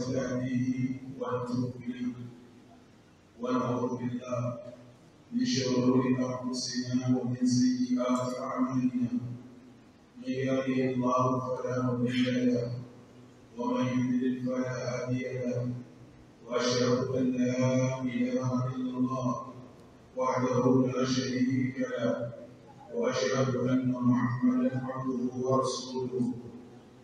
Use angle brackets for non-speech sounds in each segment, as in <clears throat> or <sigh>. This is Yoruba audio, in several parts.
نستهديه ونتوب ونعوذ بالله من شرور أنفسنا ومن سيئات أعمالنا من يهده الله فلا مضل له ومن يضلل فلا هادي له وأشهد أن لا إله إلا الله وحده لا شريك له وأشهد أن محمدا عبده ورسوله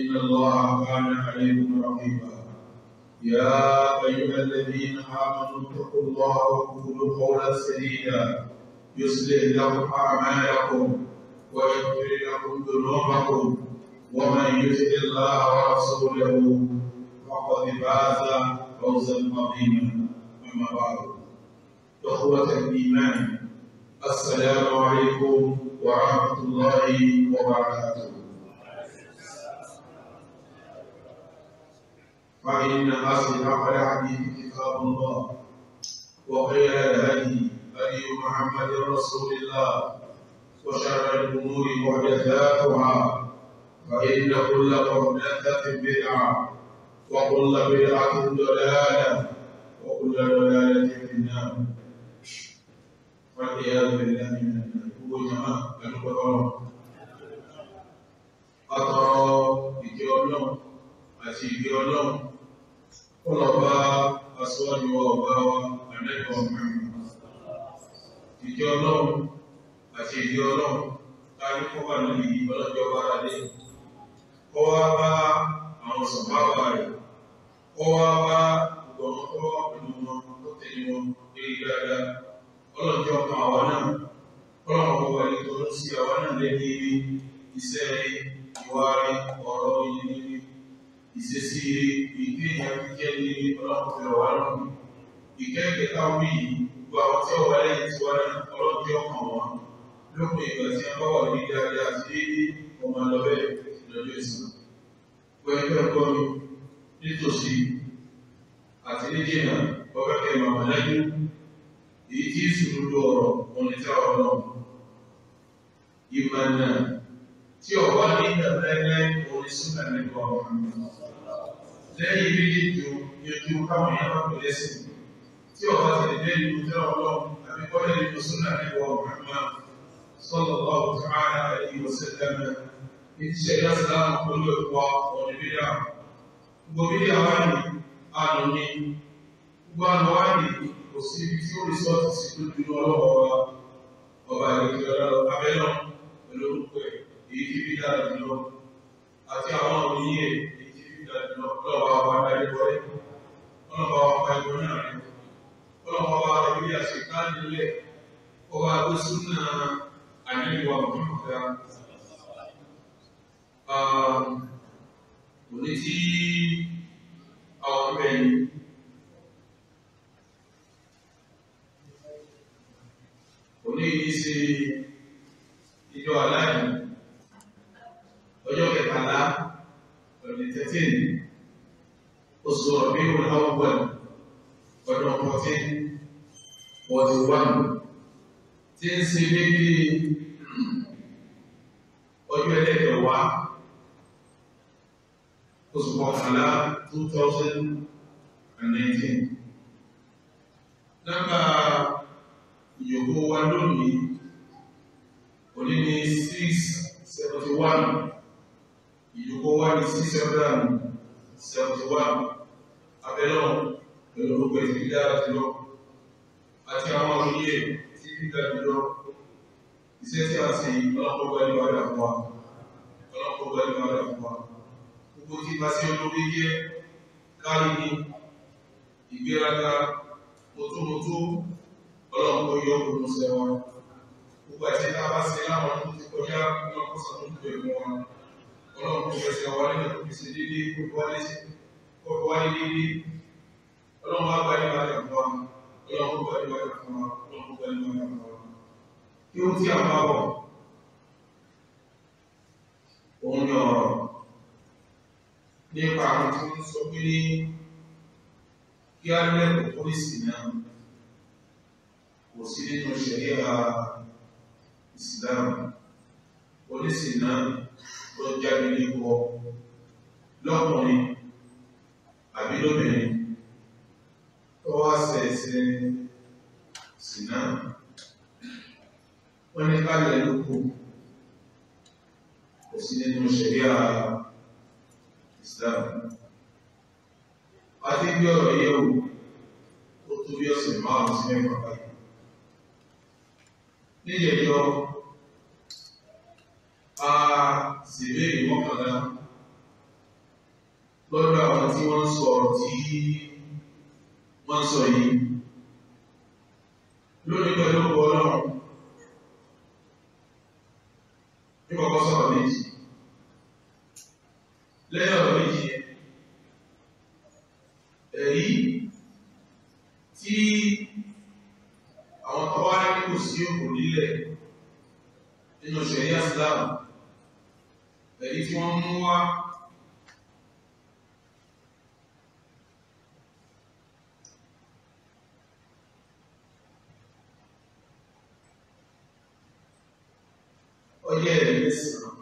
إن الله كان عليكم رقيبا يا أيها الذين آمنوا اتقوا الله وقولوا قولا سديدا يصلح لكم أعمالكم ويغفر لكم ذنوبكم ومن يطع الله ورسوله فقد فاز فوزا عظيما أما بعد إخوة الإيمان السلام عليكم ورحمة الله وبركاته فإن على حديث كتاب الله وخير الهدي هدي محمد رسول الله وشر الأمور محدثاتها فإن كل محدثة بدعة وكل بدعة ضلالة وكل دلالة في النار والعياذ بالله من النار جماعة الكرام أترى بكي الله أتي بكي الله kọlọ̀bá aṣọ́lọ́wọ́ ọba wa àlẹ́kọ̀ọ́ mẹ́rin ìjọ ọlọ́run àti ìjọ ọlọ́run tàbí kó wà lórí ọlọ́jọ́ bára lé kó wá bá àwọn sọ̀báwà rẹ̀ kó wá bá ọgbọ̀n tó wà pẹ̀lú wọn tó tẹ̀lé wọn lórí dáadáa ọlọ́jọ́ kan àwa náà kọ́lọ̀wọ́ kó wà lè tó sí àwa náà lẹ́ni ibi iṣẹ́ ìwà rẹ̀ ọ̀rọ̀ ìyẹn ìṣesí ìdí ìyẹn jẹ́ ní ọlọ́pùtẹ̀ ọ̀wá lónìí ìkẹ́kẹ̀ẹ́ káwí gbogbo àwọn tí ọ̀wá lẹ́yìn tí wọ́n náà ọlọ́pùtẹ̀ ọkàn wọn lópin ìgbà tí wọ́n bá wà ní dáadáa sí ọmọ lọ́bẹ̀ lọ́jọ́ ìsìn pẹ̀lú ẹ̀kọ́ mi nítòsí àti níjìnà ọgbẹ́ kẹmà mọ̀lẹ́jú èyí tí ìṣòro ọ̀rọ̀ ọ̀nìtà ọ̀nà ìmọ̀nà tí ọ̀wá ní ìdàbẹ́lẹ́ ní súnà nípa ọ̀hún. Lẹ́yìn méjì tó yẹjú káwọn yẹn máa pèlè sí. Tí ọba ti lè dé ìlú tẹ́lẹ̀ ọlọ́run àbí kọ́lé ìlú súnà nípa ọ̀hún máa sọ́dọ̀ bá òkú ara ẹ̀yìn ọ̀sẹ̀ dáná. Ìṣe ìyáṣẹ́ láwọn olú ẹ̀kọ́ ọ̀nì bíyà. Gbogbo bíyà wá ní àlọ́ ní. Gbogbo àlọ́ wá ní kò sí ibi tí ó rìsọ́ọ̀tì sí tó dúró ọlọ́wọ́ wa. Ọba ìgbìyànjú abẹ́ náà pẹ̀lú orúkọ èyí tí bí dára jùlọ àti àwọn òní ẹ̀ èyí tí lọ́wọ́ àwọn adarí wọlé ọlọ́wọ́ àwọn apá ìwọ náà rẹ̀ ọlọ́wọ́ àwọn ẹbí àṣekà nílẹ̀ ọwọ́ agbésí náà àyẹ̀wò àmọ́ká. Òní tí àwọn ọmọ ẹ̀yìn òní ọjọ́ kẹtàlá ọdún thirteen oṣù ọ̀bí ọ̀làwọ̀n ọdún fourteen forty one tí ń ṣe déédéé ọjọ́ ẹlẹ́kẹ̀wàá oṣù kọkànlá two thousand and nineteen nọ́mbà ìyókù wa lónìí òní ní six seventy one ìyókò wá ní sí seven seventy one abẹ́lọ́ pẹ̀lú orúkọ ìdílé dára jùlọ àti àwọn òye tí ń ga jùlọ iṣẹ́ tí a ṣe ọlọ́pọ̀ gba ní wàdà fún wa ọlọ́pọ̀ gba ní wàdà fún wa gbogbo tí bá sí olórí yẹ kárí ní ìgbéraga mọ́tòmọ́tò ọlọ́pọ̀ yọ ọkùnrin sẹ́wọ̀n gbogbo àti tá a bá ṣe láwọn ọdún tó kọjá ọlọ́pọ̀ sàmójútó ẹ̀mọ́ wa ọlọ́run kò fẹsẹ̀ wọlé ní kò fi dídí kò fi wọlé sí kò fi wọlé dídí ọlọ́run bá gba ìwà rẹ̀ fún wa ọlọ́run kò gba ìwà rẹ̀ fún wa ọlọ́run kò gba ìwà rẹ̀ fún wa. kí ó ti àbá wọ̀ ni ọ̀rọ̀ nípa àwọn tí wọ́n sọ pé ní kí á tó ń jáde ní ikú ọ lọ́kùnrin àbí lóbìnrin tó wá ṣẹ̀ṣẹ̀ sínà wọ́n ní kálẹ̀ lóko kò sí nínú ṣẹ̀ríà Islam àti bí ọ̀rọ̀ yẹ̀ wò ó tó bí ọ̀sẹ̀ márùn-ún sí mẹ́fà báyìí a sì béèrè mọ́kànlá lọ́dọ̀ àwọn tí wọ́n sọ ọ̀rọ̀ tí wọ́n sọ yìí lónìí pẹ̀lú ọlọ́run nípa kọ́ sọ̀rọ̀ méjì lẹ́yìn ọ̀rọ̀ méjì èyí tí àwọn tọ́wá ní kò sí òkò nílẹ̀ nínú ṣẹ̀yà Islam èyí tí wọ́n mú wá ọjọ́ ẹ̀rí mẹ́sàn-án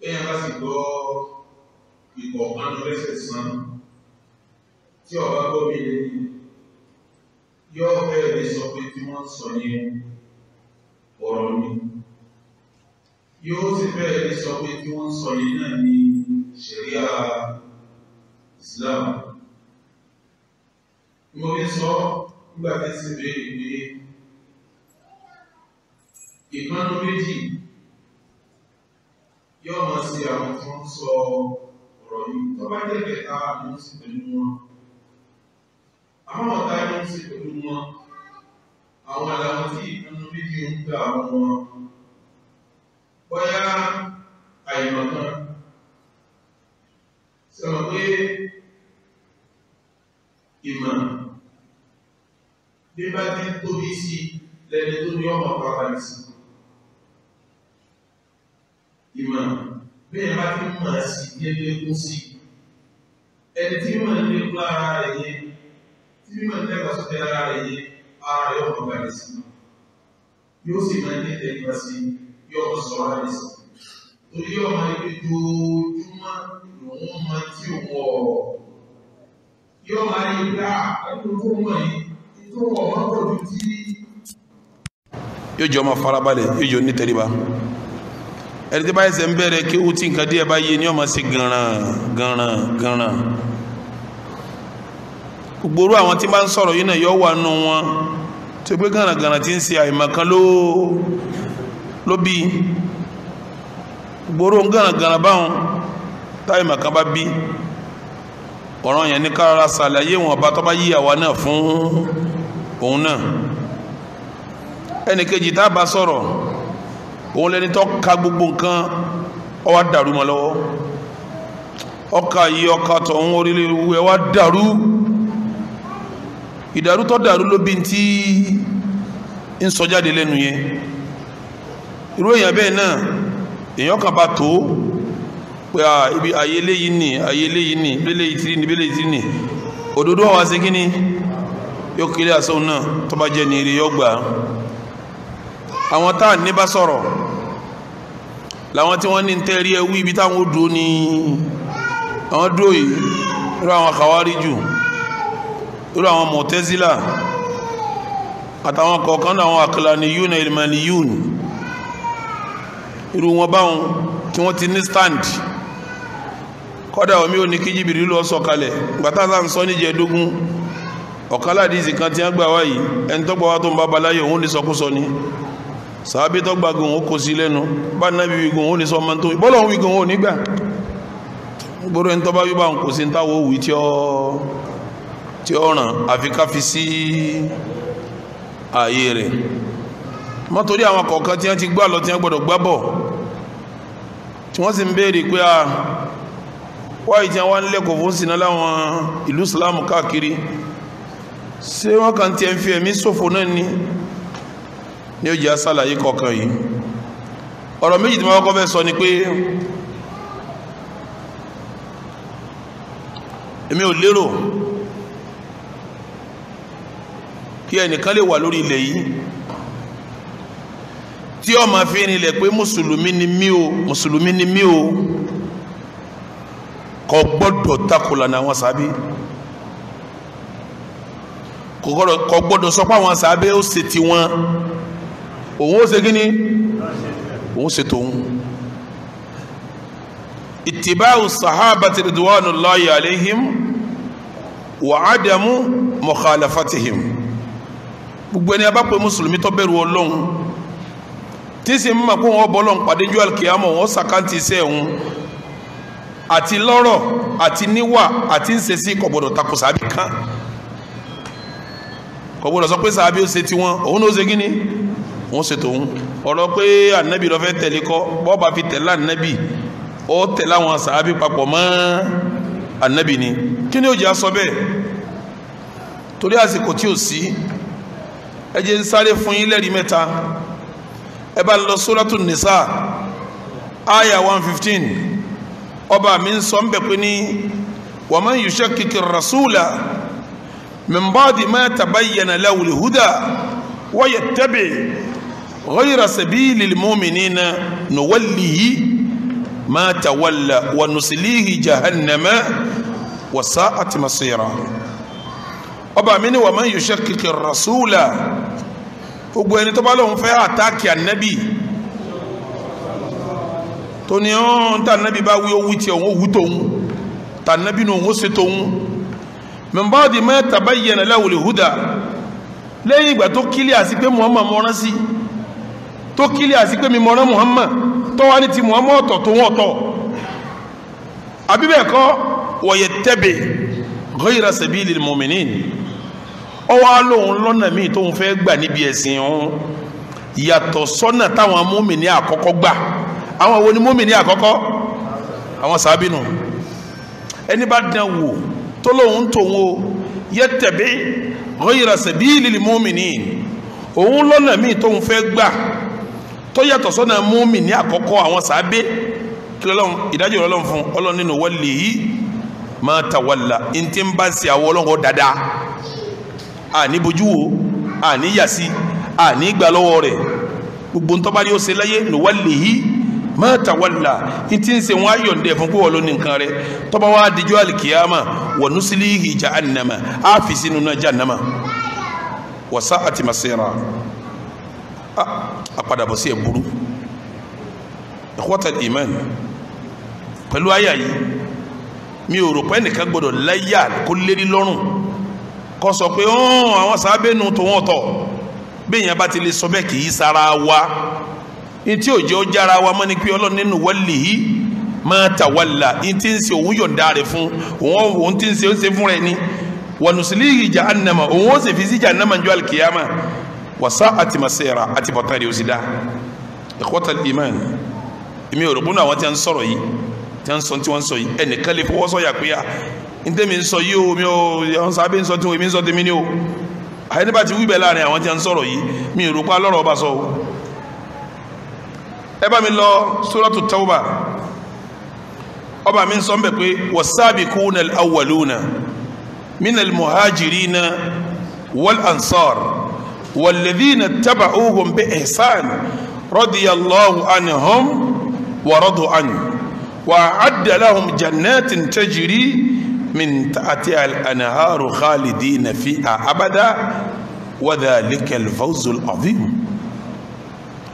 bẹ́ẹ̀ bá sì gbọ́ ìkọ̀ọ̀kan lẹ́sẹ̀ sàn tí ọba gbọ́ mi lẹ́yìn yóò bẹ̀rẹ̀ sọ pé tí wọ́n sọ yẹn ọ̀rọ̀ mi yóò sì bẹ́ẹ̀ ní sọ pé tí wọ́n sọ yìí náà ní ṣẹ̀ríà Islam mo ní sọ nígbà tí sí bèèrè pé ìpanu méjì yóò máa sí àwọn tó ń sọ ọ̀rọ̀ yìí tó bá jẹ́ kẹta ló ń sì pẹ̀lú wọn àwọn ọ̀tá ló ń sì pẹ̀lú wọn àwọn àlàmọ́ ìpanu méjì ń gbà wọn bóyá àìmọ̀kan sọ pé ìmọ̀ bí bá ti tóbi sí lẹ́ni tó ní ọmọ pàpàlì sí ìmọ̀ bí ẹ bá ti mọ̀ sí ní ẹgbẹ́ kú sí ẹni tí mọ̀ nípa ara rẹ̀ yẹ tí mọ̀ nípa sọ́tẹ̀ ara rẹ̀ yẹ ara rẹ̀ ọmọ pàpàlì sí yóò sì máa ní tẹ̀lé sí i yóò sọ̀rọ̀ ẹ̀sìn torí ọmọ ibi dojúmọ́ lòun mọ tí wọ̀ yóò máa yí gbá ẹnu tó mọ̀ yìí tó wọ̀ wọ́n pọ̀ ju tí. yóò jọ ọmọ farabalẹ̀ yóò jọ nítẹríba ẹni tí báyìí ṣe ń bẹ̀rẹ̀ kí ó ti nǹkan díẹ̀ bá ni ọmọ sí gànràn gànràn gànràn gbogbo àwọn tí bá ń sọ̀rọ̀ yìí náà yọ wà nù wọn tó gbé gànràn gànràn ti ń ṣe àìmọ̀kan lóò ló bí gbòòrò gànàgànà báwọn táyì màkàn bá bí ọ̀ràn yẹn ní kára ṣàlàyé wọn bá tọ́ba yí àwa náà fún òun náà ẹnìkejì tá a bá sọ̀rọ̀ òun lẹni tó ka gbogbo nǹkan ó dàrú mọ́ lọ́wọ́ ọkà yìí ọkà tọ̀hún orílẹ̀ ewu ẹ̀ dàrú ìdàrú tó dàrú ló bí ntí ń sọ jáde lẹ́nu yẹn irú èèyàn bẹ́ẹ̀ náà èèyàn kan bá tó pé à ibi ayé léyìí nì ayé léyìí nì bẹ́lẹ̀ ìtìrì nì bẹ́lẹ̀ ìtìrì nì òdodo àwọn àṣẹ kínní yóò kéré àṣẹun náà tó bá jẹ́ ní eré yóò gbà á àwọn tá à ní bá sọ̀rọ̀ làwọn tí wọ́n ní tẹ́rí ẹwú ibi táwọn dúró ní àwọn dúró yìí irú àwọn Khawariju irú àwọn Mu'tazila àtàwọn kọ̀ọ̀kan náà àwọn Aqlaniyun ilmaniyun irú wọn báwọn tí wọ́n ti ní stand kọ́dà omi ò ní kí jìbìrì lọ sọ̀kalẹ̀ gbàtàtà ń sọ níjẹ̀ẹ́dógún ọ̀kálàdìsì kan tí wọ́n gbà wá yìí ẹni tó gbà wá tó ń bá balayé òun ní sọkúsọ ni sàábí tó gbà gùn ó kò sí lẹ́nu bá nábi wí gùn ó ní sọ ọmọ bọ́lọ̀ ń wí gùn nígbà gbọ́dọ̀ ẹni tó bá kò sí táwọ̀ òwì tí ọ̀ràn àfi sí ààyè rẹ̀ mọ́ torí àwọn kọ̀ọ̀kan tí wọ́n ti gbá lọ tí wọ́n gbọ́dọ̀ gbá bọ̀ tí wọ́n sì ń béèrè pé a wá ìtì àwọn lẹ́kọ̀ọ́ fún sínú láwọn ìlú Islam káàkiri ṣé wọ́n kàn ti ẹ̀ ń fi ẹ̀mí ṣòfò náà ni ni ó jẹ́ àṣàlàyé kọ̀ọ̀kan yìí ọ̀rọ̀ méjì tí wọ́n kọ́ fẹ́ sọ ni pé èmi ò lérò kí ẹnìkan lè wà lórí ilẹ̀ yìí tí ó máa fi rinlẹ̀ pé mùsùlùmí ni mí o mùsùlùmí ni mí o kò gbọ́dọ̀ takola na wọn sábẹ́ kò gbọ́dọ̀ sọ pé àwọn sábẹ́ ó ṣe tiwọn òun ó ṣe kí ni òun ṣe tòun ìtìbáwò sahabati ridwanullahi alaihim wa adamu mukhalafatihim gbogbo ẹni a mùsùlùmí tó bẹ̀rù ọlọ́run tíṣe ń mọ̀ pé wọ́n bọ́ lọ́n pàdé ju alkiyama wọ́n sàkántì iṣẹ́ òun àti lọ́rọ̀ àti níwà àti ńṣesí kò gbọdọ̀ takò sábì kan kò gbọdọ̀ sọ pé sábì ó ṣe tiwọn òun ló ṣe kí ni òun ṣe tòun ọ̀rọ̀ pé ànábì ló fẹ́ tẹ̀lé kọ́ bọ́ọ̀bà fi tẹ̀lé ànábì ó tẹ̀lé àwọn sábì papọ̀ mọ́ ànábì ni kí ni ó jẹ́ aṣọ bẹ́ẹ̀ torí àsìkò tí ò sí ẹ jẹ́ ń sáré fún yín lẹ́rìí mẹ́ta ẹ bá lọ sóràtún nìsá àyà one fifteen ọba mi ń sọ ń bẹ̀ pé ní wa man yushakkiki rasúlà min ba'di ma tabayyana lahul huda wa yattabi' ghayra sabilil mu'minina nuwallihi ma tawalla wa nusilihi jahannama wa sa'at masira ọba mi ni wa man yushakkiki rasúlà gbogbo ẹni tó bá lóun fẹ́ àtàkì ànábì tó ní ọ́n tá ànábì bá wí owó tiẹ̀ òun òwú tòun tá ànábì nù òun ó ṣe tòun mẹ́mbàdì mẹ́ta bá yẹn lẹ́wọ̀lẹ̀ húdà lẹ́yìn ìgbà tó kílẹ̀ àti pé Muhammad mọ́rán sí tó kílẹ̀ àti pé mi mọ́rán Muhammad tó wá ní ti Muhammad ọ̀tọ̀ tó wọ́n ọ̀tọ̀ àbíbẹ̀ẹ́kọ́ wọ̀yẹ̀ tẹ́bẹ̀ ghayra sabilil mu'minin ọwọ́ lòun lọ́nà míì tóun fẹ́ gbà níbi ẹ̀sìn òun yàtọ̀ sọ́nà táwọn mùmínì àkọ́kọ́ gbà àwọn wo ni mùmínì àkọ́kọ́ àwọn sàbínú ẹni bá dán wò tó lòun tòun o yattabi ghayra sabilil mu'minin òun lọ́nà míì tóun fẹ́ gbà tó yàtọ̀ sọ́nà mùmínì àkọ́kọ́ àwọn sàbẹ́ kí lọ́lọ́run ìdájọ́ ọlọ́run fún ọlọ́run nínú walihi ma tawalla ntí ń bá ń ṣe àwọn ọlọ́run àní bojú wo àní yàsí àní gbà lọ́wọ́ rẹ̀ gbogbo ń tọ́ba ni ó ṣe láyé nuwallihi ma tawalla ní tí ń ṣe wọn ayọ̀ ǹdẹ̀ fún kówọ́ lónìí nǹkan rẹ̀ tọ́ba wa dijọ́ alikiyama wa nuslihi jahannama á fi sínú náà jahannama wa sa'ati masira a padà bọ̀ sí ẹ̀ burú ikhwatal iman pẹ̀lú àyà yìí mi ò rò pé ẹnìkan gbọ́dọ̀ láyà kó lérí lọ́rùn kó sọ pé ọ̀hún àwọn sábẹ́nu tòun ọ̀tọ̀ bí èèyàn bá ti lè sọ bẹ́ẹ̀ kì í sara wa ntí òjò ó jára wa mọ́ ni pé ọlọ́run nínú wọ́lì yìí máa tà wàlà ntí ń ṣe òun yọ̀ǹda rẹ̀ fún òun òun ti ń ṣe ó ṣe fún rẹ̀ ni wọnùsílì ìjà ànàmà òun ó sì fi síjà ànàmà ju àlìkìyàmà wàsá àti màsẹ́ra àti bọ̀tán rẹ̀ ó sì dá ẹ̀kọ́tà ìmán èmi ò rògbónú àwọn tí wọ́n ń sọ̀rọ̀ yìí tí wọ́n ń sọ tí wọ́n ń sọ yìí ẹnìkan lè fọwọ́sọ̀yà pé ah, ntẹ́mi sọ yìí o mi ò ọ̀n sábẹ́ sọ tí o èmi sọ tèmi ni o àyẹ̀dẹ́ bá ti wí bẹ́ẹ̀ láàrin àwọn tí wọ́n ń sọ̀rọ̀ yìí mi ò rò pa lọ́rọ̀ ọba sọ o ẹ bá mi lọ suratu tawba ọba mi sọ mbẹ pé wasabiquna al-awwaluna min al-muhajirina wal ansar walladhina taba'uhum bi ihsan radiyallahu anhum wa radu anhu wa adda lahum jannatin tajri min taati al-anharu khalidina fiha abada wa dhalika al-fawzu al-azim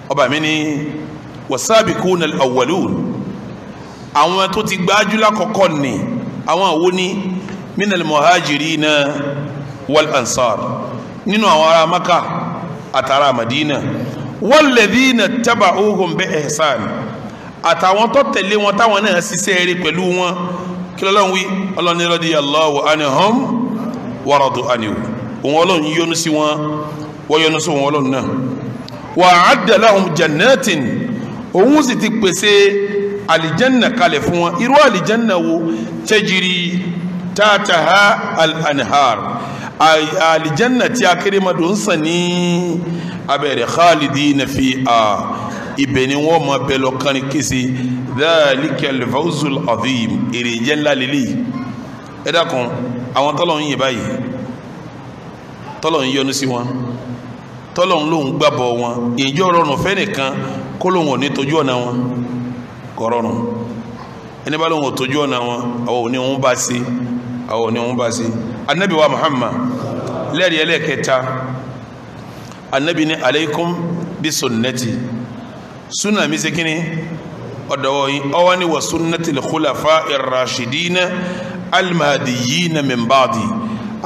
ọba mi ni wasabiquna al-awwalun àwọn tó ti gbájú lákọ̀ọ́kọ́ ni àwọn àwo ni min al-muhajirina wal ansar nínú àwọn ará maka àtàrà madina walladhina taba'uhum bi ihsan àtàwọn tó tẹ̀lé wọn táwọn náà ṣiṣẹ́ rere pẹ̀lú wọn kílọ̀lọ́ wí ọlọ́ni lọ́dí Allahu anhum wa radu anhu òun ọlọ́run yọ́nú sí wọn wọ́n yọ́nú sí wọn ọlọ́run náà wa adda lahum jannatin òun sì ti pèsè àlìjánà kalẹ̀ fún wọn irú àlìjánà wo tẹ́jìrì tààtàhà al-anhar àlìjánà tí akérèmọdò ń sàn ní abẹ́rẹ́ khalidina fiha ibẹ̀ ni wọ́n máa bẹ lọ kánni kése dhalikal fawzul azim èrè jẹ́ ńlá lélẹ̀ ẹ dákun àwọn tọ́lọ̀ ń yìn báyìí tọ́lọ̀ ń yọ́nú sí wọn tọ́lọ̀ ń lòún gbàbọ̀ wọn ìjọ rọrùn fẹ́nìkan kó lòun ò ní tójú ọ̀nà wọn kò rọrùn ẹni bá lòun ò tójú ọ̀nà wọn àwọn ò òun bá sí àwọn ò òun bá sí anabi wa muhammad lẹ́rìí ẹlẹ́kẹta anabi ni aleikum bisunnati súnà mi ṣe kíni ọ̀dọ̀wọ̀ yìí ọwọ́ ni wà sunnatil khulafa irrashidina almahdiyina min ba'di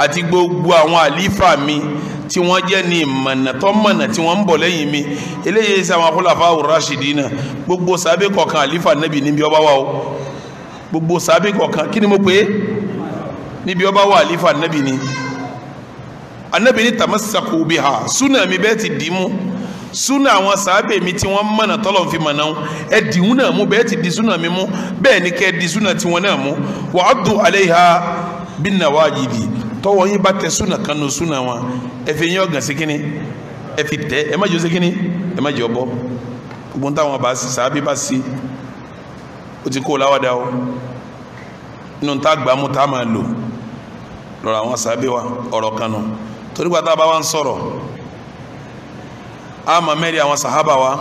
àti gbogbo àwọn àlífà mi tí wọ́n jẹ́ ní ìmọ̀nà tó mọ̀nà tí wọ́n ń bọ̀ lẹ́yìn mi eléyìí sí àwọn khulafa irrashidina gbogbo sábẹ́ kọ̀ọ̀kan àlífà nẹ́bì níbi ọba wa o gbogbo sábẹ́ kọ̀ọ̀kan kí ni mo pè níbi ọba wa àlífà nẹ́bì ni anabi ni tamasaku biha súnà mi bẹ́ẹ̀ ti dì í mú súnà àwọn sàábẹ̀ mi tí wọ́n mọ̀nà tọ́lọ̀ fi mọ̀nà wọn ẹ dìhun náà mú bẹ́ẹ̀ ti di súnà mi mú bẹ́ẹ̀ ni kẹ́ ẹ di súnà tiwọn náà mú wa addu alayha bin nawajidi tọwọ́ yín bá tẹ súnà kan nù súnà wọn ẹ fi yín ọ̀gàn sí kínní ẹ fi tẹ ẹ má jọ sí kínní ẹ má jọ bọ́ gbogbo táwọn bá sí sàábẹ̀ bá sí o ti kó o láwàdà o inú ta gbàmú ta máa lò lọ́rọ̀ àwọn sàábẹ̀ wa ọ̀rọ̀ kan nù torí ama mẹ́rin àwọn sàhábà wa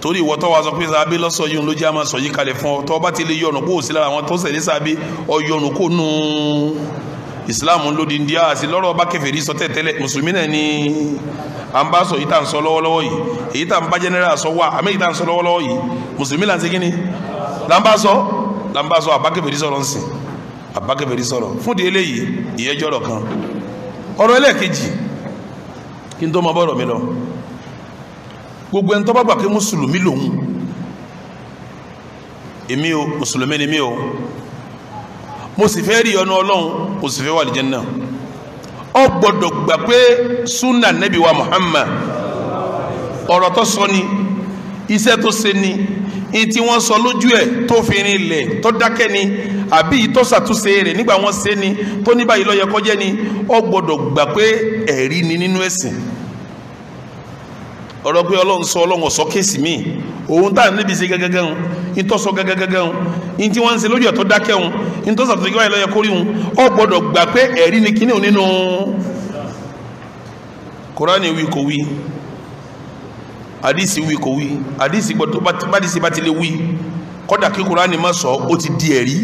torí ìwọ tó wa sọ pé sábẹ́ lọ́sọ̀ yìí ló jẹ́ àmọ́ sọ yìí kalẹ̀ fún ọ tó bá ti lè yọ̀nù kó o sí lára àwọn tó sẹ̀lé sábẹ́ ọ yọ̀nù kó nù ìsìláàmù lòdì ndíà àti lọ́rọ̀ bá kèfèrí sọ tẹ́tẹ́lẹ̀ mùsùlùmí náà ni à ń bá sọ èyí tá à ń sọ lọ́wọ́lọ́wọ́ yìí èyí tá à ń bá jẹ́nẹ́rà sọ wà àmì èyí tá à ń sọ lọ́wọ́lọ́wọ́ yìí mùsùlùmí là ń ṣe kí ni là ń bá sọ là ń bá sọ àbá sọ̀rọ̀ ń sìn àbá sọ̀rọ̀ fún di eléyìí ìyẹn jọ̀rọ̀ kan ọ̀rọ̀ ẹlẹ́ẹ̀kejì kí n tó mọ bọ́rọ̀ mi lọ gbogbo ẹni tó bá gbà pé mùsùlùmí lòun èmi o mùsùlùmí ni mi o mo sì fẹ́ rí ọnu ọlọ́run mo sì fẹ́ wà lìjẹ́ náà ọ gbọ́dọ̀ gbà pé sunna nabi wa Muhammad ọ̀rọ̀ tó sọ ni iṣẹ́ tó ṣe ni ní tí wọ́n sọ lójú ẹ̀ tó fi rin ilẹ̀ tó dákẹ́ ni àbí yìí tó ṣàtúnṣe rẹ̀ nígbà wọ́n ṣe ni tó ní báyìí lọ́yẹ kọjẹ́ ni ọ gbọ́dọ̀ gbà pé ẹ̀rí ni nínú ẹ̀sìn ọ̀rọ̀ pé ọlọ́run sọ ọlọ́run ọ̀sọ́ kéèsì míì òun tá à níbi ṣe gẹ́gẹ́gẹ́ hun ìtọ́sọ gẹ́gẹ́gẹ́ hun ní tí wọ́n ń ṣe lójú ẹ̀tọ́ dákẹ́ hun ìtọ́sọ tó yẹ lọ́yẹ kórìí hun ọ gbọ́dọ̀ gbà pé ẹ̀rí ni kíní nínú Kùránì wí kò wí àdìsí wí kò wí àdìsí bá ti lè wí kódà kí Kùránì má sọ ó ti di ẹ̀rí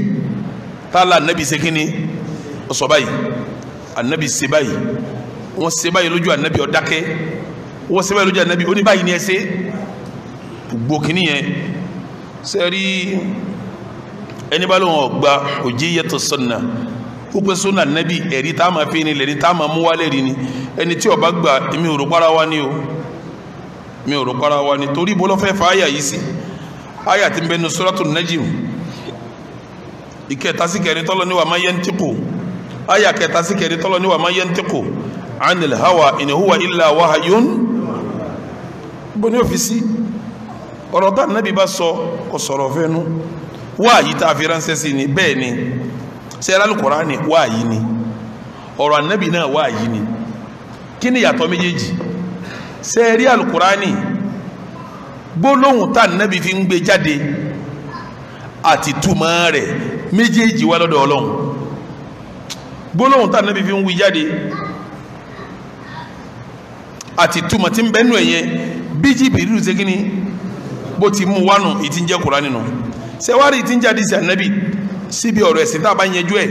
tààlà anabi ṣe kínní ó sọ anabi ṣe báyìí wọ́n ṣe báyìí lójú anabi ó dákẹ́ wọ́n ṣe báyìí lójú anabi ó ní ni ẹ ṣe gbogbo kínní yẹn sẹ́rí ẹni bá lóun ọ̀gbà òjì yẹtọ̀ sọ̀nà púpẹ́ sọ́nà nẹ́bí ẹ̀rí tá a máa fi ni lẹ́ni tí ó bá mi ò rò wa ni o mi ò rò para wa ni torí bọ́lọ́fẹ́ fa àyà yìí sí àyà tí ń bẹnu Suratul ìkẹta sí kẹrin tọ́lọ́ ní wa ma yantiqu àyà kẹta sí kẹrin tọ́lọ́ ní wa ma yantiqu anil hawa in illa wahayun bóni òfìsí ọ̀rọ̀ tá nàbí bá sọ kò sọ̀rọ̀ fẹ́nu wáàyí tá a fi ránṣẹ́ sí ni bẹ́ẹ̀ ni sẹ́yìn alukurani wáàyí ni ọ̀rọ̀ anabi náà wáàyí ni kí ni yàtọ̀ méjèèjì sẹ́yìn alukurani gbólóhùn tá nàbí fi ń gbé jáde àti túmọ̀ rẹ̀ méjèèjì wá lọ́dọ̀ ọlọ́run gbólóhùn tá ànábì fi ń wí jáde àti túmọ̀ tí ń bẹ́nu ẹ̀yẹ bí jìbìrì ṣe kí bó ti mú wánu ìtí ń jẹ́ Kùránì nù sẹ́wárì ìtí ń jáde sí ànábì síbi ọ̀rọ̀ ẹ̀sìn tá a bá yanjú ẹ̀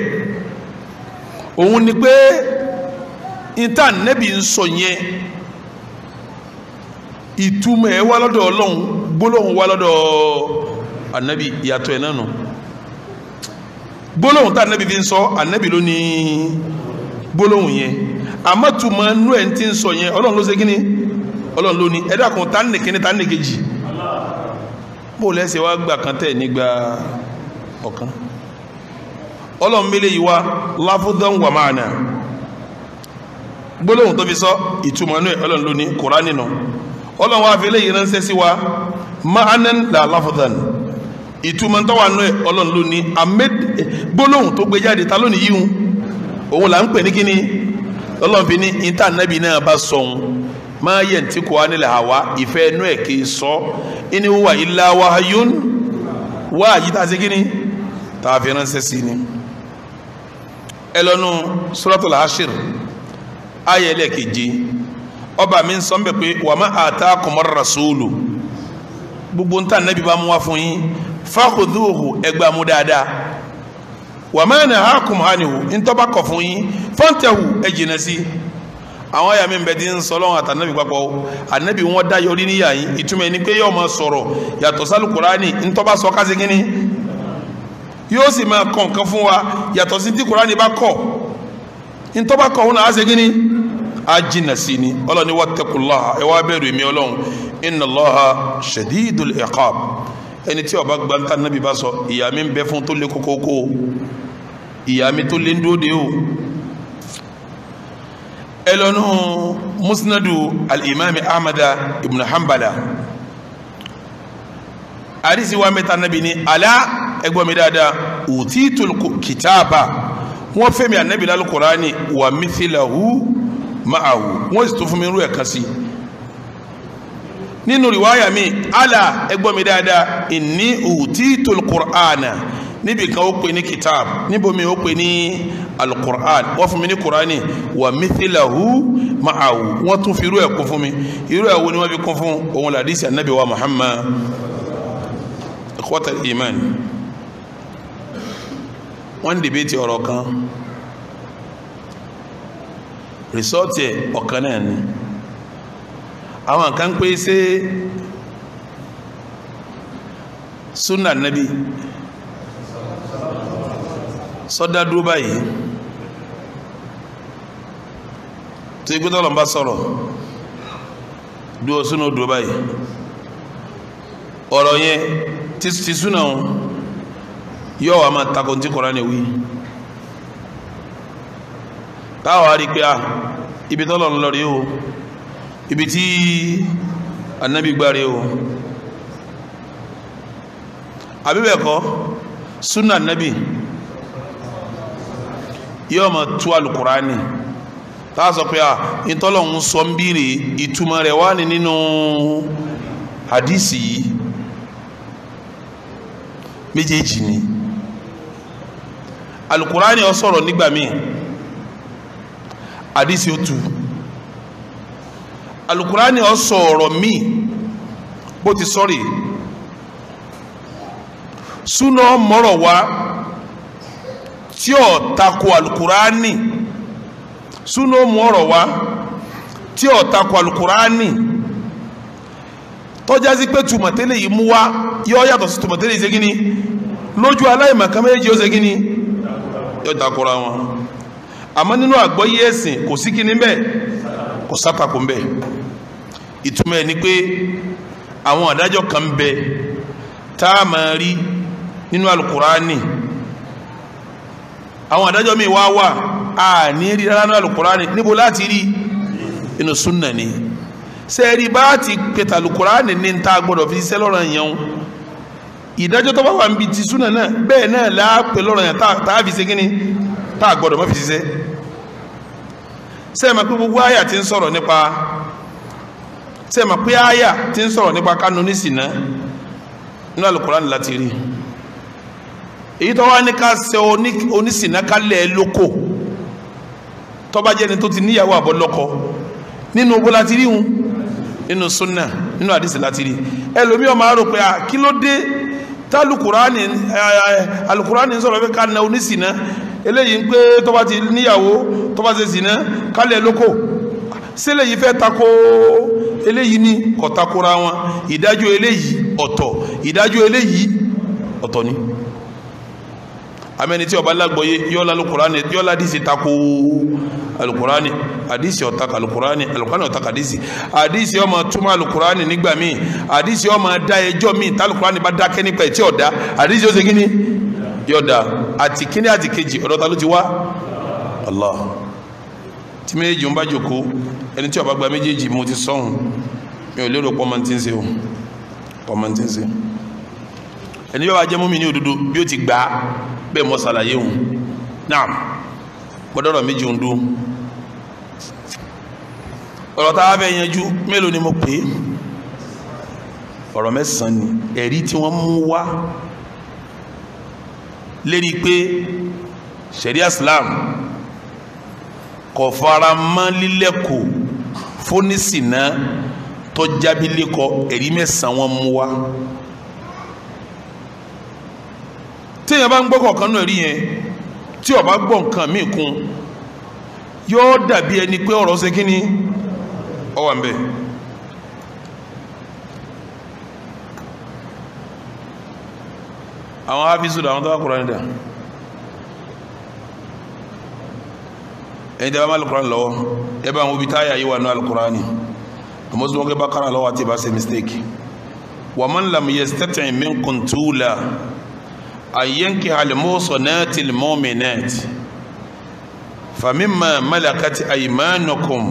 òun ni pé ìta ànábì ń sọ yẹn ìtumọ̀ ẹ̀ wá lọ́dọ̀ ọlọ́run gbólóhùn wá lọ́dọ̀ anabi ìyàtọ̀ ẹ̀ náà nù gbólóhùn tá anabi fi ń sọ anabi ló ní gbólóhùn yẹn àmọ́tùmọ̀ nú ẹ̀ ń ti ń sọ yẹn ọlọ́run ló ṣe kí ni ọlọ́run ló ní ẹ̀dá kan tá nìkíní tá nìkejì gba lẹ́sẹ̀ wá gbà kan tẹ̀ nígbà ọ̀kan ọlọ́run mélé yìí wá láfúdán wà máa nà gbólóhùn fi sọ ìtumọ̀ nú ẹ̀ ọlọ́run ló ní ọlọ́run wá fi léyìí ránṣẹ́ sí wa máa ìtumọ̀ tó wà nù ẹ̀ ọlọ́run ló ní gbólóhùn tó gbé jáde ta lónìí yíhun òun là ń pè ní kíni ọlọ́run fi ní níta nàbì náà bá sọ̀hún máa yẹ̀ ntí kò wá àwa ìfẹ́ inú ẹ̀ kì í sọ ẹni wà ilá wahayun wá yìí ta a ṣe kíni tá a fi ránṣẹ́ sí ni ẹ lọ́nu suratul Hashir ayẹlẹ̀ keje ọba mi ń sọ ń bẹ̀ pé wàmà rasúlù gbogbo ntá nàbì bá mú wá fún yín. fáhùdúhù ẹgbẹ́ amú dáadáa wà máa nà ha kùn ha nìhù ntọ́ba kọ̀ fún yín fọ́ntẹ̀hù ẹ jìnnà sí àwọn àyàmí ń bẹ tí ń sọ lọ́wọ́ àtànàbì papọ̀ ànàbì wọn dá yọrí níyà yín ìtumọ̀ ẹni pé yóò máa sọ̀rọ̀ yàtọ̀ sálùkùránì ntọ́ba sọ kásì kínní yóò sì máa kọ̀ nǹkan fún wa yàtọ̀ sí tí kùránì bá kọ̀ ntọ́ba kọ̀ wọn náà á ṣe kínní á jìnnà sí ni ọlọ́ni wà tẹkùlá ẹ wá bẹ̀rù èmi ọlọ́run inna Allaha shadidul iqab ẹni tí ó bá gbanta nabi bá sọ ìyà mi ń bẹ fún tó lé kókókó ìyà mi tó lé ń dúró o ẹ lọ musnadu alimami ahmad ibn hanbala àdìsí wa mẹ́ta nabi ni ala ẹgbọ́n mi dáadáa utitul kitaaba wọ́n fẹ́ mi ànábìlá alukurani wa mithilahu ma'ahu wọ́n sì tún fún mi rú ẹ̀ kan sí i nínú rìwáyà mi ala ẹgbọ́n mi dáadáa ìní utitul qur'ana níbi kan ó pè ní kitab níbo mi ó pè ní alukur'an wọ́n fún mi ní kur'ani wà mithilahu ma'ahu wọ́n tún fi irú ẹ̀ kún fún mi irú ẹ̀ wo ni wọ́n fi kún fún òun ladisi anabi wa muhammad ikhwata iman wọ́n dìbẹ́tì ọ̀rọ̀ kan rìsọ́ọ̀tì ọ̀kan náà ni àwọn kan pé ṣe sunna nabi sọ́dádú báyìí tí gbé tọ́lọ̀ bá sọ̀rọ̀ dúó súnà dúó báyìí ọ̀rọ̀ yẹn ti súnà wọn yóò wà máa takò tí Kùránì wí táwọn rí pé a ah, ibi tọ́lọ̀ ń lọ rí o ibi tí annabi gbáre o àbíbẹ̀kọ́ súnà annabi yóò ma tú alukurani táà sọ pé à ìtọ́lọ̀hún sọ ń bíire ìtumọ̀ rẹ̀ wá ní nínú hadisi yìí méjèèjì ni alukurani ó sọ̀rọ̀ nígbà hadisi ó tu alukurani ó sọ ọ̀rọ̀ míì bó ti sọrí súnà mọrọ wá tí ó tako alukurani súnà mọrọ wá tí ó tako alukurani tọ́já sí pé tùmọ̀tẹ́lẹ̀ yìí mú wá yọ yàtọ̀ sí tùmọ̀tẹ́lẹ̀ yìí ṣégin ni lójú aláìmọ̀kan méjì ó ṣégin ni yọ takora wọn àmọ́ nínú àgbọ́yé ẹ̀sìn kò sí kíní bẹ́ẹ̀ kò sátakò mbẹ ìtumọ̀ ẹ̀ ni pé àwọn àdájọ́ kan bẹ tá a máa rí nínú alukurani àwọn àdájọ́ mi wá wà a ní rí rárá nínú alukurani níbo láti rí inú sunna ni sẹ́ẹ̀rí bá ti pètè alukurani ní ta gbọ́dọ̀ fi ṣiṣẹ́ lọ́rọ̀ yẹn ìdájọ́ tó bá wà níbi ti sunna náà bẹ́ẹ̀ náà láàpẹ̀ lọ́rọ̀ yẹn tá a fi ṣe kínní tá a gbọ́dọ̀ má fi ṣiṣẹ́ sẹ́ẹ̀mọ̀ pé gbogbo àyà ti ń sọ̀rọ̀ nípa sẹ́ẹ̀mọ̀ pé àyà ti ń sọ̀rọ̀ nípa kánú nísìnà nínú Al-Qur'an láti rí èyí tó wá ní ká ṣe onísìnà kálẹ̀ lóko tó bá jẹ́ni tó ti níyàwó àbọ̀ lọ́kọ nínú ogbó láti rí hun nínú sunna nínú àdìsí láti rí ẹlòmíràn máa rò pé kí ló dé tá alukurani alukurani sọ̀rọ̀ pé ká na onísìnà eléyìí ń pé tó bá ti níyàwó tó bá ti zìnà kálẹ̀ lóko sílẹ̀ yìí fẹ́ tako eléyìí ní kò takora wọn ìdájọ́ eléyìí ọ̀tọ̀ ìdájọ́ eléyìí ọ̀tọ̀ ni amẹni tí ọba lágbọ̀ye yọ́la alukurani yọ́la díìsì tako alukurani àdíìsì ọ̀taka alukurani alukurani ọ̀taka àdíìsì àdíìsì ọmọ túmọ̀ alukurani nígbà míì àdíìsì ọmọ dá ẹjọ́ míì tá alukurani bá dákẹ́ nípa ẹ̀ tí ọ̀dá àdíìsì ó ṣe ni yọ̀dà àti kíní àti kejì ọ̀dọ̀ ta ló ti wá Allah tí méjèèjì ń bá jòkó ẹni tí ó bá gba méjèèjì mo ti sọ́hun mi ò lérò pọ́mọ́ntínsẹ́ o pọ́mọ́ntínsẹ́ ẹni bí wàá jẹ́ múmi ní òdodo bí ó ti gbà á bẹ́ẹ̀ mọ́ ṣàlàyé òun náà gbọ́dọ̀rọ̀ méjì ń dún ọ̀rọ̀ tá a fẹ́ yanjú mélòó ni mo pè é ọ̀rọ̀ mẹ́sàn-án ni ẹ̀rí tí wọ́n mú wá lérí pé sẹ̀ríà Islam kò fara mọ́ lílẹ́kọ̀ọ́ fónísìnà tó jábílẹ́kọ̀ ẹ̀rí mẹ́sàn-án wọn mú wa téèyàn bá ń gbọ́ kọ̀ọ̀kan náà rí yẹn tí ó gbọ́ nǹkan míì kún yóò dàbí ẹni pé ọ̀rọ̀ ṣe kí ni ó wà ń àwọn áfíìsù àwọn tó wà kúrò nídà ẹni tí a bá má lùkúrán lọ́wọ́ ẹ bá àwọn obì táyà yìí wà ní alùkúrán ni àmọ́ sọ wọ́n kẹ́ bá kára lọ́wọ́ àti ìbá ṣe mistake wà man lam yastati' minkum tula an yankiha al-muhsanati al-mu'minati famimma malakat aymanukum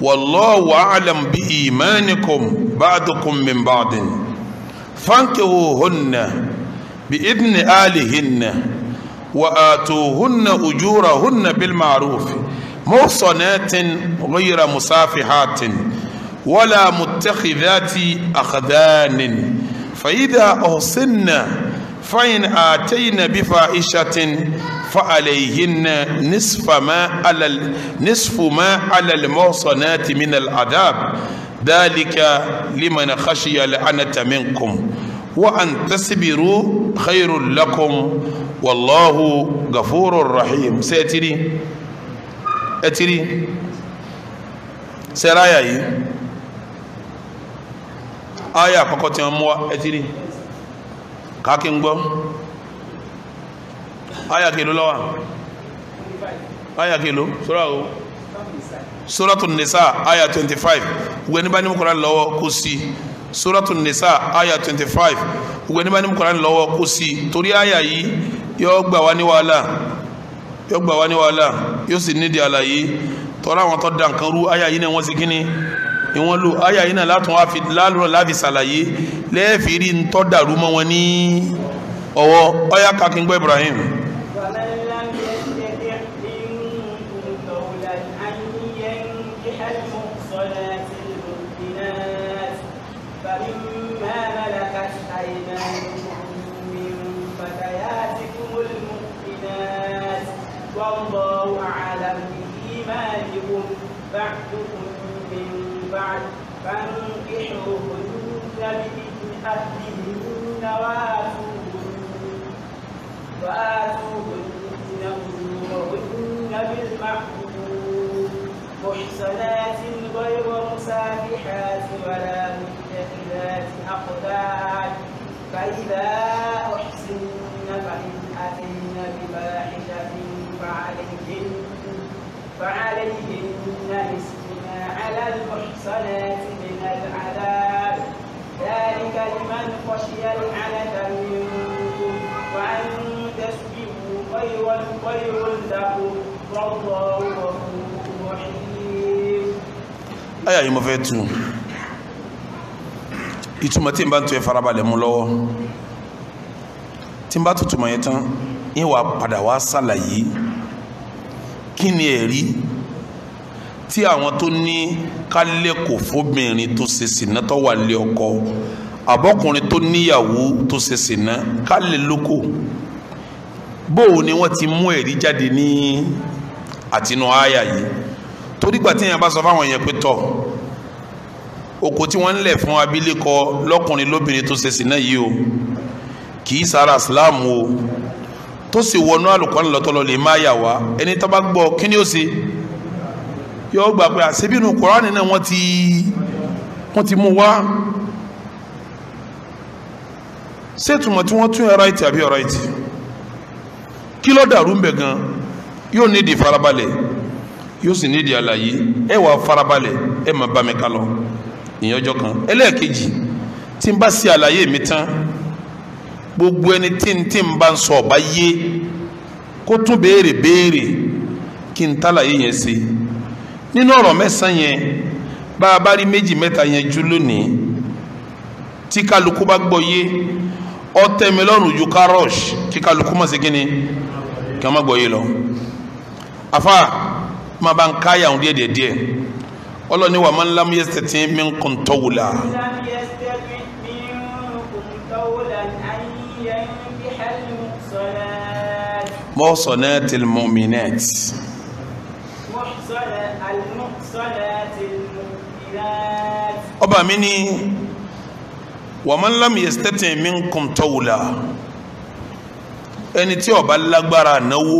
والله أعلم بإيمانكم بعضكم من بعض فانكهوهن بإذن آلهن وآتوهن أجورهن بالمعروف محصنات غير مسافحات ولا متخذات أخذان فإذا أحصن فإن آتين بفاحشة فعليهن نصف ما على نصف ما على المحصنات من العذاب ذلك لمن خشي لعنة منكم وأن تصبروا خير لكم والله غفور رحيم سيتري أتري سرايا آية فقط يا أتري كاكين aya kìlú lọ́wọ́ aya kìlú sọ́rọ̀ o suratul nisa aya 25 wọ́n ní ni ní Kùránì lọ́wọ́ kó sí suratul nisa aya 25 wọ́n ní ni ní Kùránì lọ́wọ́ kó sí Tori aya yìí yóò gbà wá ní wàhálà yóò gbà wá ní wàhálà yóò sì nídìí àlàyé tọ́ra àwọn tó dà nǹkan rú aya yìí náà wọ́n sì kíni ìwọ́n lò aya yìí náà látún lálùrọ̀ láfi ṣàlàyé lẹ́ẹ̀fì rí ń tọ́ dàrú mọ́ wọn ní ọwọ́ ọyá kakingbọ́ Ibrahim. حدهن وآتوهن وآتوهن أجورهن بالمعروف محصنات غير مسافحات ولا متخذات أقدار فإذا أحسن فإن أتين بفاحشة فعليهن فعليهن نصف على المحصنات من العذاب ذلك لمن خشي العنة منكم وأن تسبحوا خير خير لكم والله غفور رحيم. Àyá yìí mo fẹ́ tú ìtumọ̀ tí n bá ń tún ẹ farabalẹ̀ mú lọ́wọ́ tí n bá tutù mọ̀ yẹn tán yẹn wà padà wá ṣàlàyé kí ni ẹ̀rí tí àwọn tó ní kálẹ̀ kò fóbìnrin tó ṣe sìnà tó wà lé ọkọ àbọ̀kùnrin tó níyàwó tó ṣe sìnà kálẹ̀ lóko bóò ni wọ́n ti mú ẹ̀rí jáde ní àtinú àyà yìí torí gbà tí èèyàn bá sọ fáwọn èèyàn pé tọ̀ oko tí wọ́n ń lẹ̀ fún abilékọ lọ́kùnrin lóbìnrin tó ṣe sìnà yìí o kì í sara Islam o tó sì wọnú àlùkò ńlọtọlọ lè má yà wá ẹni tó bá gbọ́ kí ni ó ṣe yóò gbà pé àṣebínú kùránì náà wọ́n ti wọ́n ti mú wá sétùmọ̀ tí wọ́n tún ẹ̀ráìtì àbí ẹ̀ráìtì kí ló dàrú ń bẹ̀ gan yóò nídìí farabalẹ̀ yóò sì nídìí àlàyé ẹ wà farabalẹ̀ ẹ má bá mi ká lọ ìyẹn ọjọ́ kan ẹlẹ́ẹ̀kejì tí n bá ṣe àlàyé mi tán gbogbo ẹni tí n tí n bá ń sọ ọba yé kó tún béèrè béèrè kí n tálàyé yẹn ṣe nínú ọ̀rọ̀ mẹ́sàn yẹn bá a bá rí méjì mẹ́ta yẹn jú lónìí tí kálukú bá gbọ́ yé ọtẹ mi lọ́rùn ju karosh kí kálukú má ṣe kíni kí wọ́n má gbọ́ yé lọ. afa má bá ń káyà ń díẹ̀ díẹ̀ ọlọ́ni wa man lam yastati minkum tawla. muhsanatil mu'minat ọba mi ni wàmánlámi ẹsítẹ́tì mi ń kún tọ́wùlà ẹni tí ó bá lágbára náwó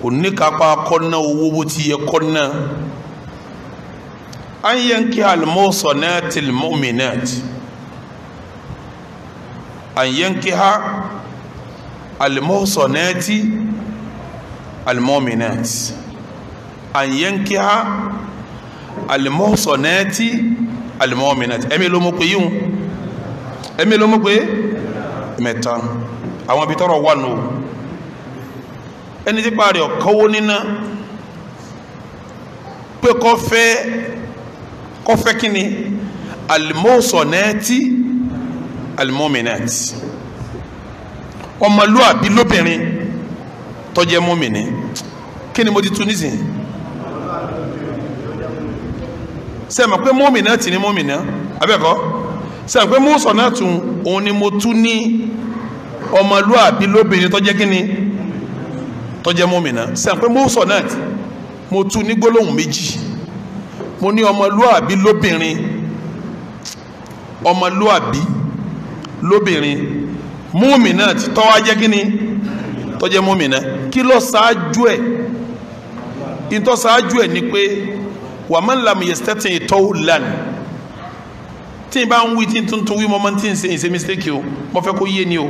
kò ní kápá kọ́ná owó bó ti yẹ kọ́ná an yanki almusanat almu'minat an yanki ha almusanat almu'minat المؤمنات أن ينكح المحصنات المؤمنات ẹ̀mí ló mú pé yíwọ́n ẹ̀mí ló mú pé mẹ́ta àwọn ibi tọ́rọ̀ wà nù ẹni tí parí ọ̀kọ́wó níná pé kọ́ fẹ́ kọ́ fẹ́ kí ni alimosanati alimominati ọmọlúàbí lóbìnrin tó jẹ́ mùmínì kí ni mo ti tún nísìnyí sẹ́mi pé mùmínì náà ti ní mùmínì náà abẹ́kọ́ sẹ́mi pé mọ́sọ̀ náà tún òun ni mo tún ní ọmọlúàbí lóbìnrin tó jẹ́ kí ni tó jẹ́ mùmínì náà sẹ́mi pé mọ́sọ̀ náà mo tún ní gbólóhùn méjì mo ní ọmọlúàbí lóbìnrin ọmọlúàbí lóbìnrin mùmínì náà tó wá jẹ́ kí ni tó jẹ́ mọ́mìnà kí ló ṣáájú ẹ̀ ìtọ́ ṣáájú ẹ̀ ni pé wà man lam yastati' tawlan tí n bá ń wí tí n tuntun wí mo tí n ṣe ìṣe mistake o mo fẹ́ kó yé ni o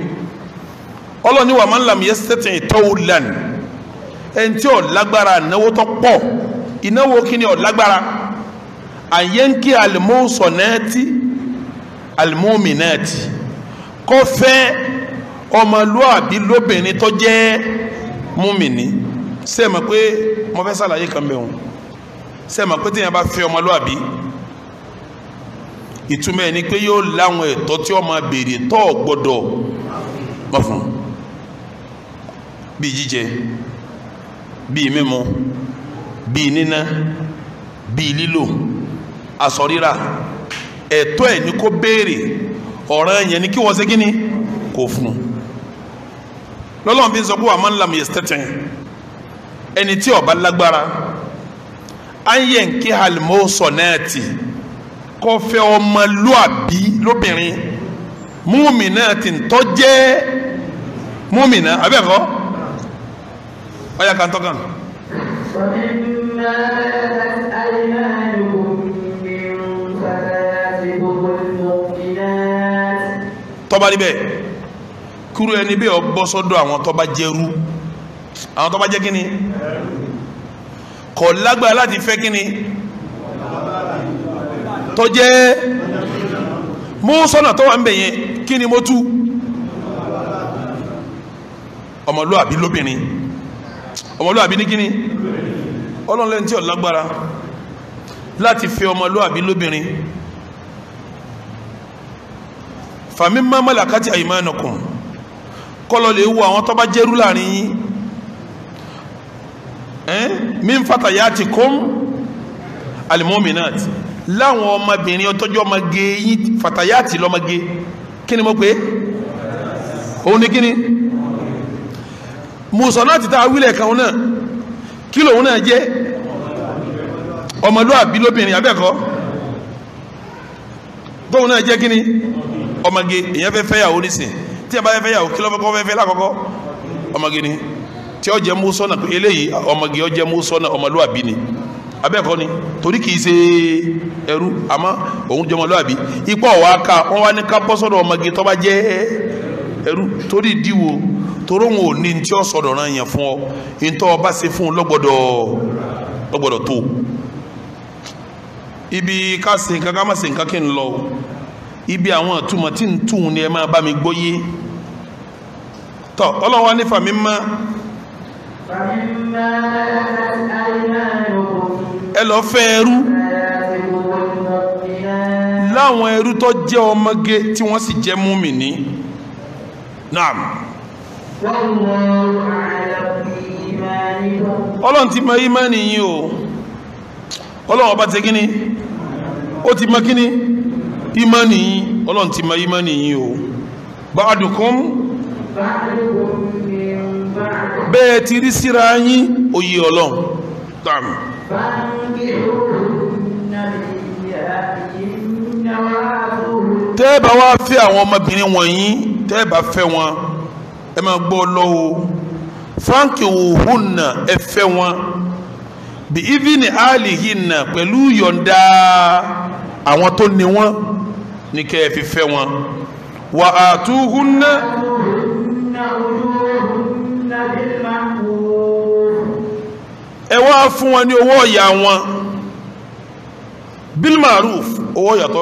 ọlọ́ni wà man lam yastati' tawlan ẹni tí ò lágbára náwó tó pọ̀ ìnáwó kíni ò lágbára àyẹ́ńkì àlùmọ́sọ̀nẹ́ẹ̀tì àlùmọ́mìnẹ́ẹ̀tì kọ́ fẹ́ẹ́ ọmọlúàbí lóbìnrin tó jẹ́ múmìnì sẹ́mọ̀ pé mo fẹ́ sàlàyé kan bẹ̀ wọ́n sẹ́mọ̀ pé téèyàn bá fẹ́ ọmọlúàbí ìtumọ̀ ẹ̀ ni pé yóò láwọn ẹ̀tọ́ tí ọmọ béèrè tó gbọ́dọ̀ mọ̀ fún bíi jíjẹ bíi mímu bíi níná bíi lílò aṣọ ẹ̀tọ́ ẹ̀ ni kó béèrè ọ̀ràn yẹn ni kí wọ́n ṣe kí ni kò fún un lọ́lọ́run bí n sọ pé wàá máa ń lamọ̀ yẹ̀sítẹ́tẹ̀ ẹni tí ó bá lágbára à ń yẹ̀ ń kí halimọ́ sọ náà tì kọfẹ́ ọmọlúàbí lóbìnrin múmìnà tí ń tọ́jẹ́ múmìnà abẹ́kọ́ ọ̀yà kan tọ́kàn. tọ́ba níbẹ̀ kúrú ẹni bí ọbọ sọ́dọ̀ àwọn tó bá jẹrú àwọn tó bá jẹ kíni kò lágbára láti fẹ́ kíni tó jẹ mú sọ́nà tó wà ń bẹ̀ yẹn kíni mo tú ọmọlúàbí lóbìnrin ọmọlúàbí ní kíni ọlọ́lẹ́ni tí ò lágbára láti fẹ́ ọmọlúàbí lóbìnrin fàmí má mọ́lá kájí àyè máa nà kọlọ lè wo àwọn tọ́ba jẹ́rú láàrin yín ẹ́n min fatayatikum alimominat láwọn ọmọbìnrin ọtọ́jú ọmọge yín fatayati lọ́mọge kí ni mo pè é òun ni kí ni musonati tá a wílẹ̀ kan náà kí lòun náà jẹ́ ọmọlúwàbí lóbìnrin abẹ́kọ́ tóun náà jẹ́ kí ọmọge èèyàn fẹ́ fẹ́yàwó nísìnyí tí ẹ bá fẹ́ yàwó kí ló fẹ́ kọ́ fẹ́ ọmọge ni tí ọ jẹ́ mú sọ́nà eléyìí ọmọge ó jẹ́ mú sọ́nà ọmọlúwàbí ni abẹ́ẹ̀kọ́ ni torí kìí ṣe ẹrú àmọ́ òun jẹ́ ọmọlúwàbí ipò ọ̀wá ká wọ́n wá ní ká bọ́ sọ́dọ̀ ọmọge tó bá jẹ́ ẹrú torí ò ní tí sọ̀dọ̀ ọ ìtọ́ ọba ṣe fún tó ibi ká ká má kí ibi àwọn àtúmọ̀ tí ń tún ni ẹ tọ́ ọlọ́wọ́ ní fàmí mọ́ ẹ lọ fẹ́ ẹrú láwọn ẹrú tó jẹ́ ọmọge tí wọ́n sì jẹ́ múmìnì naam ọlọ́run ti mọ ìmánì yín o ọlọ́run ọba ti kíni ó ti mọ kíni ìmánì yín ọlọ́run ti mọ ìmánì yín o ba'dukum bẹ́ẹ̀ ti rí síra yín oyè ọlọ́run tam. tẹ́ẹ̀bà wá fẹ́ àwọn ọmọbìnrin wọ̀nyí tẹ́ẹ̀bà fẹ́ wọn ẹ máa gbọ́ lọ́wọ́ fáǹkì òhunà ẹ fẹ́ wọn bí ivini alihinna pẹ̀lú yọ̀ǹda àwọn tó ní wọn ní kẹ́ ẹ fi fẹ́ wọn wà á túhunà ẹ wá fún wọn ní owó ọ̀yà wọn bil maruf owó ọ̀yà tó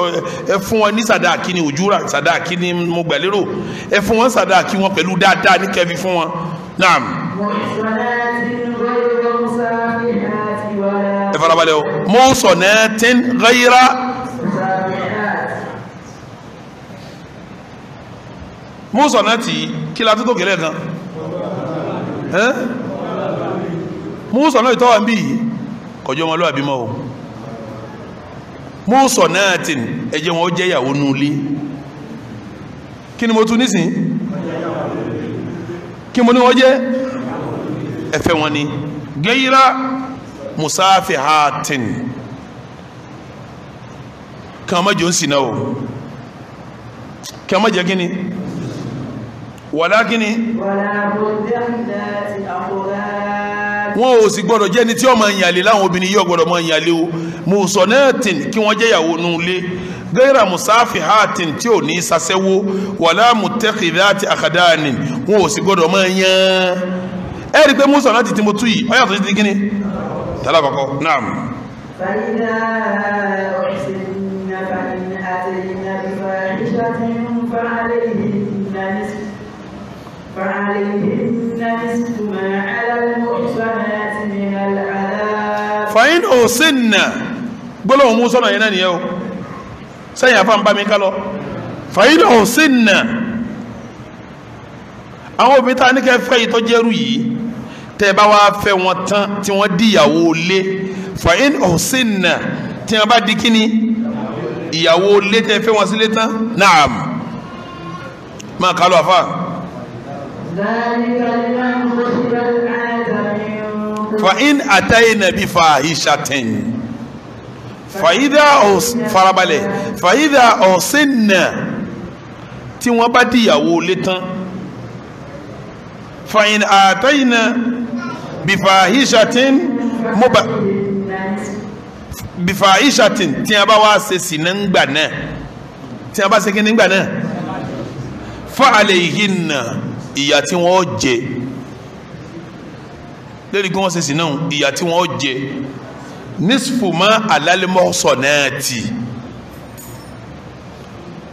ẹ fún wọn ní sàdáàkì ní ojúra sàdáàkì ní mo gbà lérò ẹ fún wọn sàdáàkì wọn pẹ̀lú dáadáa ní kẹfì fún wọn naam. ẹ farabalẹ̀ o mọ́sọ̀nẹ́tìn ghayra mọ́sọ̀ náà tí kí la tó tó gẹ̀lẹ́ kan mọ́sọ̀ náà ìtọ́wà ń bí kọjọ́ ọmọ lọ́wà bímọ o mọ́sọ̀ náà tí ẹjẹ́ wọn ó jẹ́ ìyàwó nulé kí ni mo tún nísìn kí mo ní wọ́n jẹ́ ẹ̀fẹ́ wọn ni gẹ́yìrá musafihatin kí wọ́n má jẹ́ ó sì náà o kí wọ́n má jẹ́ kí wàlákíní wọ́n ò sì gbọ́dọ̀ jẹ́ ní tí ọmọ ìyàlè láwọn obìnrin yóò gbọ́dọ̀ mọ ìyàlè o mùsọ̀nẹ́ẹ̀tìn kí wọ́n jẹ́yàwó nù lé gẹ́rà musáfì hàtìn tí ò ní sasẹ́wó wàlá mùtẹ́kìdáàtì àkàdáàní wọn ò sì gbọ́dọ̀ mọ yán ẹ rí i pé fàyín òsínà gbólóhùn mú sọ́nà yẹn nìyẹn o sẹ́yìn afá ń bá mi kálọ fàyín òsínà àwọn obìnrin tá a ní kẹ́ fẹ́ yìí tó jẹ́rú yìí tẹ́ bá wá fẹ́ wọn tán tí wọ́n díyàwó lé fàyín òsínà tí wọ́n bá di kíni ìyàwó lé tẹ́ fẹ́ wọn sílé tán naam máa kálọ afá fa'in atayi nabi fahishatin fa'ida farabalẹ̀ fa'ida ọ̀sìnà tí wọ́n bá dìyàwó létán fa'in atayi na bí fahishatin mọ́bà bifa ishatin tí a bá wá ṣe sí nígbà náà tí a bá ṣe kí nígbà náà fa alayhinna ìyà tí wọ́n jẹ lórí kí wọ́n ṣe sí náà ìyà tí wọ́n jẹ nísìfù mọ́ alálẹ́mọ́sọ̀ náà tì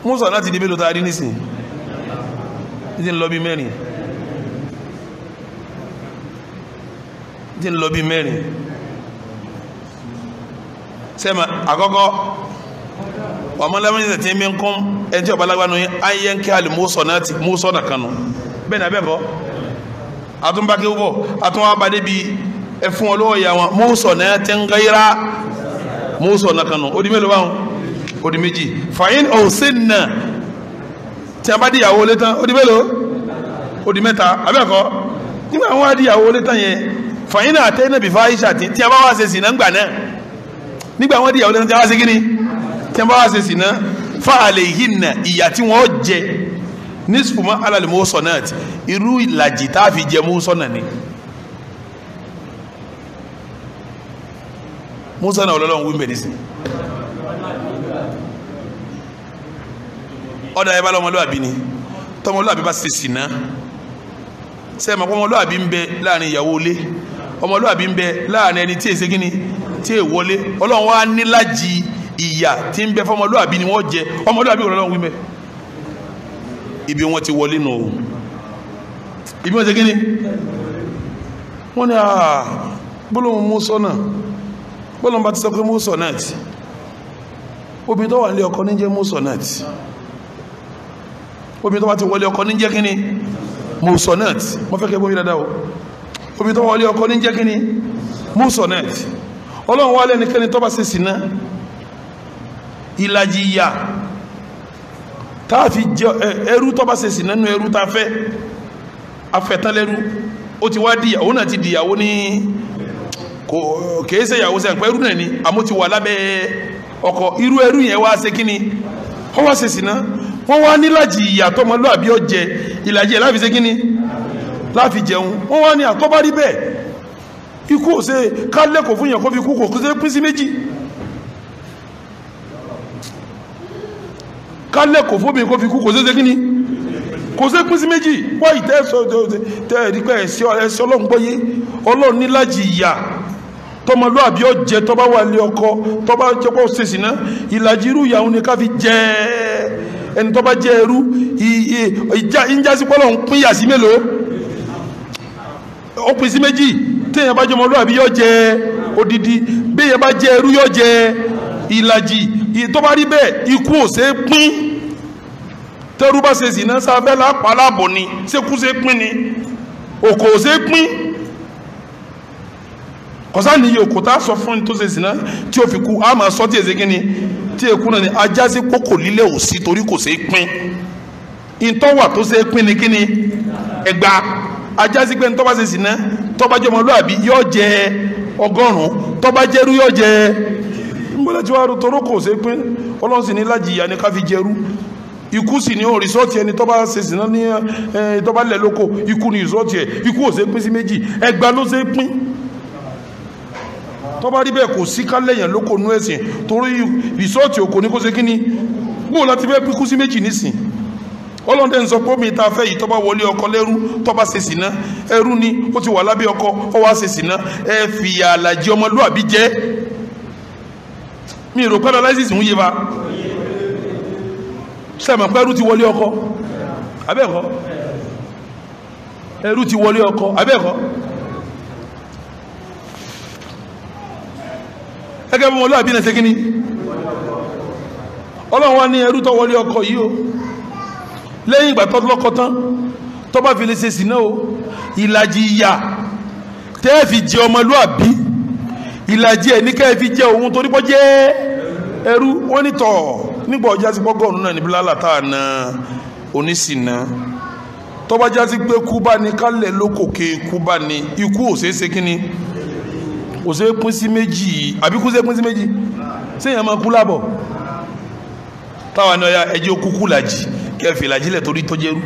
mọ́sọ̀ náà ti di mélòó tá a rí nísìn ní lọ bí mẹ́rin ní lọ bí mẹ́rin sẹ́mà àkọ́kọ́ wàmọ́lẹ́mọ́sọ̀ tí ń bí ń kún ẹni tí ọ̀bá lágbánu ayé ń kí alì mọ́sọ̀ náà kanu bẹ́ẹ̀ náà bẹ́ẹ̀ bọ́ àtúnbákẹ́ wọ́ àtún wá bàdé bi ẹ fún wọn lọ́wọ́ ìyá wọn mọ́sọ̀ náà tẹ́ ń gáyìrá mọ́sọ̀ náà kanu ó di mélòó báwọn ó di méjì fàyín ọ̀sìn náà tí a bá di ìyàwó lé tán ó di mélòó ó di mẹ́ta abẹ́ẹ̀kọ́ nígbà wọn á di ìyàwó lé tán yẹn fàyín náà tẹ́ náà bí fáyíṣà tí a bá wá ṣe sí náà ń gbà náà nígbà wọn di lé tán tí a bá ṣe kí nisfu ma alal muhsanat irú ìlàjì tá a fi jẹ mùsọ̀nà ni. mùsọ̀nà ọlọ́run wí mẹ́rin sí. ọ̀dà ẹ̀ bá lọ́mọlúwàbí ni tọ́mọlúwàbí bá ṣe sìnà sẹ́ẹ̀ mọ̀ pé ọmọlúwàbí ń bẹ láàrin ìyàwó ilé ọmọlúwàbí ń bẹ láàrin ẹni tí èsè kínní tí è wọlé ọlọ́run iya níláàjì ìyà tí ń bẹ fọmọlúwàbí ni wọ́n jẹ ọmọlúwàbí ọlọ́run wí mẹ́rin ibi wọ́n ti wọlé nù ibi wọ́n ti gíní wọ́n ni àà gbọ́lọ́mù mú sọ́nà gbọ́lọ́mù bá ti sọ pé mú sọ̀nà tí obi tó wà nílé ọkọ ní jẹ́ mú sọ̀nà tí obi tó wà ti wọlé ọkọ ní jẹ́ kíní mú sọ̀nà tí mo fẹ́ kẹ́ bómi dáadáa obi tó wọlé ọkọ ní jẹ́ kíní mú sọ̀nà tí ọlọ́run wà lẹ́nikẹ́ni tó bá ṣe sìnà ìlàjì ìyà táàfi jẹ ẹrú tọ́ba ṣèṣì nínú ẹrú tá a fẹ́ afẹ́tánlẹ́rú ó ti wá dìyàwó náà ti dìyàwó ní kò kèé ṣe ìyàwó sẹ́ǹpẹ́ ẹrú náà ni àmọ́ ti wà lábẹ́ ọkọ irú ẹrú yẹn wá ṣe kíni wọ́n wá ṣèṣì náà wọ́n wá nílàjì ìyàtọ̀ ọmọlúàbí ọ̀jẹ̀ ìlàjì ẹ̀ láfi ṣe kíni láfi jẹun wọ́n wá ní àtọ́bárí bẹ́ẹ̀ ikú ò ṣe ká fún yẹn kó fi kú kò kó ṣe pín sí méjì kálẹ̀ kò fóbi kó fi kú kò sése kíni kò sé pín sí méjì wọ́n yìí tẹ́sọ̀ tẹ́ẹ̀rí pé ẹ̀sẹ̀ ẹ̀sẹ̀ ọlọ́run gbọ́yé ọlọ́run níláàjì ìyà tọmọlúàbí ọjẹ tọba wà lé ọkọ tọba jẹpọ ṣèṣì ná ìlàjì irú ìyàwó ni ká fi jẹ ẹni tọba jẹ ẹrú ìjà ìjásípọ̀lọ̀ ń pín yà sí mélòó ó pín sí méjì téèyàn bá jẹ ọmọlúàbí yọ jẹ odidi béèyàn bá jẹ ẹrú yọ jẹ ìlàjì tó bá rí bẹ́ẹ̀ ikú ò ṣe é pín tẹ́rú bá ṣe zìnà sáfẹ́ lápá láàbọ̀ ni ṣékú ṣe pín ni òkò ò ṣe é pín kọsá ni yòókù tá a sọ fún ní tó ṣe zìnà tí o fi kú a máa sọ tí èsì kínni tí èkú náà ni ajá sí kókò lílẹ̀ ò sí torí kò ṣe é pín ìtọ́wà tó ṣe é pín ni kínni ẹgbàá ajá sí pé ní tó bá ṣe zìnà tó bá jẹ́ ọmọlúwàbí yóò jẹ ọgọ́rùn-ún tó jẹ́rú yóò jẹ gbọ́dọ̀ tí wàá ro toró kò ṣe pín ọlọ́run sì ní lájìyà ni ká fi jẹrú ikú sì ní rìsọ́ọ̀tì ẹni tó bá ṣe sìná ní ẹ tó bá lẹ̀ lóko ikú ní rìsọ́ọ̀tì ẹ ikú ò ṣe pín sí méjì ẹgbà ló ṣe pín tó bá rí bẹ́ẹ̀ kò sí kálẹ̀yàn lóko nú ẹ̀sìn torí rìsọ́ọ̀tì òkò ní kó ṣe kíni gbóò láti fẹ́ pín kú sí méjì nísìn ọlọ́run ń sọ pé omi ìta fẹ́ yìí tó wọlé ọkọ lẹ́rú tó bá ṣe ẹrú ni ó ti wà lábẹ́ ọkọ ó wá ṣe ẹ fìyà àlàjì ọmọlúàbí jẹ́ mi rò pẹ́ paralysis ń yé ba sẹ́mi pẹ́rú ti wọlé ọkọ abẹ́ẹ̀kọ́ ẹrú ti wọlé ọkọ abẹ́ẹ̀kọ́ ẹgẹ́ bí wọn lọ́wọ́ àbí ẹ̀sẹ̀ kínní ọlọ́run wa ní ẹrú tó wọlé ọkọ yìí o lẹ́yìn ìgbà tó tán tó fi lè ṣe sí náà ìlàjì ìyà tẹ́ẹ̀ fi jẹ ọmọlúàbí ìlàjì ẹ̀ ní kẹ́ẹ̀ fi jẹ́ òun torí pọ́ jẹ́ ẹrú wọ́n ní tọ̀ nígbà ọjà ti gbọ́gọ́rùn náà ní bílálà tá à na oníṣìnà tọ́bajá ti gbé kú bá ní kálẹ̀ lókòkè kú bá ní ikú òṣèṣe kínní òṣèṣe pín sí méjì àbí kú ṣe pín sí méjì séèyàn máa kú lábọ̀ táwa ní ọya ẹjẹ́ kúkú làjì kẹfì làjì torí tọ́jẹ́rú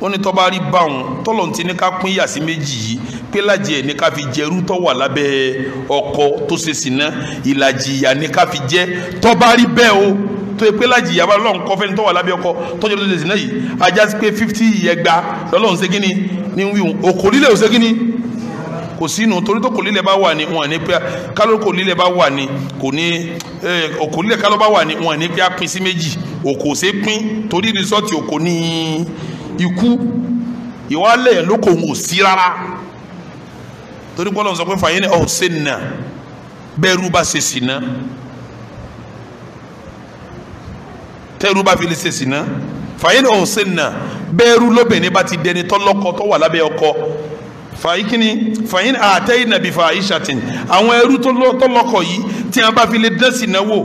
wọ́n ní tọ́ba rí báwọn tọ́lọ̀ ti ní ká pín yà sí méjì yìí pélájì ẹ̀ ní ká fi jẹ irú tó wà lábẹ́ ọkọ tó ṣe sìnà ìlàjì ìyà ní ká fi jẹ tó rí bẹ́ẹ̀ o tó yẹ pélájì ìyàwó ọlọ́run kọ́ fẹ́ni tó wà lábẹ́ ọkọ tọ́jú tó ṣe sìnà yìí ajá sí pé fifty ìyẹgba lọ́lọ́run ṣe kíni ní wíwùn òkòlílẹ̀ ò ṣe kíni kò sínú torí tó kòlílẹ̀ bá wà ní wọn ní pé kálọ́ kòlílẹ̀ bá wà ní kò ní òkòlílẹ̀ kálọ́ bá wà ní wọn ní pé a pín sí méjì òkò ṣe pín torí rìsọ́ọ̀tì òkò ní ikú ìwálẹ̀ lóko ò sí rárá torí bọ́lá sọ pé fàyín ọ̀ ṣe nà bẹ́ẹ̀rù bá ṣe sì ná tẹ́rù bá fi lè ṣe sì ná fàyín ọ̀ ṣe nà bẹ́ẹ̀rù lóbìnrin bá ti dẹni tọ́lọ́kọ tó wà lábẹ́ ọkọ fàyín kìíní fàyín àtẹ́yìn nàbí fàyín ṣàtìn àwọn ẹrú tọ́lọ́kọ yìí tí wọn bá fi lè dán sí náwó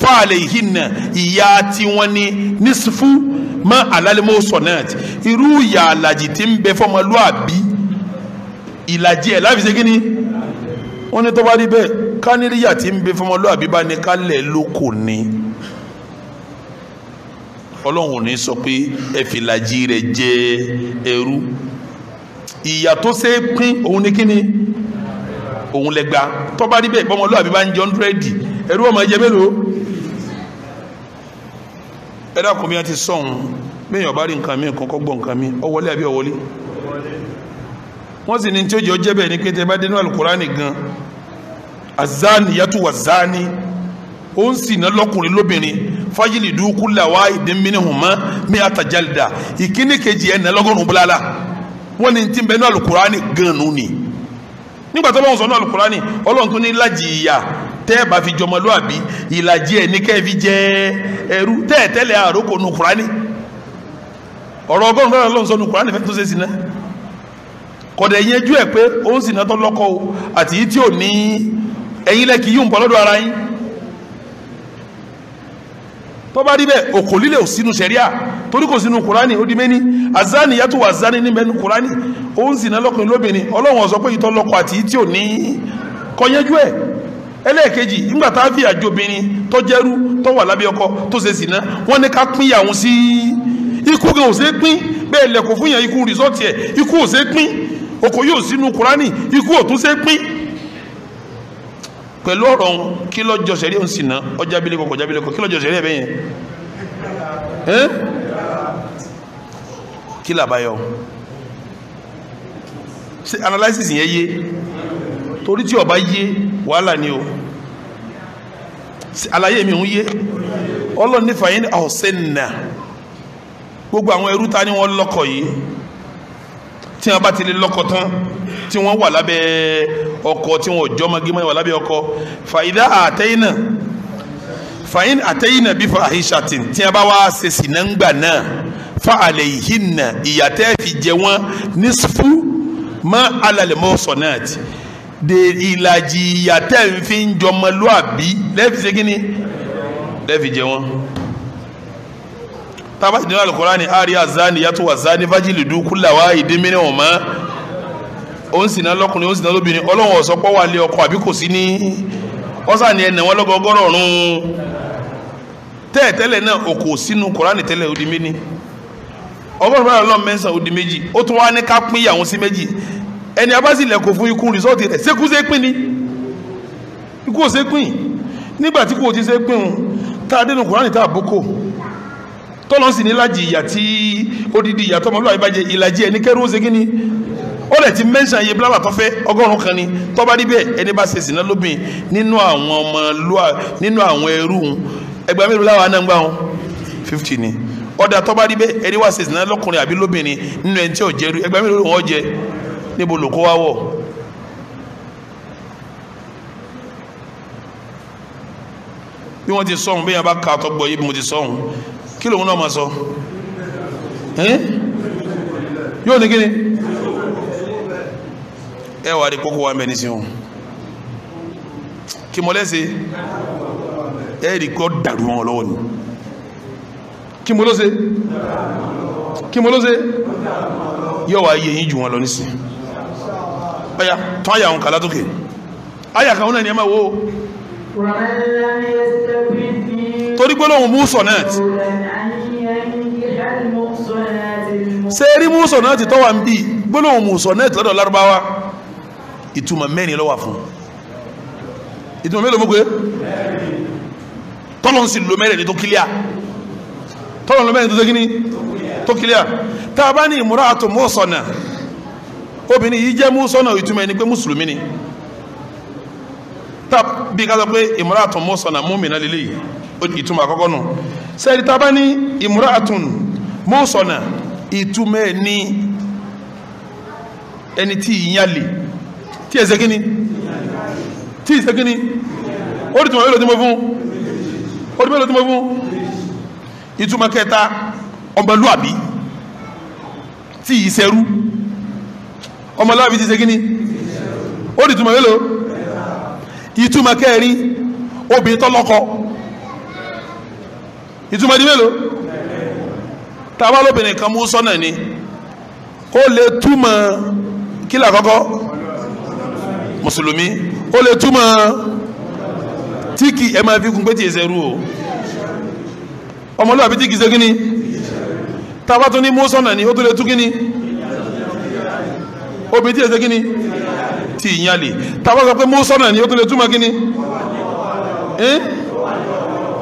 fáàlẹ̀ yìí nà ìyá tiwọn ni nísìfú mọ́ àlálẹ́mọ́sọ̀ náà irú ìyá àlàjì tí ń bẹ fọmọlúàbí ìlàjì ẹ̀ láfi ṣe kí ni wọ́n ní tó bá rí bẹ́ẹ̀ káníríyà tí ń bẹ fọmọlúwàbí bá ní kálẹ̀ lóko ni ọlọ́run ní sọ pé ẹ rẹ̀ jẹ ẹrú ìyà tó ṣe é pín òun ní kí ni òun lẹ́gba tó bá rí bẹ́ẹ̀ fọmọlúwàbí bá ń jẹ ọ́ndúrẹ́dì ẹrú ọmọ ẹ̀jẹ̀ mélòó ẹ̀dá kò bí wọ́n ti sọ̀hún bẹ́ẹ̀ yọ̀ bá rí nǹkan mi kọ́kọ́ gbọ́ nǹkan mi ó wọlé àbí ó wọlé wọ́n sì ní tí ó jẹ́ ọjẹ́ bẹ́ẹ̀ ni pé tẹ́ bá dénú alukurani gan azani yàtú wà zani ó ń sìnà lọ́kùnrin lóbìnrin fájìlì dúkú làwa ìdínmínì hùmá mi àtàjálìdà ìkíní kejì ẹ̀ nẹ́lọ́gọ́rùn-ún búláàlà wọ́n ní tí ń bẹ́ẹ̀ ní alukurani gan nù ni nígbà tó bá sọ ní alukurani ọlọ́run tún ní lájì ìyá tẹ́ ẹ bá fi jọmọ lóàbí ìlàjì ẹ̀ ní kẹ́ ẹ fi jẹ́ ẹrú tẹ́ ẹ tẹ́lẹ̀ àrókò nù kurani ọ̀rọ̀ ọgọ́rùn-ún lọ́rọ̀ kọ̀dẹ̀ yẹn jú ẹ̀ pé ó ń sìnà tó lọ́kọ o àti yìí tí ò ní ẹ̀yin lẹ́kì yìí ń bọ̀ lọ́dọ̀ ara yín tó bá rí bẹ́ẹ̀ òkò líle ò sínú sẹ̀ríà torí kò sínú kùránì ó di méní azani yàtọ̀ wà azani ní mẹ́nu kùránì ó ń sìnà lọ́kùnrin lóbìnrin ọlọ́run sọ pé ìtọ́ lọ́kọ àti yìí tí ò ní kọ́yẹ́jú ẹ̀ ẹlẹ́ẹ̀kejì nígbà tá a fi àjò obìnrin tó jẹ́rú tó wà lábẹ́ ọkọ tó ṣe sìnà wọ́n ní ká pín ìyàwó sí ikú gan ò ṣe pín bẹ́ẹ̀ lẹ̀kọ̀ fún yàn ikú rìsọ́ọ̀tì ẹ̀ ikú ò ṣe pín okò yóò sínú Kùránì ikú òtún ṣe pín pẹ̀lú ọ̀rọ̀ òun kí lọ́jọ́ sẹ̀rí òun sì ná ọjà abilékọ kọjá abilékọ kí lọ́jọ́ sẹ̀rí ẹ̀ bẹ́yẹn ẹ́n kí làbáyọ ṣe analysis yẹn yé torí tí ọba yé wàhálà ni o àlàyé mi ń yé ọlọ́ọ̀nífàyín ọ̀sẹ̀ nà gbogbo àwọn ẹrú ta ni wọ́n lọ́kọ̀ yìí tí wọn bá ti lè lọ́kọ tán tí wọn wà lábẹ́ ọkọ tí wọn ò jọmọgé mọ́ wà lábẹ́ ọkọ fàyídà àtẹ́yìnà fàyín àtẹ́yìnà bí fahishatin tí wọn bá wá ṣe sìnà ńgbà náà fa alayhinna ìyàtẹ́ fi jẹ wọn nisfu ma alalẹ̀ mọ́ sọ̀nàtì de ìlàjì ìyàtẹ́ fi ń jọmọlúàbí lẹ́ẹ̀fi ṣe kí ni lẹ́ẹ̀fi jẹ wọn tába ti nínú alukurani ari azani yàtọ̀ wazani fájìlì dùn kúlà wá ìdí mìíràn ọ̀mọ́ òun sì náà lọ́kùnrin òun sì náà lóbìnrin ọlọ́wọ́n ọ̀sọ́ pọ̀ wà lé ọkọ àbí kò sí ní ọ̀sán ni ẹnà wọn lọ́gọ́gọ́rọ̀ ọ̀run tẹ́ẹ̀tẹ́lẹ̀ náà òkò sínú kurani tẹ́lẹ̀ ó di méní ọgọ́rùn báyọ̀ lọ́n mẹ́sàn ó di méjì ó tún wá ní ká pín ìyàwó sí méjì ẹni abásílẹ̀ kò fún ikú rìsọ́ọ̀tì rẹ̀ sékú sépin ni ikú ò sépin nígbà tí kò ti sépin tá a dénú kurani tá a bókò tọ́lọ́ sì ní ìlàjì ìyà tí odidi ìyà tọmọlúwa ìbàjẹ́ ìlàjì ẹni kẹrù ó ṣe kí ó lè ti mẹ́ṣà iye bíláwà tó fẹ́ ọgọ́rùn kan ni tó bá bẹ́ẹ̀ ẹni bá ṣe sìnà lóbìn nínú àwọn ọmọlúwa nínú àwọn ẹrú ẹgbẹ́ mélòó láwa náà gbà wọn fifty ni ọ̀dà tó bá bẹ́ẹ̀ ẹni wá ṣe sìnà lọ́kùnrin àbí lóbìnrin nínú ẹni tí ò jẹ́rú ẹgbẹ́ mélòó wọn jẹ níbo lòkó wá wọ̀ bí wọ́n ti sọ̀hún bí yẹn bá ka àtọ́gbọ̀ yìí bí mo ti sọ̀hún kí lòun náà máa sọ yóò ní kíni ẹ wà ní kókó wa mẹ ní sinú kí mọlẹ́sẹ̀ ẹ rí kọ́ dàrú wọn lọ́wọ́ ni kí mo ló ṣe kí mo ló ṣe yóò wá yé yín jù wọn lọ nísìn ọ̀yà tún àyà òun kà látòkè àyà kan náà ni ẹ máa wò ó. wàhálà ni torí pé lóhun mú sonnet ṣe rí mú sonnet tó wà ń bí gbólóhùn mú sonnet lọ́dọ̀ lárúbáwá ìtumọ̀ mẹ́rin ló wà fún ìtumọ̀ mẹ́rin mú pé tọ́lọ́n sì lo mẹ́rin tó kílíà tọ́lọ́n lo mẹ́rin tó kíní tó kílíà tá a bá ní ìmúra àtò mú sọ̀nà obìnrin yìí jẹ́ mú sọ̀nà ìtumọ̀ ẹni pé mùsùlùmí ni tá bí ká sọ pé ìmúra àtò mú sọ̀nà mú mìíràn lélẹ́yìí ìtumọ̀ àkọ́kọ́ nù sẹ́ẹ̀dì tá a bá ní imra'atun mọ́sọ̀nà ìtumọ̀ ẹ̀ ní ẹni tí ìyálè tí ẹ̀sẹ̀ kíní tí ìsẹ̀ kíní ó dì túnmọ̀ mélòó tí mo fún ó dì mélòó tí mo ìtumọ̀ kẹta ọmọlúàbí tí ìsẹ̀rú ọmọlúàbí tí ìsẹ̀ kíní ó ìtumọ̀ kẹrin obìnrin tọ́lọ́kọ ìtumọ̀ di mélòó tàbá lóbìnrin kan mú sọ́nà ni kó lè túmọ̀ kí là kọ́kọ́ mùsùlùmí kó lè túmọ̀ tí kì ẹ máa fi kún pé tí èsè rú o ọmọlúwàbí tí kì í ṣe kíni tàbá tó ní mú sọ́nà ni ó tó lè tú kíni obìnrin tí èsè kíni tí ìyá tàbá sọ pé mú sọ́nà ni ó tó lè túmọ̀ kíni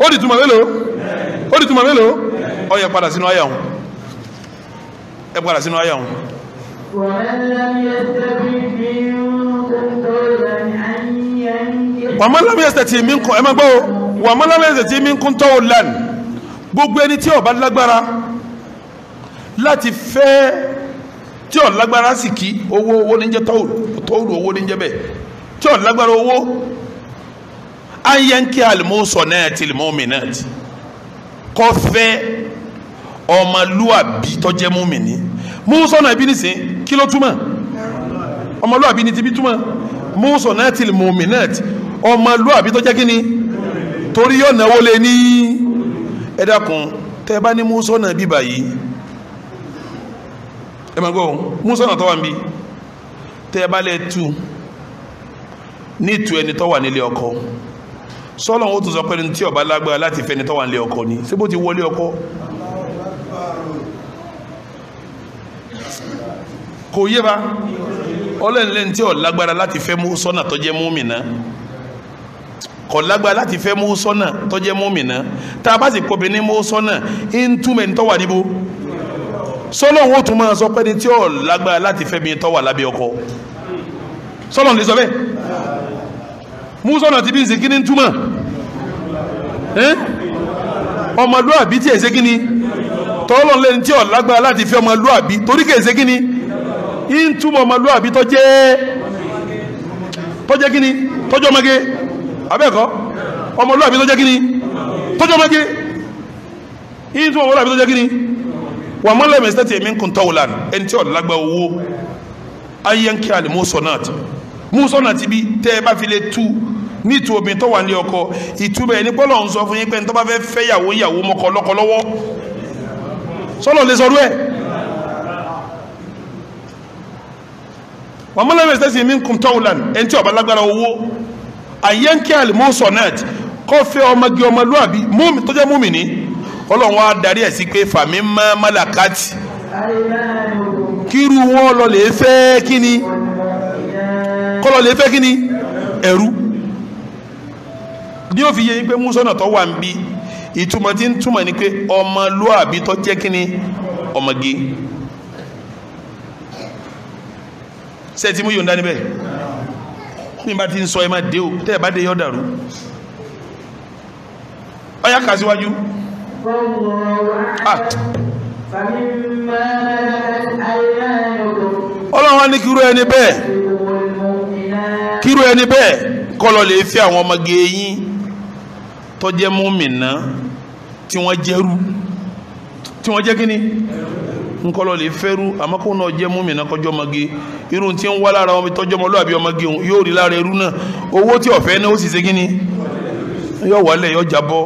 ó di túmọ̀ mélòó ó di túmọ̀ mélòó ó yẹ padà sínú àyà wọn ẹ padà sínú àyà wọn. wàmọ́ lámì ẹsẹ̀ tí mi ń kọ́ ẹ máa gbọ́ o wàmọ́ lámì ẹsẹ̀ tí mi ń kún tọ́wọ́ lan gbogbo ẹni tí ó bá lágbára láti fẹ́ tí ó lágbára sì kí owó owó níjẹ́ tọ́wọ́ owó níjẹ́ bẹ́ẹ̀ tí ó lágbára owó ayé ń kí alimọ́sọ̀ náà tìlímọ́ mi náà tì kọfẹ́ ọmọlúwàbí tọ́jẹ́ múmìnì mùsọ̀nà ibi nìsín kí ló túmọ̀ ọmọlúwàbí ni ti bí túmọ̀ mùsọ̀nà ti mùmìnàt ọmọlúwàbí tọ́jẹ́ kí ni torí yóò náwó lé ní ẹ dákun tẹ́ bá ní mùsọ̀nà bíbà yìí ẹ máa gbọ́ mùsọ̀nà tó wà níbí tẹ́ bá lè tu ní tu ẹni tó wà nílé ọkọ sọ́lọ̀ ó tún sọ pé tí ọba lágbára láti fẹ́ni tó wà nílé ọkọ ni ṣé bó ti wọlé ọkọ kò yé ba ọlẹ́nilẹ́ni tí ọ̀ lágbára láti fẹ́ mú sọ́nà tó jẹ́ múmìnà kọ̀ lágbára láti fẹ́ mú sọ́nà tó jẹ́ múmìnà tá a bá sì kọ́ bìnrin mú sọ́nà ń túmẹ̀ ní tó wà níbo sọ́lọ̀ ó tún máa sọ pé ní tí ọ̀ lágbára láti fẹ́ mi tó wà lábẹ́ ọkọ sọ́lọ̀ ní sọ bẹ́ẹ̀ musa ọ̀nà tí bí n ṣe kíní túmọ̀ ọmọlúàbí tí èsè kíní tọ́lọ́ lẹ́ni tí ó lágbára láti fi ọmọlúàbí torí kèsè kíní ń túmọ̀ ọmọlúàbí tọ́jẹ́ tọ́jẹ́ kíní tọ́jọ́ ọmọge abẹ́ẹ̀kọ́ ọmọlúàbí tọ́jẹ́ kíní tọ́jọ́ ọmọge ń túmọ̀ ọmọlúàbí tọ́jẹ́ kíní wà mọ́lẹ̀ mẹ́sítẹ́tì èmi ń kùn tọ́wọ́lá ẹni tí ó lágbára owó ayé ń kí àlè náà mú sọ́nà tibí tẹ́ ẹ bá fi lè tú nítorí obìnrin tó wà ní ọkọ ìtúbẹ̀ ẹni pọ́lọ̀ ń sọ fún yín pé ní tó bá fẹ́ fẹ́ yàwó yàwó mọ́kọ lọ́kọ lọ́wọ́ sọ́lọ̀ lè sọrú ẹ̀ wọ́n mọ́lẹ́ mẹ́sẹ̀ sí mi ń kún tọ́wùlàn ẹni tí ó bá lágbára owó àyẹ́ńkẹ́ àlùmọ́sọ̀ náà kọ́ fẹ́ ọmọge ọmọlúàbí tó jẹ́ múmìnì ọlọ́run wa darí ẹ̀ sí pé fàmí mọ́ mọ́làkàtì kírú wọn lọ lè fẹ́ kíni kọlọ lè fẹ́ kí ni ẹ̀rú bí ó fi yé yín pé músọ́nà tó wà ń bí ìtumọ̀ tí ń túmọ̀ ni pé ọmọlúàbí tó jẹ́ kí ni ọmọge sẹ́ẹ̀tì mú yòó dá níbẹ̀ ní bá ti ń sọ ẹ dé o tẹ́ bá dé yọ dàrú ọyá kà síwájú. Ah. ọlọ́run ní kí irú ẹni bẹ́ẹ̀. kíru ẹni bẹ́ẹ̀ kọ́ lọ lè fi àwọn ọmọge yín tó jẹ́ tí wọ́n jẹ́rú tí wọ́n jẹ́ kíní nkọlọ lè fẹ́rú àmọ́ kó náà jẹ́ kọjọ́ ọmọge irú tí ń wá lára ọmọ tọ́jọ́ ọmọge yóò rí lára náà owó tí ọ̀fẹ́ ó sì ṣe kíní yóò wálẹ̀ yóò jábọ́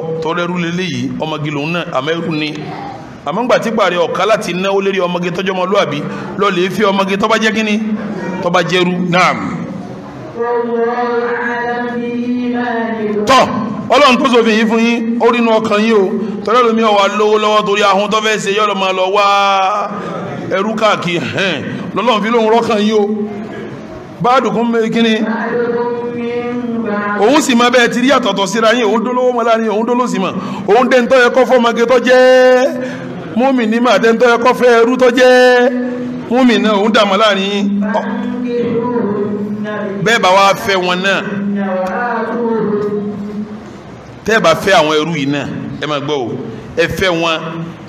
ọmọge lòun náà àmọ́ ni àmọ́ tí ọ̀ká tọ́ ọlọ́run tó sòfin yìí fún o tọ́lá lómi ọ̀wà lówó lọ́wọ́ torí ahun tó fẹ́ ṣe yọ́ lọ́mọ lọ wá ẹrú lọ́lọ́run fi o báàdùkún mẹ́rin kíní òun sì máa bẹ́ẹ̀ ti rí àtọ̀tọ̀ síra òun dólówó òun dóló sì òun ní bẹ́ẹ̀ bá wá fẹ́ wọn náà tẹ́ẹ̀ bá fẹ́ àwọn ẹrú yìí náà ẹ máa gbọ́ o ẹ fẹ́ wọn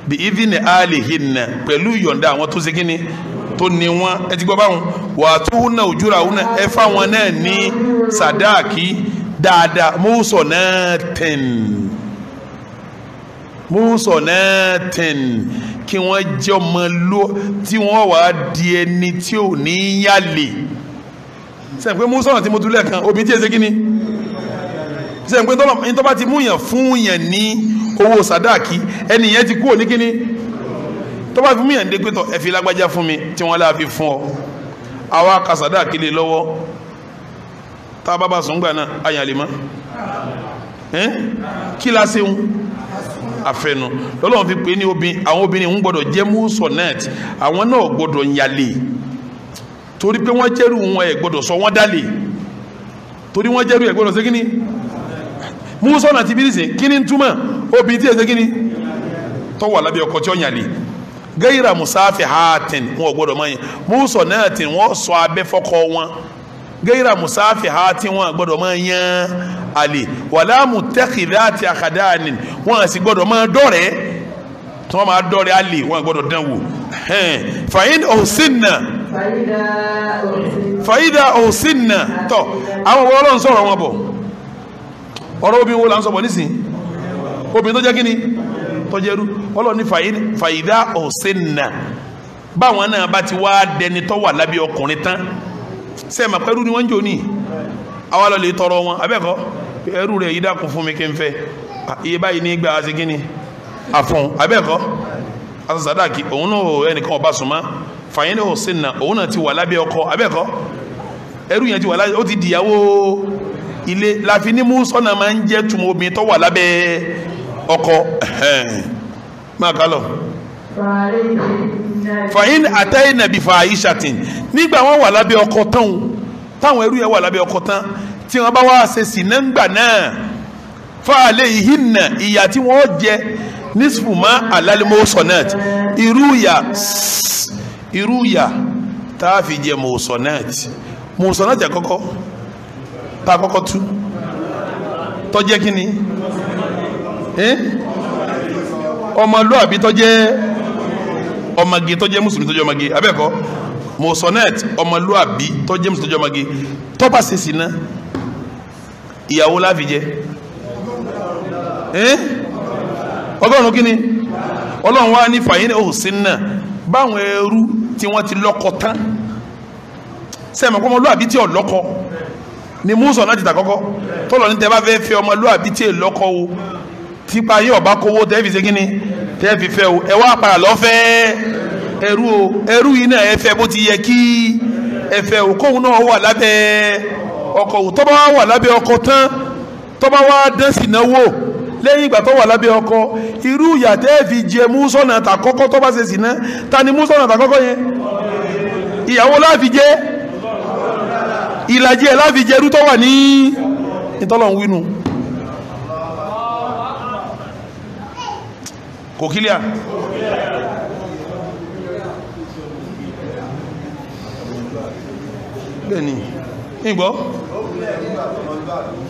bí ivini alihin náà pẹ̀lú ìyọ̀ǹda àwọn tó ṣe kínní tó ní wọn ẹ ti gbọ́ báwọn wà á tún náà ojú ra náà ẹ fáwọn náà ní sàdáàkì dáadáa mọ́sọ̀ náà tẹ̀n mọ́sọ̀ náà tẹ̀n kí wọ́n jẹ́ ọmọ ló tí wọ́n wàá di ẹni tí ò ní yálè sẹ́yìn pé mú sọ̀rọ̀ tí mo dúlẹ̀ kan obì tí èsè kíni sẹ́yìn pé tó bá ti mú yàn fún yàn ní owó sàdáàkì ẹni yẹn ti kúrò ní kíni tó bá fi mú yàn dé pé tọ̀ ẹ fi lágbájá fún mi tí wọ́n láà fi fún ọ àwa ka sàdáàkì lè lọ́wọ́ tá a bá bá sùn gbà náà àyàn lè mọ́ kí la ṣe ń lọ́lọ́run fi pè ní obìnrin àwọn obìnrin ń gbọ́dọ̀ jẹ́ mú sọ̀nẹ́ẹ̀tì àwọn náà gbọ́dọ̀ yàlè torí pé wọ́n jẹ́rù wọn ẹ̀ gbọ́dọ̀ sọ wọ́n dálé torí wọ́n jẹ́rù ẹ̀ gbọ́dọ̀ ṣe kíni musa ọ̀nà àti bírísì kíni túmọ̀ obìnrin tí ẹ̀ ṣe kíni tọ́wọ́ alábẹ́ ọkọ tí ó yàn lè gẹ́yìrà musafi haatin wọn ò gbọ́dọ̀ mọ́ yẹn musa náà tì wọ́n sọ abẹ́ fọ́kọ wọn gẹ́yìrà musafi haatin wọn gbọ́dọ̀ mọ́ yẹn àlè wàlámù tẹ́kìlá àti àkàdáàni wọn sì gbọ́dọ̀ mọ́ dọ́rẹ̀ẹ́ fàyídà òsínà tọ́ àwọn ọ̀rọ̀ ọlọ́run sọ̀rọ̀ wọn bọ̀ ọ̀rọ̀ obìnrin wo là ń sọ̀bọ̀ nísìn obìnrin tó jẹ́ kí ni tó jẹ́rú ọlọ́run ní fàyídà òsínà báwọn náà bá ti wá dẹni tó wà lábẹ́ ọkùnrin tán sẹ́ẹ̀mà pẹ́rú ni wọ́n ń jò ní àwa lọ lè tọrọ wọn abẹ́kọ́ ẹrú rẹ̀ yìí dákun fún mi kí n fẹ́ iye báyìí ní gbà sí kí ni àfọ̀n abẹ́kọ́ asọ̀sàdà kí òun náà ẹnìkan ọba sùnmọ́ fàyẹ́nì hossein náà òun náà ti wà lábẹ́ ọkọ abẹ́ẹ̀kọ́ ẹrú yẹn ti wà lábẹ́ ó ti dìyàwó ilé láfi ní mùsọ̀nà máa ń jẹ́ tùmọ̀ obìnrin tó wà lábẹ́ ọkọ máa kà lọ. fàyín àtẹ́yìn nàbí fàáyíṣàtìn nígbà wọn wà lábẹ́ ọkọ tán táwọn ẹrú yẹn wà lábẹ́ ọkọ tán tí wọn bá wá ṣe sí nẹ́ngbà náà fàálẹ̀ ìhìnà ìyà tí wọ́n jẹ nísìmọ̀ alálẹ́mọ́sọ̀nà irú ìyà sss irú ya tá a fi jẹ mùsọ̀nẹ́ẹ̀tì mùsọ̀nẹ́ẹ̀tì àkọ́kọ́ tá a kọ́kọ́ tú tọ́jẹ́ kí ni ọmọlúàbí tọ́jẹ́ ọmọge tọ́jẹ́ mùsùlùmí tọ́jẹ́ ọmọge abẹ́ẹ̀kọ́ mùsọ̀nẹ́ẹ̀tì ọmọlúàbí tọ́jẹ́ mùsùlùmí tọ́jẹ́ ọmọge tó bá náà ìyàwó láfi jẹ ọgọ́rùn kí ni báwọn ẹrú tí wọ́n ti lọ́kọ tán sẹ́mi ọmọlúwàbí tí ò lọ́kọ ni musa náà ti tà kọ́kọ́ tọ́lọ̀ ní tẹ́ bá fẹ́ fẹ́ ọmọlúwàbí tí ò lọ́kọ o tipa yìí ọba kówó tẹ́ fi ṣe kí ni tẹ́ fi fẹ́ o ẹ wá padà lọ́fẹ́ ẹrú o ẹrú yìí náà ẹ fẹ́ bó ti yẹ kí ẹ fẹ́ o kóhun náà wà lábẹ́ ọkọ o tọ́ba wà lábẹ́ ọkọ tán tọ́ba wà dẹ́sìn náà wò lẹ́yìn ìgbà tó wà lábẹ́ ọkọ irú ìyà tẹ́ fi jẹ músọ̀nà tàkọ́kọ́ tó bá ṣe sì ná ta ni músọ̀nà tàkọ́kọ́ yẹn ìyàwó láfi jẹ ìlàjì ẹ̀ láfi jẹ irú tó wà ní ìtọ́lọ̀ wínú kò ni ìgbọ́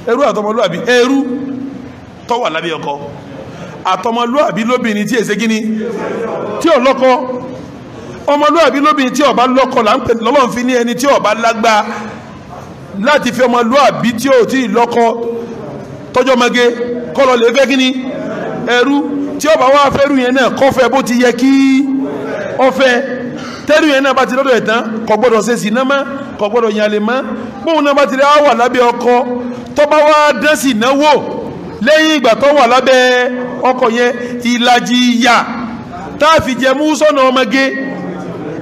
ẹrú àtọmọlúàbí ẹrú tó wà lábẹ́ ọkọ àtọmọlúàbí lóbìnrin tí èsè gíní tí ò lọ́kọ ọmọlúàbí lóbìnrin tí ò bá lọ́kọ là ń pè lọ́lọ́run fi ní ẹni tí ò bá lágbá láti fi ọmọlúàbí tí ò tí ì lọ́kọ tọ́jọ́ mage kọ́lọ́ lè fẹ́ gíní ẹrú tí ó bá wá fẹ́rù yẹn náà kọ́fẹ́ bó ti yẹ kí ọfẹ́ tẹ́rù yẹn náà bá ti lọ́dọ̀ ẹ̀ tán gbọ́dọ̀ ṣe sí náà mọ́ gbọ́dọ̀ yàn lè mọ́ lẹ́yìn ìgbà tó wà lábẹ́ ọkọ̀ yẹn ìlàjì ìyà táàfi jẹ mú sọ́nà ọmọge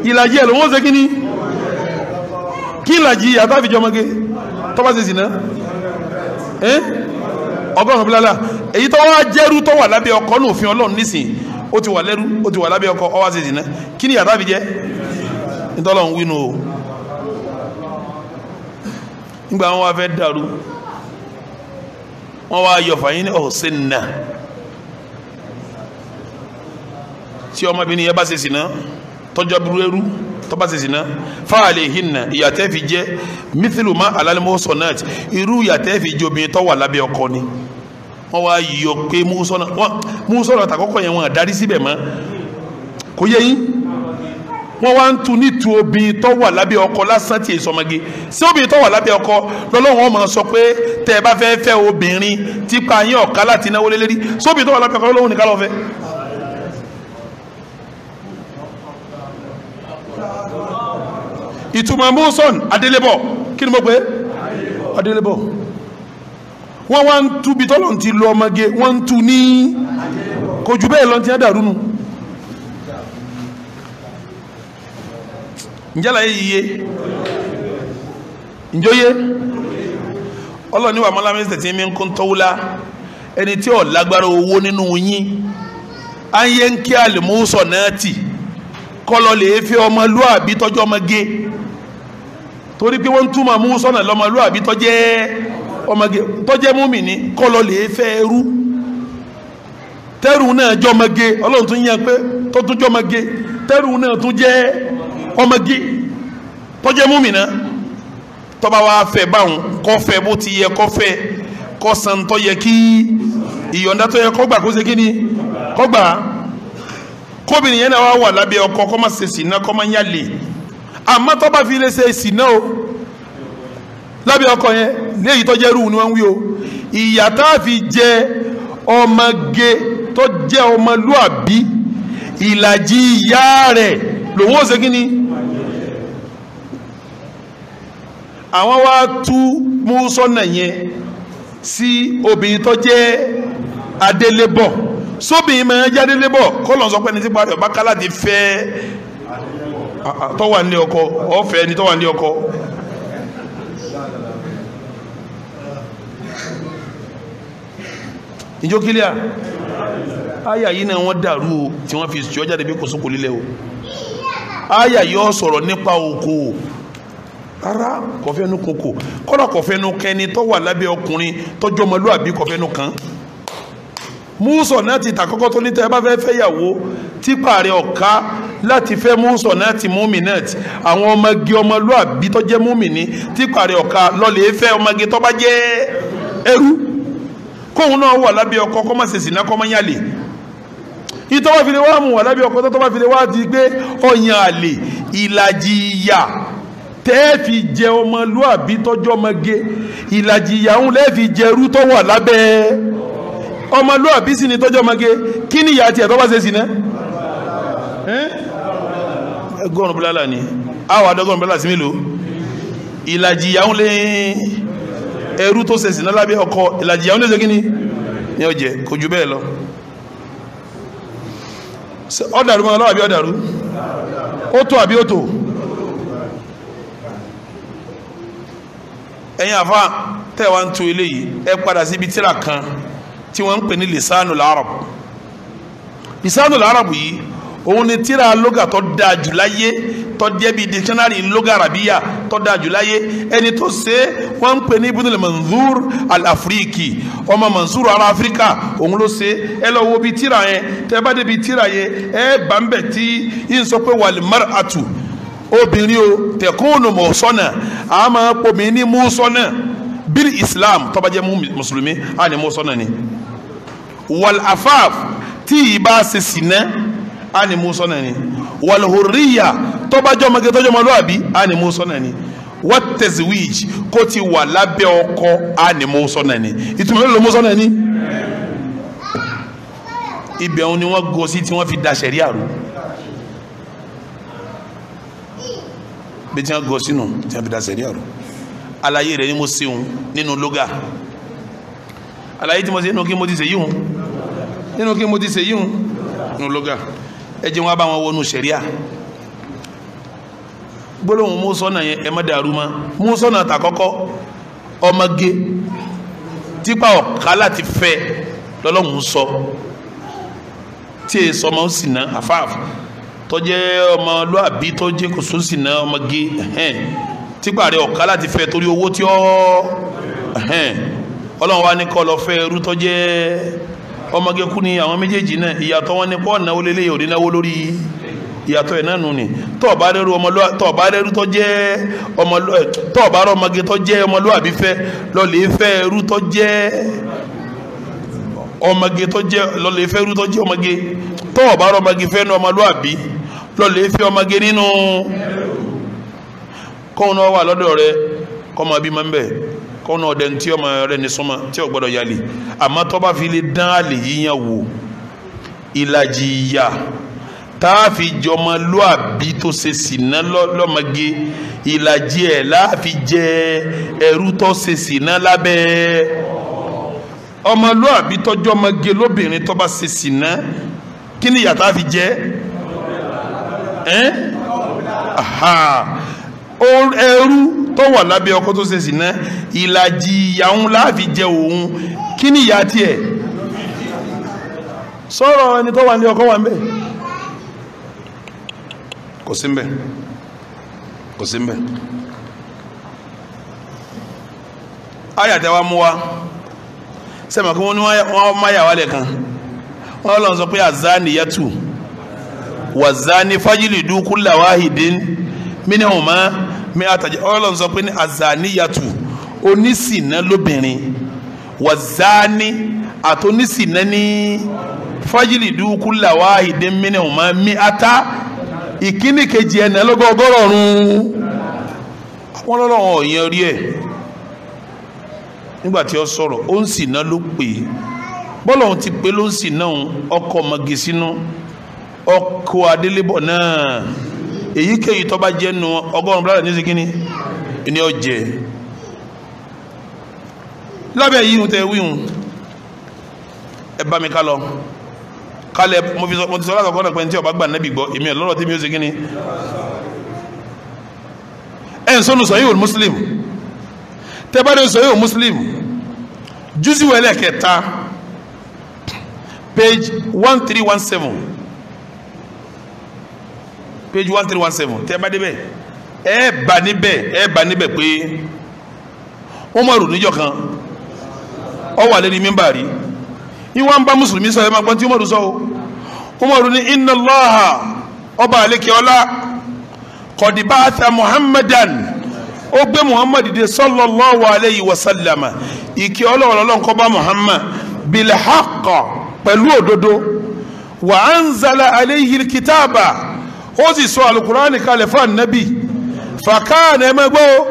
ìlàjì ẹ̀ ṣe kí ni kí ìlàjì ìyà táàfi jẹ ọmọge tó bá ṣe sì ọgọ́rùn-ún bílálà èyí tó wá jẹ́rú tó wà lábẹ́ ọkọ̀ ní ti wà lẹ́rú ó ti wà ni ìyà jẹ wọ́n wá yọ fàyín ní ọ̀sẹ̀ oh, náà tí ọmọbìnrin yẹn bá ṣe sìnà tọ́jọ́ burú ẹrú tó bá ṣe fáàlì hinna ìyàtẹ́ fi jẹ́ mithiluma alalimosonat irú ìyàtẹ́ fi jẹ́ obìnrin ọkọ ni wọ́n wá yọ pé tàkọ́kọ́ yẹn wọ́n àdárí síbẹ̀ wọ́n wá ń tu nítu obìnrin tó wà lábẹ́ ọkọ lásán tí èso ọmọge sí obìnrin tó wà lábẹ́ ọkọ lọ́lọ́wọ́n máa sọ pé tẹ́ ẹ bá fẹ́ fẹ́ obìnrin tipa yín ọ̀ká láti náwó lé lérí sí obìnrin tó wà lábẹ́ ọkọ lọ́wọ́ nìkan lọ́fẹ́. ìtumọ̀ mọ́sán adélébọ̀ kí ni mo pè é adélébọ̀ wọ́n wá ń tu bitọ́lọ̀ ti lu ọmọge wọ́n ń tu ní kò bẹ́ẹ̀ lọ́ntì dàrú nù. ǹjẹ́ láyé yíyé ǹjọ́yé ọlọ́ọ̀ni wà tí mi ń kún tọ́wúlá ẹni tí ò lágbára owó nínú yín a ń yé ń kí àlùmúsọ̀ náà tì kọ́lọ́ lè fi ọmọlúàbí tọ́jú ọmọge torí pé wọ́n ń túmọ̀ mú sọ́nà lọ́mọlúàbí tọ́jẹ́ tọ́jẹ́ lè fẹ́ rú tẹ́rù náà ọlọ́run tún pé ọmọge tọ́jẹ́ múmìnà tọ́ba wa fẹ́ báwọn kọ́fẹ́ bó ti yẹ kọ́fẹ́ kọ́sàn tọ́ yẹ kí ìyọ̀ǹda tọ́ yẹ kọ́gbà kó ṣe kí ni kọ́gbà kóbìnrin yẹn náà wà wà lábẹ́ ọkọ kọ́ máa ṣe sìnà kọ́ máa ń yàlè àmọ́ tọ́ba fi lè ṣe sìnà o lábẹ́ ọkọ yẹn ní èyí tọ́jẹ́ rú ni wọ́n ń wí o ìyà tá a fi jẹ ọmọge tó jẹ́ ọmọlúàbí ìlàjì ìyá rẹ̀ lòun àwọn wá tú músọ́nà yẹn sí obìnrin tó jẹ́ adélébọ̀ sóbìnrin máa ń jẹ́ adélébọ̀ kọ́ lọ́n sọ pé ní ti parí ọba ti fẹ́ tọ́wà ní ọkọ ọ̀fẹ́ ni tọ́wà ní ọkọ. ìjó kílíà àyà yìí náà wọ́n dàrú o tí wọ́n fi sọ bí kò sókò lílẹ̀ o àyà yìí ó sọ̀rọ̀ nípa òkò rárá kò fẹ́nu koko kọ́lá kò fẹ́nu kẹni tó wà lábẹ́ ọkùnrin tọ́jú ọmọlúwàbí kò fẹ́nu kan múùsọ̀ náà ti tàkọ́kọ́ tó ní tẹ́ bá fẹ́ fẹ́yàwó típa rẹ̀ ọ̀ká láti fẹ́ múùsọ̀ náà ti múmi náà ti àwọn ọmọge ọmọlúàbí tó jẹ́ múmi ní típa rẹ̀ ọ̀ká lọ́lẹ̀ fẹ́ ọmọge tó bá jẹ́ ẹrú kóun náà wà lábẹ́ ọkọ kọ́ máa ṣèṣìná kọ́ máa yàlè ìtọ́wọ́ fi lè wá mú wà lábẹ́ ọkọ tó bá fi lè wá di pé ọ̀yàn àlè ìlàjì ìyà tẹ́ẹ̀fì jẹ ọmọlúàbí tọ́jú ọmọge ìlàjì ìyàwó lẹ́ẹ̀fì jẹrú tó wà lábẹ́ ọmọlúàbí sì ni tọ́jú ọmọge kí ni ìyá àti ẹ̀tọ́ bá ṣe sí náà ẹgọ́rùn bílálà ni àwọn àdọ́gọ́rùn bílálà sí mélòó ìlàjì ìyàwó lé ẹrú tó ṣe sí náà lábẹ́ ọkọ ìlàjì ìyàwó lè kí ni ni kò ju bẹ́ẹ̀ lọ ọ̀dàrú mọ́ ọlọ́wà bí ọ̀dàrú ó tó àbí ó tó ẹ̀yin àfa tẹ́ wá ń tu eléyìí ẹ padà síbi tíra kan tí wọ́n ń pè ní lisanul arab lisanul arab yìí òun ni tíra lóga tó dáa jù tó jẹ́ bíi dictionary lóga arabiya tó dáa jù láyé ẹni tó ṣe wọ́n ń pè ní ibùdó manzur al-afriki ọmọ manzur ara afirika òun ló ṣe ẹ lọ wo bíi tíra yẹn tẹ́ bá dé bíi tíra yẹn ẹ bá ń bẹ̀ tí yín sọ pé wal mar'atu obìnrin o tẹ̀kúnnù mọ̀sọ́nà a máa pomi ní mọ́sọ́nà bíi islam tó bá jẹ́ mùsùlùmí a ní mọ́sọ́nà ni wal afaf tí yìí bá ṣe sìnà a ní mọ́sọ́nà ni wal hurriya tó bá jọ ọmọge tó jọ ọmọlúwàbí a ní mọ́sọ́nà ni wal tazwij kó ti wà lábẹ́ ọkọ a ní mọ́sọ́nà ni ìtumọ̀ ló mọ́sọ́nà ni ibẹ̀ òun ni wọ́n gọ sí tí wọ́n fi da sẹ̀ríà rú. bí tí wọ́n gọ sínú tí wọ́n fi da sẹ̀rí ọ̀rọ̀ àlàyé rẹ̀ ni mo seun nínú lóga àlàyé tí mo ṣe nínú kí mo ti ṣe yíhun nínú kí mo ti ṣe yíhun nínú lóga ẹ jẹ́ wọn bá wọn wọnú sẹ̀ríà gbólóhùn mú sọ́nà yẹn ẹ má dàrú mọ́ mú sọ́nà tàkọ́kọ́ ọmọge tipa ọ̀ká láti fẹ́ lọ́lọ́hún sọ tí èso ọmọ sì ná àfáàfù tó jẹ́ ọmọlúàbí tó jẹ́ kò sósì náà ọmọge típa rẹ̀ ọ̀ká láti fẹ́ torí owó tí ọ́ ọlọ́run wa ní kọ́ lọ fẹ́ irú tó jẹ́ ọmọge kú ni àwọn méjèèjì náà ìyàtọ̀ wọn ni pọ́ọ̀nà ó lélẹ́yìn ò ní náwó lórí ìyàtọ̀ ẹ̀ náà nù ni tọ́ọ̀bá rẹ́rú tó jẹ́ ọmọlúàbí fẹ́ lọ́ọ̀lẹ́ fẹ́ irú tó ọmọge tó jẹ́ lọ́lẹ̀ fẹ́rú tó jẹ́ ọmọge tó ọ̀bá ọmọge fẹ́nu ọmọlúàbí lọ́lẹ̀ fẹ́ ọmọge nínú kọ́ọ̀nà wà lọ́dọ̀ rẹ kọ́mọ bí máa ń bẹ̀ kọ́ọ̀nà ọ̀dẹ̀ tí ọmọ rẹ ní súnmọ́ tí ò gbọ́dọ̀ yálè àmọ́ tó bá fi lè dán àlè yíyan wò ìlàjì ìyà táàfi jọmọ tó ṣe sìná lọ́mọge ìlàjì ẹ̀ láàfi jẹ ẹrú tó ṣe sìná ọmọlúàbí tọjọ́ ọmọge lóbìnrin tó bá ṣe sìná kí ni yàtá fi jẹ́ ẹrú tó wà lábẹ́ ọkọ tó ṣe sìná ìlàjì ìyà ń láàfi jẹ òun kí ni ìyà tiẹ̀ sọ̀rọ̀ ẹni tó wà ní ọkọ wà ń bẹ̀ kò sí ń bẹ̀ kò sí ń bẹ̀ ayàtẹ̀wá mú wa. Mwa sẹ́mi kí wọ́n máyà wálẹ̀ kan wọ́n lọ sọ pé azani yatu wazani fajlidu kulla wahidin minhuma mi àtàjẹ́ wọ́n lọ sọ pé azani yatu onísìnà lóbìnrin wazani àtọ́nísìnà ní fajlidu kulla wahidin minhuma mi ata ìkíni kejì ẹ̀nà lọ́gọ́gọ́rọ̀rùn wọ́n lọ́wọ́ yẹn rí ẹ̀ nígbà tí ó sọ̀rọ̀ ó ń sìnà ló pè é bọ́lá òun ti pé ló ń sìnà òun ọkọ̀ mọ̀gì sínú ọkọ̀ adélébọ̀ náà èyíkéyìí tó bá jẹ́ nu ọgọ́rùn-ún blára ní sikini ni ó jẹ lábẹ́ yìí ń tẹ wíhun ẹ bá mi ká lọ kálẹ̀ mo fi sọ mo ti sọ lákàkọ́ náà tí ọba gbà nẹ́bí gbọ́ èmi ẹ̀ lọ́rọ̀ tí mi ó sikini ẹ̀ ń sọ́nu sọ yìí wò muslim. tẹ́bárí sọ̀rọ̀ muslim jùsí wẹ̀lẹ̀ kẹta page one three one seven page one three one seven tẹ́bá débẹ̀ ẹ bá níbẹ̀ ẹ bá níbẹ̀ pé Umaru níjọ́ kan ó wà lórí mímbàrí ìwọ̀n bá mùsùlùmí sọ ẹ máa gbọ́n tí Umaru sọ o Umaru ní inna Allaha ọba àlekè ọlá qad ba'atha Muhammadan. ó gbé muhammad dé sallallahu alayhi wa sallama ìkí ọlọ́run ọlọ́run kó bá muhammad bilhaqa pẹ̀lú òdodo wa anzala alayhi kitaaba ó sì sọ alukurani kalẹ̀ fún anabi fakana ẹ̀ mẹ́gbọ́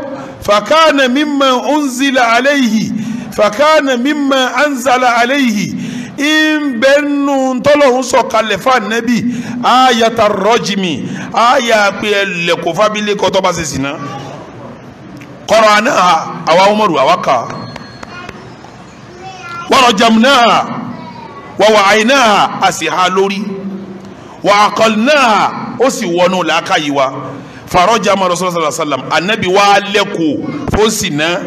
fakana mimma unzila alayhi fakana mimma anzala alayhi ìbẹ́nu tọ́lọ́hún sọ̀kalẹ̀ fún anabi ayata rọ́jìmì ayà pé ẹlẹ́kọ̀ọ́ fábílẹ̀ kọ́tọ́ bá ṣe sìn náà qara'naha àwa umaru àwa kà wa rajamnaha wa wa'aynaha a sì ha lórí wa aqalnaha ó sì wọnú làákàyè wa farajama rasulullah sallam anabi wa lẹ́kọ̀ọ́ fó sì náà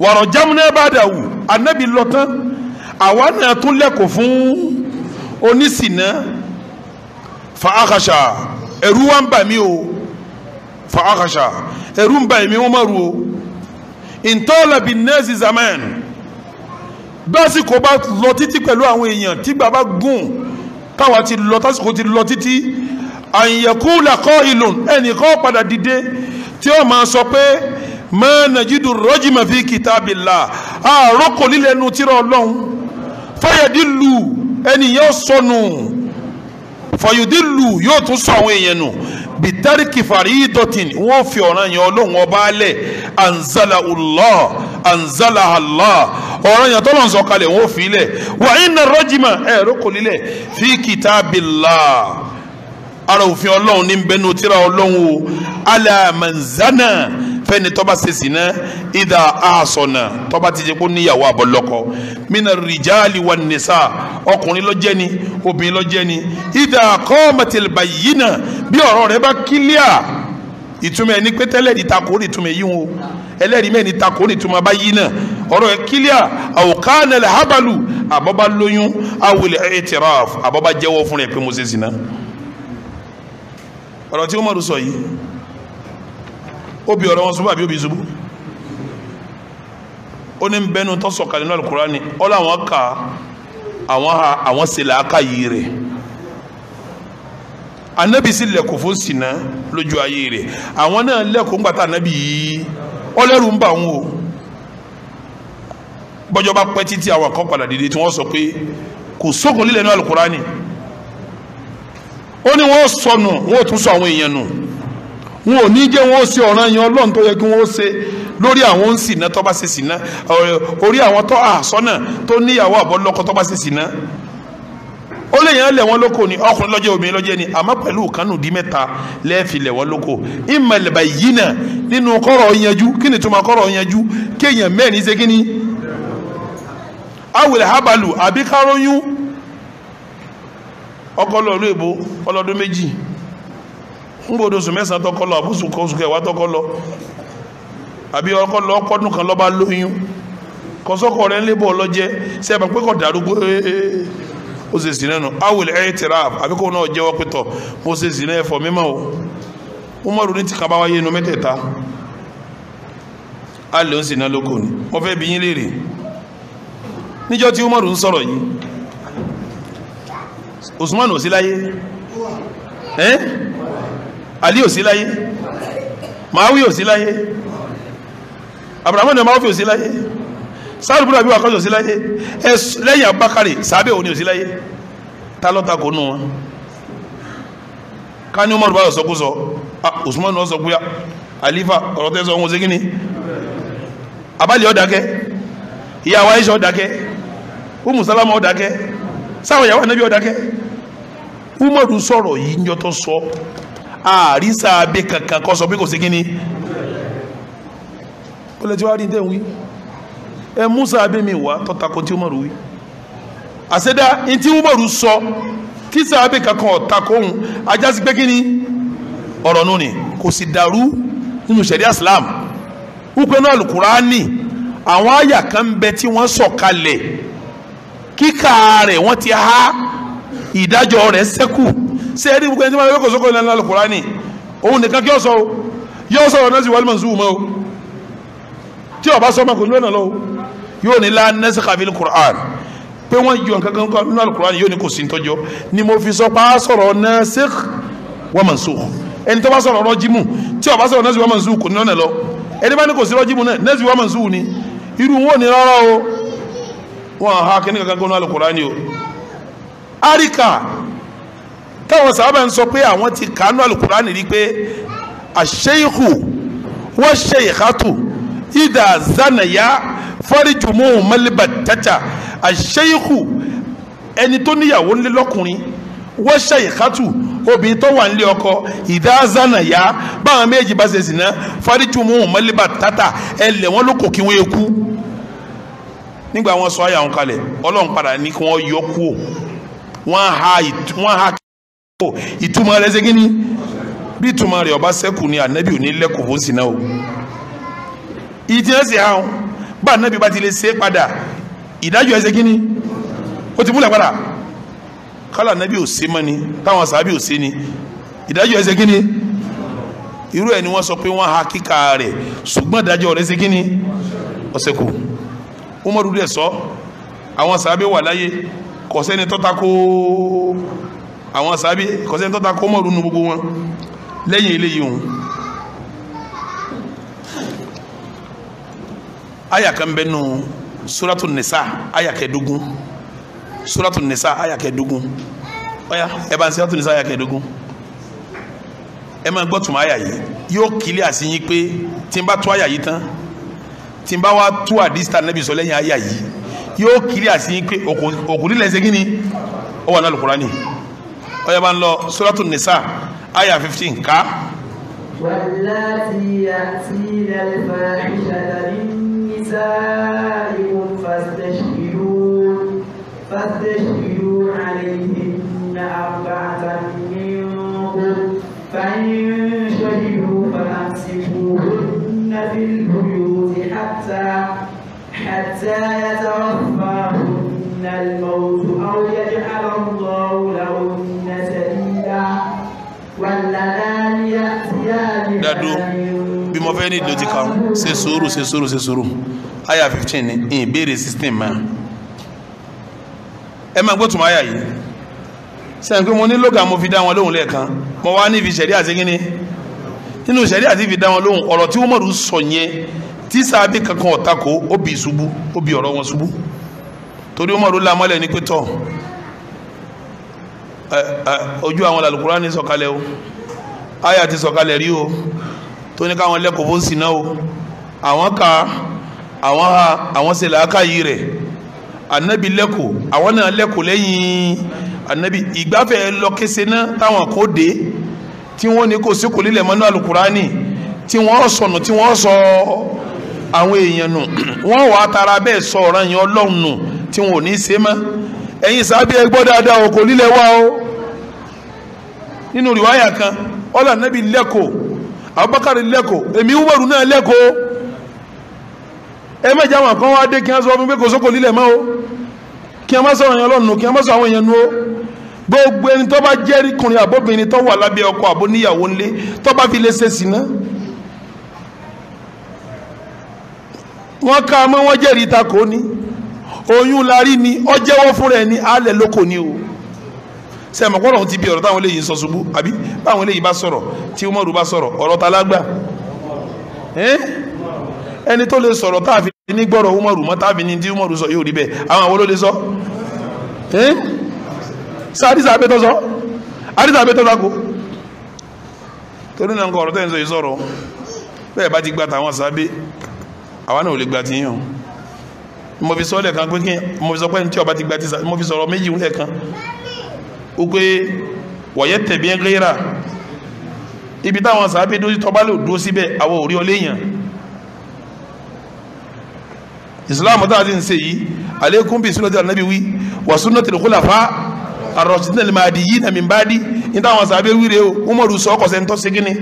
wa rajamna ba'dahu anabi lọ́tán àwa náà tún lẹ́kọ̀ọ́ fún onísìnà fa akhasha ẹ̀rú wa ń bà mí o fa akhasha ẹ̀rù ń bà èmi Umaru o ìntọ́lẹ̀ bíi nẹ́ẹ̀sì zaman bẹ́sìkò bá lọ títí pẹ̀lú àwọn èèyàn tí bàbá gùn táwa ti lọ tásìkò ti lọ títí àyẹ̀kú làkọ́ ìlùn ẹnìkan padà dìde tí ó máa sọ pé mẹ́ẹ̀nàjídù rọ́jìmọ̀ fi kìtàbìlà àròkò lílẹ̀nu tírà ọlọ́run fọyẹ̀dìlù ẹnìyàn sọnù fọyẹ̀dìlù yóò tún sọ àwọn èèyàn nù bitariki faridotin wọ́n fi ọ̀ràn yẹn ọlọ́run ọba alẹ̀ anzala Allah anzala Allah ọ̀ràn yẹn tọ́lọ̀ sọ̀kalẹ̀ wọ́n fi lẹ̀ wà iná rọ́jìmà ẹ̀rọ kò nílẹ̀ fi kitabillah ara òfin ọlọ́run ní bẹnu tíra ọlọ́run o alamanzana fẹ́ni tọ́ba ṣe sìnà ìdá àṣọ̀nà tọ́ba ti jẹ́ kó níyàwó àbọ̀lọ́kọ mina rìjáàlì wà nìsa ọkùnrin lọ́jẹ́ ni obìnrin lọ́jẹ́ ni ìdá kọ́mọ̀tìlì báyìí náà bí ọ̀rọ̀ rẹ bá kílíà ìtumọ̀ ẹni pé tẹ́lẹ̀ ní takò ní ìtumọ̀ yìí wọn ẹlẹ́rìí mẹ́ni takò ní ìtumọ̀ báyìí náà ọ̀rọ̀ ẹ̀ kílíà àwòkánà lè hábàlù àbọ̀bá lóyún àwòlẹ̀ ẹ̀tìráf àbọ̀bá jẹ́wọ́ fún rẹ̀ pé mo ọ̀rọ̀ tí ó mọ̀rù sọ yìí obi ọ̀rọ̀ wọn ṣubú àbí obi ṣubú ó ní bẹ́nu tó sọ̀kalẹ̀ nínú Al-Qur'ani ó láwọn kà àwọn ha àwọn ṣe làákà yìí rẹ̀ anabi sì lẹ̀kọ̀ fún sinna lójú ayé rẹ̀ àwọn náà lẹ́kọ̀ọ́ ńgbà tá anabi yìí ọlẹ́rù ń bà wọn o bọ́jọ́ pẹ́ títí àwọn kan padà dìde tí wọ́n sọ pé kò sókun lílẹ̀ nínú al ó ní wọ́n sọnù wọ́n tún sọ àwọn èèyàn nù. wọn ò ní wọn ó se ọ̀ràn ọlọ́run tó yẹ ó se lórí àwọn ń sìnà tó bá orí àwọn tó ah, sọ́nà tó níyàwó àbọ̀ tó ó lè yàn lẹ̀ wọ́n lóko ni ọkùnrin lọ́jọ́ obìnrin lọ́jọ́ ni àmọ́ pẹ̀lú kánú mẹ́ta lẹ́ẹ̀fì lẹ̀ wọ́n lóko ìmọ̀lẹ̀bà yìí nà nínú kọ́rọ̀ yanjú kí ni kọ́rọ̀ yanjú kéèyàn mẹ́rin ṣe kí ngbọdọ oṣù mẹ́sàn tọkọ lọ àbúṣù oṣù kẹwàá tọkọ lọ àbí ọkọ lọ ọkọdún kan lọba lóyún kọsọkọ rẹ ńlẹbọ ọlọjẹ ṣe é bá pé kọ dàrúgbó ó ṣe sì nẹnu awìlẹ ẹ tẹrà àbí kò náà jẹ́wọ́ pẹtọ mo ṣe sì nẹ ẹfọ o umaru ní ti kaba wáyé inú mẹ́tẹ̀ẹ̀ta a lè ń sì ná lóko ni wọn fẹ́ bí yín léèrè níjọ́ tí umaru ń sọ̀rọ̀ yìí usman ò sí láyé ẹ ali ò sí láyé màáwí ò sí láyé abrahamu náà máwí ò sí láyé sáàrù búrọ̀ bí wà kọ́sọ̀ sí láyé lẹ́yìn abakari sàbẹ̀ òní ò sí láyé ta lọ́ta kò nù wọn ká ní umaru bá yọ sọkúsọ usman náà sọkúya alifa ọ̀rọ̀ tẹ́ sọ ohun ṣe kíni abali ọ̀dàkẹ́ ìyàwó aisha ọ̀dàkẹ́ umu salama ọ̀dàkẹ́ sáwọn ìyàwó anabi ọ̀dàkẹ́ umaru sọ̀rọ̀ yìí ń jọ tó sọ àrísà abẹ kankan kọ sọ pé kò sí kínní ó lè ti wá rí tẹ̀ wí ẹ musa abẹ mi wá tọ́ta kó tí ó mọ̀rù wí àṣẹdá ní tí ó mọ̀rù sọ kí sàábẹ kankan ọ̀ta kóhun ajá sí pé kínní ọ̀rọ̀ nù ni kò sì dàrú nínú sẹ̀rí islam wípé náà alukurani àwọn àyà kan ń bẹ tí wọ́n sọ̀kalẹ̀ kíkà rẹ̀ wọ́n ti há ìdájọ́ rẹ̀ sẹ́kù ṣe é rí gbogbo ẹni tí wọ́n yọ kòsókò ní Al-Qur'ani òun nìkan kí ọ sọ yóò sọ̀rọ̀ náà sì wal mansukh mọ́ o tí ọba sọ ọmọkùnrin lónà lọ yóò ní la nasikha fil Qur'an pé wọ́n yọ nǹkan kan nínú Al-Qur'an yóò ní kò sí ń ni mo fi sọ pa sọ̀rọ̀ nasikh wa mansukh ẹni tó bá sọ̀rọ̀ rọ́jímù tí ọba sọ̀rọ̀ nasikh wa mansukh kò ní lọ́nà lọ ẹni bá ní kò sí rọ́jímù náà nasikh wa mansukh ni irú wọn ni rárá o wọn ha kí kan nínú Al-Qur'an o arika táwọn sábà ń sọ pé àwọn ti kánú alukurani rí pé àṣeyìkù wọ́n ṣe ìhàtù ìdá zanaya fọ́rìjùmọ́ mẹ́lẹ́bà tẹ́tà àṣeyìkù ẹni tó níyàwó ńlẹ́ lọ́kùnrin wọ́n ṣe ìhàtù obìnrin tó wà nílé ọkọ ìdá zanaya báwọn méjì bá ṣe sìnà fọ́rìjùmọ́ mẹ́lẹ́bà tẹ́tà ẹlẹ́ wọn ló kò kí wọ́n ekú nígbà wọn sọ àyà wọn kalẹ̀ padà ní kí wọ́n yọ kú wọn ha o ìtumọ̀ rẹ̀ segin ni bí ìtumọ̀ rẹ̀ ọba sẹ́kù ni ànábì ò ní lẹ́kùn fún sinna o ìtìyẹ́sì àwọn bá ànábì bá ti lè ṣe é padà ìdájọ́ ẹ̀ segin ni ó ti múlẹ̀ padà kálá ànábì ò ṣe mọ́ ni táwọn sàábì ò ṣe ni ìdájọ́ ẹ̀ segin ni irú ẹ̀ ni wọ́n sọ pé wọ́n ha kíkà rẹ̀ ṣùgbọ́n ìdájọ́ rẹ̀ segin ni ọ̀sẹ̀ Umaru dẹ̀ sọ àwọn sàábì wà láyé kò sẹ́ni tó tako àwọn sábẹ́ kọ́sẹ́ tó ta kó mọ̀rú nu gbogbo wọn lẹ́yìn eléyìí òun. aya kan bẹ nù nisa aya kẹẹ̀dógún suratun nisa aya kẹẹ̀dógún ọ̀ya ẹ bá ń suratu nisa aya kẹẹ̀dógún ẹ máa gbọ́ tùmọ̀ àyà yìí yóò kílí àsì yín pé tí n bá tú àyà yìí tán tí n bá wá tú àdìsítà nàbì sọ lẹ́yìn àyà yóò kílí àsì yín pé òkùnrin lẹ́sẹ̀ kí ni ó wà ní Al-Qur'ani. ọyọ bá ń lọ suratul nisa aya fifteen ká. wàlláti àti ìlàlẹ́fà ìṣàlàyé nisa ìwọ̀n fàṣẹṣìlú fàṣẹṣìlú àlẹ́yìn náà àbáta mìíràn fàyín ṣẹ́yìnlú fàṣẹṣìlú nàbí lóyún ti hàtà hàtà. dúró bí mo fẹ́ ní ìlú ti kàn ṣe sùúrù ṣe sùúrù ṣe sùúrù àyà fifteen ní ìbéèrè sixteen mọ́ ẹ máa gbótùmọ̀ àyà yìí sẹ́yìn pé mo ní lóga mo fi dá wọn lóhùn lẹ́ẹ̀kan mo wá ní ibi ìṣẹ̀rí àti kíni nínú ìṣẹ̀rí àti ibi dá wọn lóhùn ọ̀rọ̀ tí Umaru sọ yẹn tí sábẹ́ kankan ọ̀tá kó ó bì ṣubú ó bì ọ̀rọ̀ wọn ṣubú torí Umaru lamọ́lẹ̀ ní pé ojú àwọn alukura ní sọ̀kalẹ̀ o. Aya ti sọ̀kalẹ̀ rí o tó ní káwọn lẹ́kọ̀ọ́ bó sì náà o àwọn ka àwọn ha àwọn ṣe làákàyè rẹ̀ anabi lẹ́kọ̀ọ́ àwọn náà lẹ́kọ̀ọ́ lẹ́yìn anabi ìgbafẹ́ lọ́kẹsẹ̀ náà táwọn kò dé tí wọ́n ní kò sí kò lílẹ̀ mọ́nú alukurani tí wọ́n sọnù tí wọ́n sọ àwọn èèyàn nù <clears throat> wọ́n wà á tara bẹ́ẹ̀ sọ ọ̀ràn yẹn ọlọ́run nù tí wọn ò ní í ṣe mọ́ ẹ̀yin sábẹ́ ẹ dáadáa o kò lílẹ̀ wá o nínú rìwáyà kan ọlọ anabi lẹ́kọ̀ọ́ abubakar lẹ́kọ̀ọ́ èmi umaru náà lẹ́kọ̀ọ́ ẹ mẹ́jọ àwọn kan wá dé kí wọ́n sọ fún pé kò sóko lílẹ̀ mọ́ o kí wọ́n má sọ àwọn èèyàn lọ́nu kí wọ́n má sọ àwọn èèyàn nu o gbogbo ẹni tó bá jẹ́rí kùnrin àbóbìnrin tó wà lábẹ́ ọkọ àbó níyàwó nílé tó bá fi lè ṣe sí ná wọ́n ká mọ́ wọ́n jẹ́rìí ta kò ní oyún larí ni ó jẹ́wọ́ fúnra ẹni alẹ́ lóko ni o ṣe mọ̀ kọ́lọ̀ ti bí ọ̀rọ̀ táwọn eléyìí sọ ṣubú àbí báwọn eléyìí bá sọ̀rọ̀ tí Umaru bá sọ̀rọ̀ ọ̀rọ̀ ta lágbà ẹni tó lè sọ̀rọ̀ táàfin ní gbọ́rọ̀ Umaru mọ́ táàfin ní tí Umaru sọ yóò rí bẹ́ẹ̀ àwọn àwọn ló lè sọ ṣe àdìsá abẹ́tọ́ sọ àdìsá abẹ́tọ́ lákò torí náà nǹkan ọ̀rọ̀ tẹ́yìn sọ yìí sọ̀rọ̀ mo fi sọ lẹ́ẹ̀kan pé kí mo fi sọ pé ní tí ọba ti gba ti mo fi sọ̀rọ̀ méjì lẹ́ẹ̀kan wípé wọ̀yẹ́ tẹ̀bí ẹ̀ gẹ́yẹ́rà ibi táwọn sàábé dúró tọ́ba lè dúró síbẹ̀ àwọn ò rí islam tá a ti ń ṣe yìí aleikum bi sunnati anabi wi wa sunnati al-khulafa ar-rashidin al-mahdiyyin min ba'di ní táwọn sàábé wíre o umaru sọ ọkọ̀ sẹ́ńtọ́ sí kínní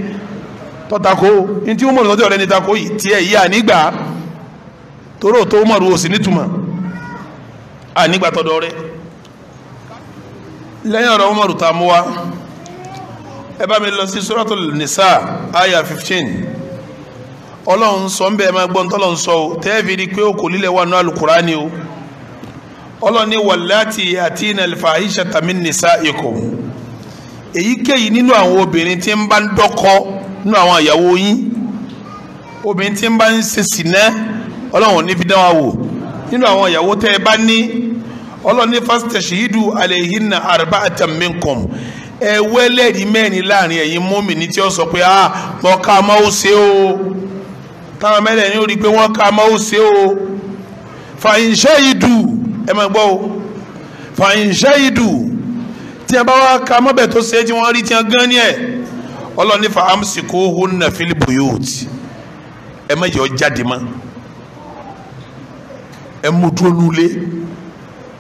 tọ́tako ní tí umaru sọ́jọ́ rẹ̀ ní tako yìí tiẹ̀ yìí ànígbà toró tó umaru ò sí nítumọ̀ ànígbà tọ́dọ̀ rẹ̀ lẹ́yìn ọ̀rọ̀ Umaru ta mú wa ẹ bá mi lọ sí suratul nisa aya fifteen ọlọ́run sọ ń bẹ́ẹ̀ máa gbọ́n tọ́lọ́run sọ o tẹ́ẹ̀fì rí pé ó lílẹ̀ wà ní alukurani o ọlọ́run ní wàláàtì àti ìnàlfàhíṣà tàmí nìsa ikum èyíkéyìí nínú àwọn obìnrin tí ń bá ń dọ́kọ nínú àwọn ìyàwó yín obìnrin tí ń bá ń ṣe sìnẹ́ ọlọ́run ní fi wò nínú àwọn ìyàwó tẹ́ ẹ bá ní ọlọ́ni fastashidu alayhinna arba'atan minkum ẹ wẹ́lẹ́rìí mẹ́rin láàrin ẹ̀yin mọ́mìnì tí ó sọ pé ah mọ ká má ó ṣe o táwọn mẹ́rin yóò rí i pé wọ́n ká má ó ṣe o fa in shahidu ẹ máa gbọ́ o fa in shahidu tí a bá wá ká mọ́bẹ̀ tó ṣe tí wọ́n rí tí wọ́n gán ẹ̀ ọlọ́ni fa amsikuhunna fil buyut ẹ má yọ jáde mọ́ ẹ mú dúró nulẹ̀.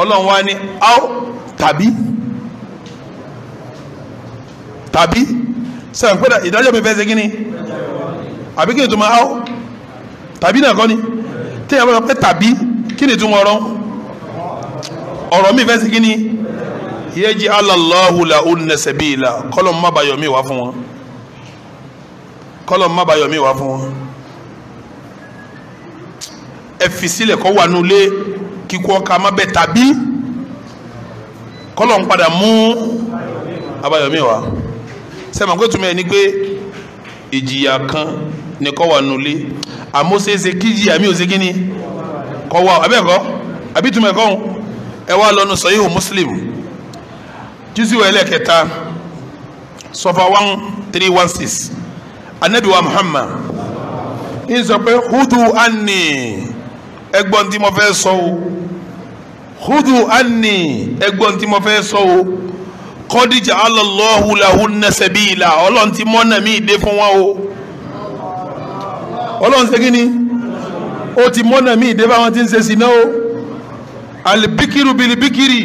ọlọ́run wá ní áó tàbí tàbí sẹ́wọ̀n pé ìdájọ́ mi fẹ́ ṣe kínní àbí kí ni ìtumọ̀ áó tàbí náà kọ́ ni tí ìyàwó sọ pé tàbí kí ni ìtumọ̀ ọ̀rọ̀ ọ̀rọ̀ mi fẹ́ ṣe kínní yẹ́jì alàlọ́hùn làún nẹ̀sẹ̀bí ìlà kọ́lọ̀ mọ́bàyọ̀ mi wá fún wọn kọ́lọ̀ mọ́bàyọ̀ mi wá fún wọn ẹ fi sílẹ̀ kọ́ wà nulẹ̀ kíkú ọkà má bẹ tàbí kọlọ̀ ń padà mú abayọ̀mí wa sẹ́mi àgbẹ̀ tún mẹ́ ni pé ìjìyà kan ni kọ́ wà nulẹ̀ àmọ́ ṣeéṣe kí jìyà mi ò ṣe kí ni kọ́ wà abẹ́ẹ̀kọ́ àbí tún mẹ́ kọ́ ẹ wá lọ́nu sọ́yìhù Muslim jùsí wa ẹlẹ́kẹta sọfà one three one six anabi wa Muhammad ń sọ pé hudu anni ẹgbọ́n tí mo fẹ́ sọ o hudu anni ẹgbọ́n tí mo fẹ́ sọ o kọ́díjà alọ́lọ́hu làhùn náà sẹ́bí ìlà ọlọ́run ti mọ́nà mí ìdè fún wa o ọlọ́run ṣe kí ni ó ti mọ́nà mí ìdè báwọn ti ń ṣe sí náà o alibikiru bilibikiri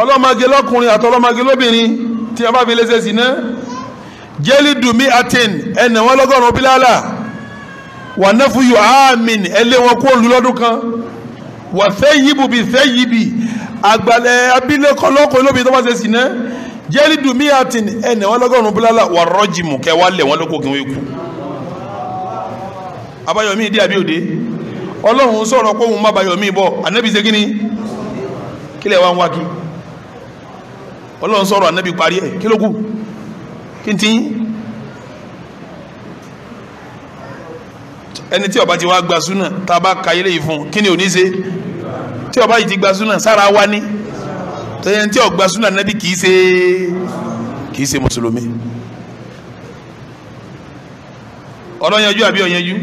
ọlọ́mọge lọ́kùnrin àtọlọ́mọge lóbìnrin tí a bá fi lè ṣe sí náà jẹ́lí dùnmí atin ẹnì wọn lọ́gọ́rùn-ún bílálà wà náà fún yóò áàmìn ẹlẹ́wọ̀n kó lù kan wà fẹ́yìbù bí fẹ́yìbì àgbàlẹ̀ abilékọ lọ́kọ̀ olóbi tó bá ṣe sí náà jẹ́rì dùmí àti ẹnì wọn lọ́gọ́rùn-ún búlálà wà rọ́jìmù kẹ wà lẹ̀ wọn lóko kí wọ́n kú. abayomi ìdí àbí òde ọlọ́run sọ̀rọ̀ pé òun má bayomi bọ̀ ànábì ṣe kíni kílẹ̀ wá ń wá kí ọlọ́run sọ̀rọ̀ ànábì parí ẹ̀ kí ló kù kí n ti ẹni tí ó bá ti wá gba súnà tá a bá ka ilé yìí kí ni ò ní ṣe tí ó bá yìí ti gba súnà sára wa ni ẹni tí ó gba súnà nàbí kì í ṣe kì í ṣe mùsùlùmí ọ̀rọ̀ yanjú àbí ọ̀yanjú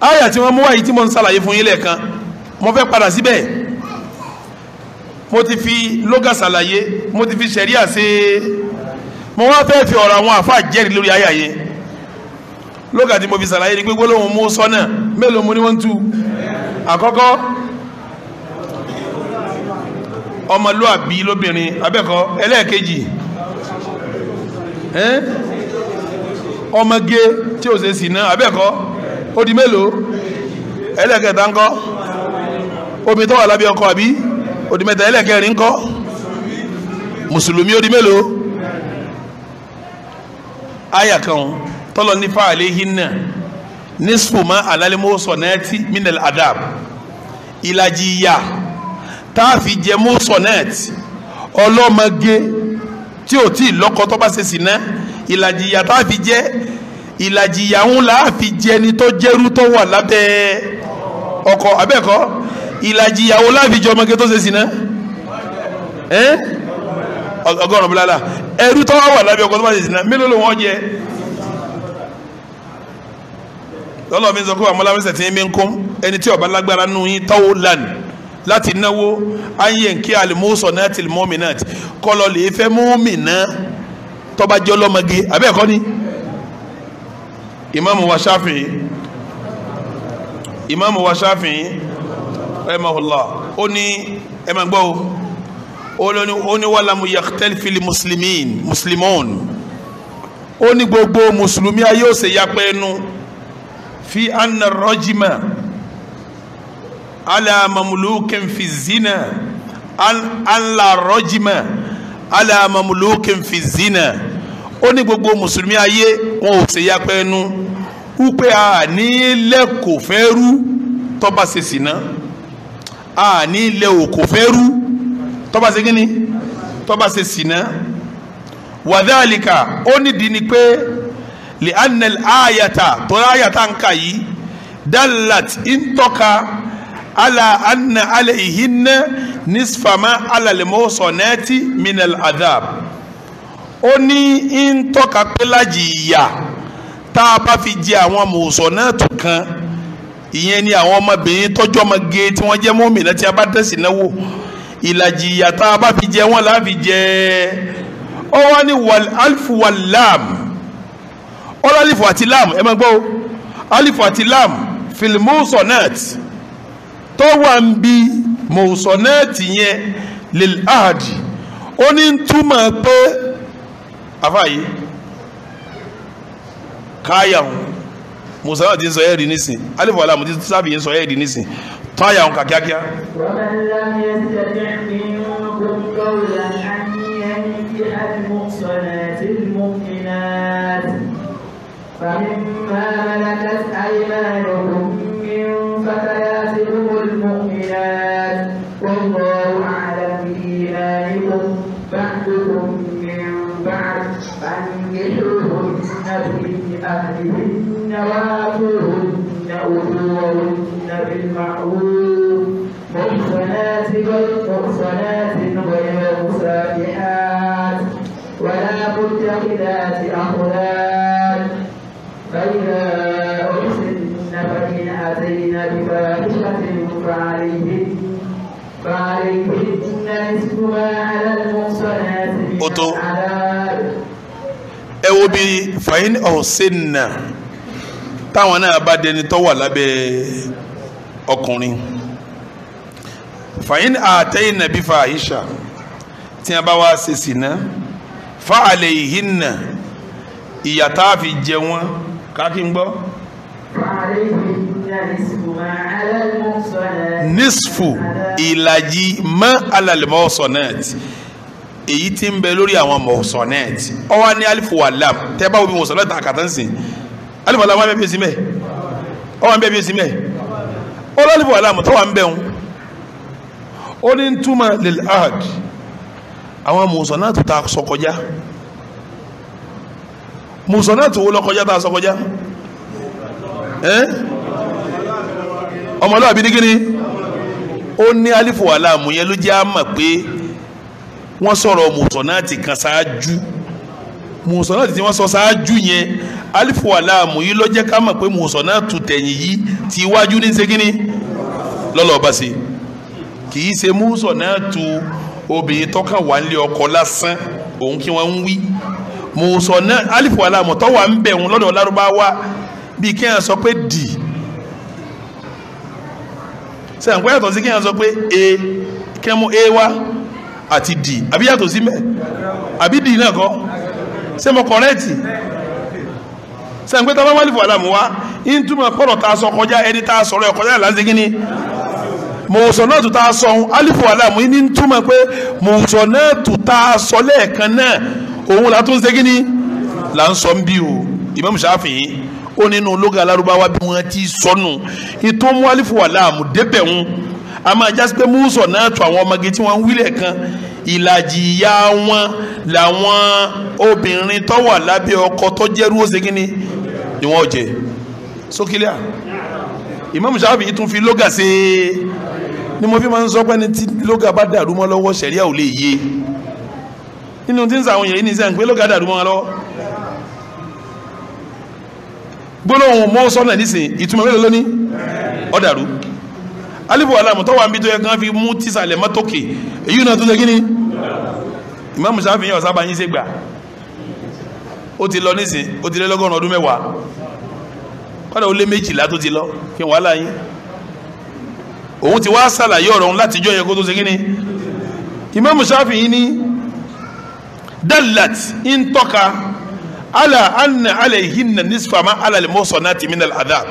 àyà tí wọ́n mú wáyé tí mo ń ṣàlàyé fún yín lẹ́ẹ̀kan mo fẹ́ padà síbẹ̀ mo ti fi lóga ṣàlàyé mo ti fi ṣẹ̀ríà ṣe mo wá fẹ́ fi ọ̀rọ̀ àwọn àfa jẹ́rìí lórí àyà yẹn lókàtí mo fi sàlàyé ni pé gbólóhùn mú sọ́nà mélòó mo ní wọ́n tú àkọ́kọ́ ọmọlúàbí lóbìnrin abẹ́kọ́ ẹlẹ́ẹ̀kejì ọmọge tí ò ṣe sì ná abẹ́kọ́ ó di mélòó ẹlẹ́ẹ̀kẹta ńkọ́ omi tó wà lábẹ́ ọkọ àbí ó di mẹ́ta ẹlẹ́ẹ̀kẹrin ńkọ́ mùsùlùmí ó di mélòó àyà kan tọ́lọ nípa àléhìnà nísùmọ́ alálẹ́mọ́sọ̀ náà ti minel adab ìlàjì ìyà táàfì jẹ mọ́sọ̀ náà ti ọlọ́mọge tí ò tí ì lọ́kọ tó bá ṣe sì ná ìlàjì ìyà táàfì jẹ ìlàjì ìyà ń láàfi jẹ ni tó jẹrú tó wà lábẹ́ ọkọ abẹ́ẹ̀kọ́ ìlàjì ìyàwó láàfi jẹ ọmọge tó ṣe sì ná ọgọ́rùn-ún bílálà ẹrú tó wà lábẹ́ ọkọ tó bá ṣe sì ná mélòó ló wọ́n jẹ lọ́lọ́ mi sọ pé àmọ́ lámẹ́sẹ̀ tí ń bí ń kún ẹni tí ọba lágbára nù yín táwọ́ lánì láti náwó ayé nkí alimuso náà ti mọ́mì náà ti kọlọ lè fẹ́ mọ́mì náà tọ́ba jẹ́ ọlọ́mọge abẹ́ ẹ̀kọ́ ni imaamu wa shafi imaamu wa shafi rahimahullah ó ní ẹ máa gbọ́ o ó ní yàtẹ́lì fili muslimin muslimon ó ní gbogbo mùsùlùmí ayé ó ṣe yapẹ́ ẹnu fi anna rọ́jìmà alamamulukin fi zina anla rọ́jìmà alamamulukin fi zina ó ní gbogbo mùsùlùmí ayé wọn ò ṣe yapẹ́ ẹnu wípé a ní ilẹ̀ kò fẹ́ rú tọ́ba ṣe sìnà a ní ilẹ̀ ò kò fẹ́ rú tọ́ba ṣe kíni tọ́ba ṣe sìnà wàdálìkà ó nídìí ni pé li anel ayata tora ayata nka yìí dalat ntọ́ka ala anna alayhinna nisfama alalimosonati minal adab ó ní ntọ́ka pé lájì ìyà tá a bá fi jẹ àwọn mùsọ̀nàtù kan ìyẹn ni àwọn ọmọbìnrin tọ́jọ́ ọmọ ge tí wọ́n jẹ́ mọ́mìnà tí a bá dẹ̀sí náwó ìlàjì ìyà tá a bá fi jẹ wọ́n alfu wàlám ọlọ́ alifu àti lam ẹ máa gbọ́ o alifu àti lam filimusonet tó wà ń bi musonet yẹn lil ahadi ó ní ń túmọ̀ pé àfààyè káyàwó musonet ti ń sọ ẹ́ nísìn alifu àti ti sábì ń sọ ẹ́ rí nísìn táyà ń ka kíákíá. ومن لم يستطع منكم قولا أن ينكح المحصنات المؤمنات فمما ملكت أيمانكم من فتياتكم المؤمنات والله أعلم بإيمانكم بعدكم من بعد فانكحوهن في أهلهن وآتوهن أجورهن بالمعروف محصنات محصنات غير مسافحات ولا متخذات أخلاق ó tó ẹ wo bí fain na. táwọn náà bá dẹni tó wà lábẹ́ ọkùnrin fain àtẹ́yìn nàbí fa àyíṣà tí a bá wá ṣe sí náà fa àlẹ́ yìí nà ìyà fi jẹ wọ́n ká kí gbọ́. fa àlẹ́ yìí nà ìsìn nisfu ìlàjì mọ́ alàlẹ́mọ́ sọ̀nẹ́ẹ̀tì èyí tí ń bẹ lórí àwọn mọ̀sọ̀nẹ́ẹ̀tì ọwọ́ ní alifu alam tẹ́ báwo bí mọ̀sọ̀nẹ́ẹ̀tì àkàtà ń sìn alifu alam wọn bẹ́ẹ̀ bí esi mẹ́ ọwọ́ bẹ́ẹ̀ bí esi mẹ́ ọlọ́ alifu alam tọ́wọ́ ń bẹ̀ ń ó ní túmọ̀ lil ahad àwọn mọ̀sọ̀nẹ́ẹ̀tì tá a sọ kọjá mọ̀sọ̀nẹ́ẹ̀tì wo lọ kọjá tá a sọ kọjá ọmọlúwàbí ní kíni ó ní alifu alamu yẹn ló jẹ́ àmà pé wọ́n sọ̀rọ̀ mùsọ̀nàtì kan ṣáájú mùsọ̀nàtì tí wọ́n sọ ṣáájú yẹn alifu alamu yìí ló jẹ́ ká mọ̀ pé mùsọ̀nàtù tẹ̀yìn yìí ti wájú ní ṣe kíni lọ́lọ́ọ̀bá sí kì í ṣe mùsọ̀nàtù obìnrin tọ́ka wà ń lé ọkọ lásán òun kí wọ́n ń wí mùsọ̀nà alifu alamu tọ́wà ń bẹ̀ wọn lọ́dọ̀ lárúbáwá bíi kí wọ́n sọ pé dì ṣe àǹkó yàtọ̀ sí kí yàn sọ pé a kí wọ́n mú a wá àti d àbí yàtọ̀ sí mẹ́ àbí d náà kọ́ ṣe mo kọ̀rẹ́ẹ̀tì ṣe àǹkó tá a bá wálé fún wa ń túmọ̀ pọ̀rọ̀ tá a sọ kọjá ẹni tá a sọ̀rọ̀ ẹ̀ kọjá ìlànà kí ni mọ̀ọ́sọ̀ náà tó tá a sọ ohun alifu alamu ní túmọ̀ pé mọ̀ọ́sọ̀ náà tó sọ lẹ́ẹ̀kan náà òun làtúnṣe kí ni là ń sọ ń bí o Imam Shafi'i ó nínú lóga alárúbáwá bí wọ́n ti sọnù ìtò mú alifu wà láàmú débẹ̀ ń a máa jásí pé múùsọ̀ náà tó àwọn ọmọge tí wọ́n ń wílẹ̀ kan ìlàjì ìyá wọn làwọn obìnrin tó wà lábẹ́ ọkọ tó jẹ́rú ó segin ni ni wọ́n jẹ sókílẹ̀ à Imam Shafi yìí tún fi lóga ṣe ni mo fi máa ń sọ pé ní tí lóga bá dàrú mọ́ lọ́wọ́ sẹ̀ríà ò lè yé nínú tí ń sàwọn yẹn ní sẹ́yìn pé lóga dàrú mọ́ lọ́wọ́ gbólóhùn mọ́sọ́nà nísìn ìtumọ̀ mélòó lóní ọ̀dàrú alibu alamu tọ́wọ́ àmì tó yẹ kán fi mú tísàlẹ̀ mọ́tòkè èyí náà tó ṣe kí ni ìmáàmù Ṣáfi'í yẹn ọ̀sábà yín ṣe gbà ó ti lọ nísìn ó ti lé lọ́gọ́rùn ọdún mẹ́wàá kọ́dà ó lé méjìlá tó ti lọ kí wàhálà yín òun ti wá sàlàyé ọ̀rọ̀ òun látijọ́ yẹ kó tó ṣe ni ìmáàmù Ṣáfi'í yín ní dalat ń tọ́ka ala anna alayhinna nisfa ma ala al-muhsanati min al-adhab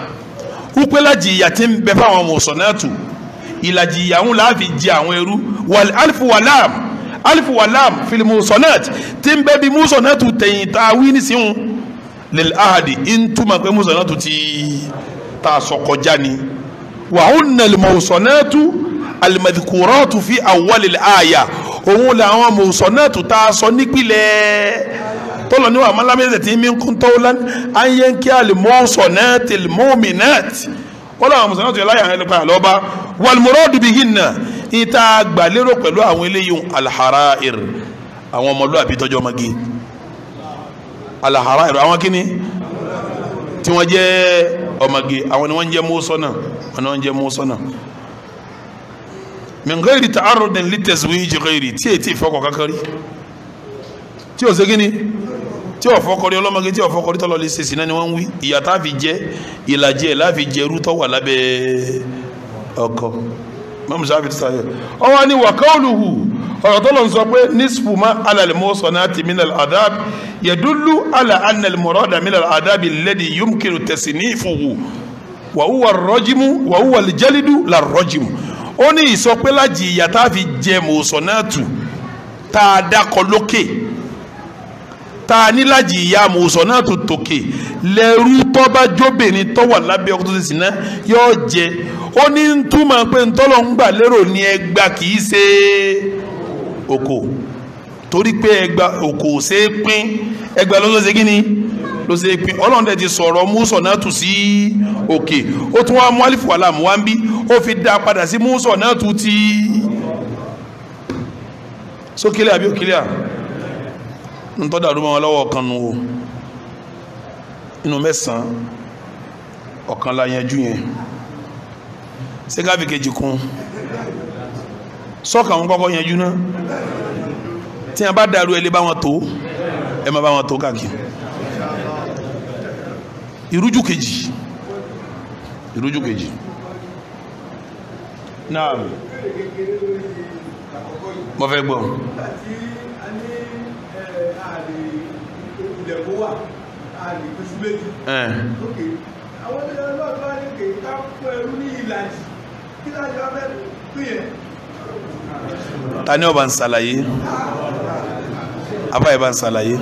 upela jìyà tí ń bẹ fáwọn muhsanatu ìlàjì ìyà ń la fi jẹ àwọn ẹrú wal alfu walam alfu walam fil muhsanat tí ń bẹ bí muhsanatu tẹ̀yìn tá a wí ní sihun lil ahadi ń túmọ̀ pé muhsanatu ti tá a sọ kọjá ni wa hunna al-muhsanatu al fi awwal al òun làwọn muhsanatu tá sọ nípìnlẹ̀ tọ́lọ̀ ní wàá málámẹ́sẹ̀ tí mi ń kún tọ́wọ́ lán á ń yẹ kí alimọ́sọ̀ náà ti mọ́mì náà ti kọ́lọ̀ àwọn mùsùlùmí ti láyà ẹni padà lọ́ba wàlmùrọ́ dùbí hinna ìta gbàlérò pẹ̀lú àwọn eléyìí alharair àwọn ọmọlúwàbí tọ́jú ọmọge alharair àwọn kíni tí wọ́n jẹ́ ọmọge àwọn ni wọ́n jẹ́ mọ́sọ́nà àwọn ni wọ́n jẹ́ mọ́sọ́nà min gairi ta'arrudin litaswiji gairi tí èyí tí ìfọkọ̀ kankan rí tí ò tí ọ̀fọ́kọrí ọlọ́mọge tí ọ̀fọ́kọrí tọ́lọ lè ṣe síná ni wọ́n ń wí ìyà tá fi jẹ ìlàjẹ ẹ̀ láfi jẹ rútọ́ wà lábẹ́ ọkọ mọ́mú sáfì tó ọwọ́ ni wàkọ́ọ̀lùhù ọ̀rọ̀ tó lọ sọ pé nísìfù má alàlẹ́ mọ́ sọ náà ti mílẹ̀ àdáàbì yẹ̀dúlú àlà ànàlẹ́ mọ̀rọ̀ dà mílẹ̀ àdáàbì lẹ́dí yomkiru tẹ̀sí ní ìfòwò wàhùwà rọ́jìmù wàhùwà jẹ́lídù là rọ́jìmù ó ní ìsọpẹ́lájì ìyà fi jẹ mọ̀ọ́sọ̀ náà tù tá a dákọ̀ lókè ta a ní lájì ìyá náà tó tòkè lẹ́rú tọ́ba jóbìnrin tọ́wà lábẹ́ ọkọ̀ tó ti yóò jẹ ó ní ń túmọ̀ pé ń lérò ní ẹgbà kì í ṣe oko torí pé ẹgbà oko se ṣe é pín ẹgbà ni ló ṣe é pín ti sọ̀rọ̀ náà tù sí òkè ó tún wá mú àlìfò wá ń ntọ́ dàrú mọ́ wọn lọ́wọ́ kan nu o inú mẹ́sàn-án ọ̀kan la yanjú yẹn ṣé káfí kejì kún sọ́ọ̀kan wọn kọ́kọ́ yanjú náà tí a bá dàrú ẹ lè bá wọn tó ẹ má bá wọn tó káàkiri ìrújú kejì ìrújú kejì náà mo fẹ́ gbọ́. ilẹ̀ kó wà a lè fi sí méjì. lókè àwọn ilé ọlọ́run bá ní kè ká fún ẹrú ní ìlàjì kí láti wá fẹ́ pín yẹn. ta ni ọba ń ṣàlàyé abáyé se ń ṣàlàyé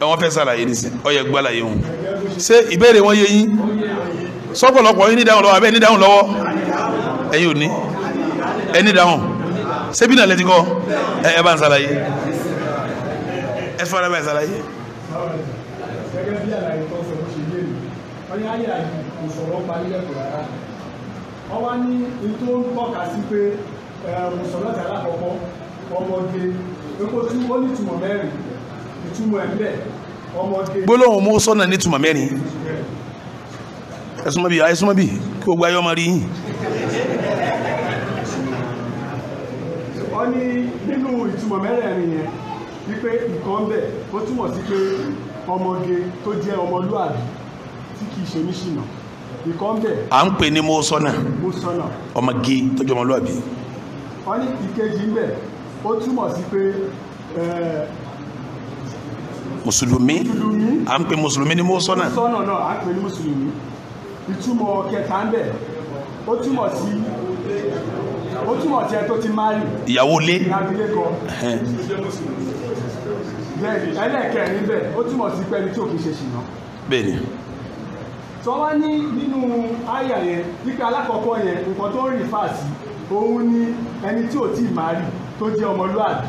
wọ́n fẹ́ ṣàlàyé ní sí ọyẹ gbàlàyé wọn ṣé ìbéèrè wọn yé yín sọ́pọ̀lọpọ̀ yín ní dáhùn lọ́wọ́ abẹ́ ní dáhùn lọ́wọ́ ẹ̀yin ò ní ẹni dáhùn ṣé bí nàlẹ́ ti kọ́ ẹ bá ń ṣàlàyé ẹ fún ọlọ́bàá ìsàlàyé. gẹ́gẹ́ bí àlàyé tó sọ bó ṣe yé mi wọ́n ní ayé àyè kò sọ̀rọ̀ parí lẹ́kọ̀ọ́ rárá wọ́n wá ní ní tó ń tọ́ka sí pé mùsọ̀lọ́tì alákọ̀ọ́kọ́ ọmọge epo tí ó ní ìtumọ̀ mẹ́rin ìtumọ̀ ẹ̀mílẹ̀ ọmọge. gbólóhùn mú sọ́nà ní ìtumọ̀ mẹ́rin ẹ̀sùnmọ́ bí ẹ̀sùnmọ́ bí kí o gba ayọ́ máa rí yìn. wọ́n ní nínú ìtumọ̀ mẹ́rẹ̀ẹ̀rin yẹn wípé nǹkan bẹ̀ ó túmọ̀ sí pé ọmọge tó jẹ́ ọmọlúàbí tí kì í ṣe níṣìnà nǹkan bẹ̀. à ń pè ní mo sọ́nà ọmọge tó jẹ́ ọmọlúàbí. wọ́n ní ìkejì ń bẹ̀ ó túmọ̀ sí pé mùsùlùmí à ń pè mùsùlùmí ní mo sọ́nà. sọ́nà náà à ń pè ní mùsùlùmí ìtumọ̀ kẹta ń bẹ̀ ó túmọ̀ sí ó túmọ̀ sí ẹ tó ti máa rí. ìyàwó lé. ìyàwó bẹ́ẹ̀ni ẹlẹ́ẹ̀kẹrin bẹ́ẹ̀ ó túmọ̀ sí pẹ́ni tí ò kì í ṣe ṣìnà. bẹ́ẹ̀ni. sọ wá ní nínú àyà yẹn wípé alákọ̀ọ́kọ́ yẹn nǹkan tó ń rìn fàásì òun ni ẹni tí ò tí ì máa rí tó jẹ́ ọmọlúwàbí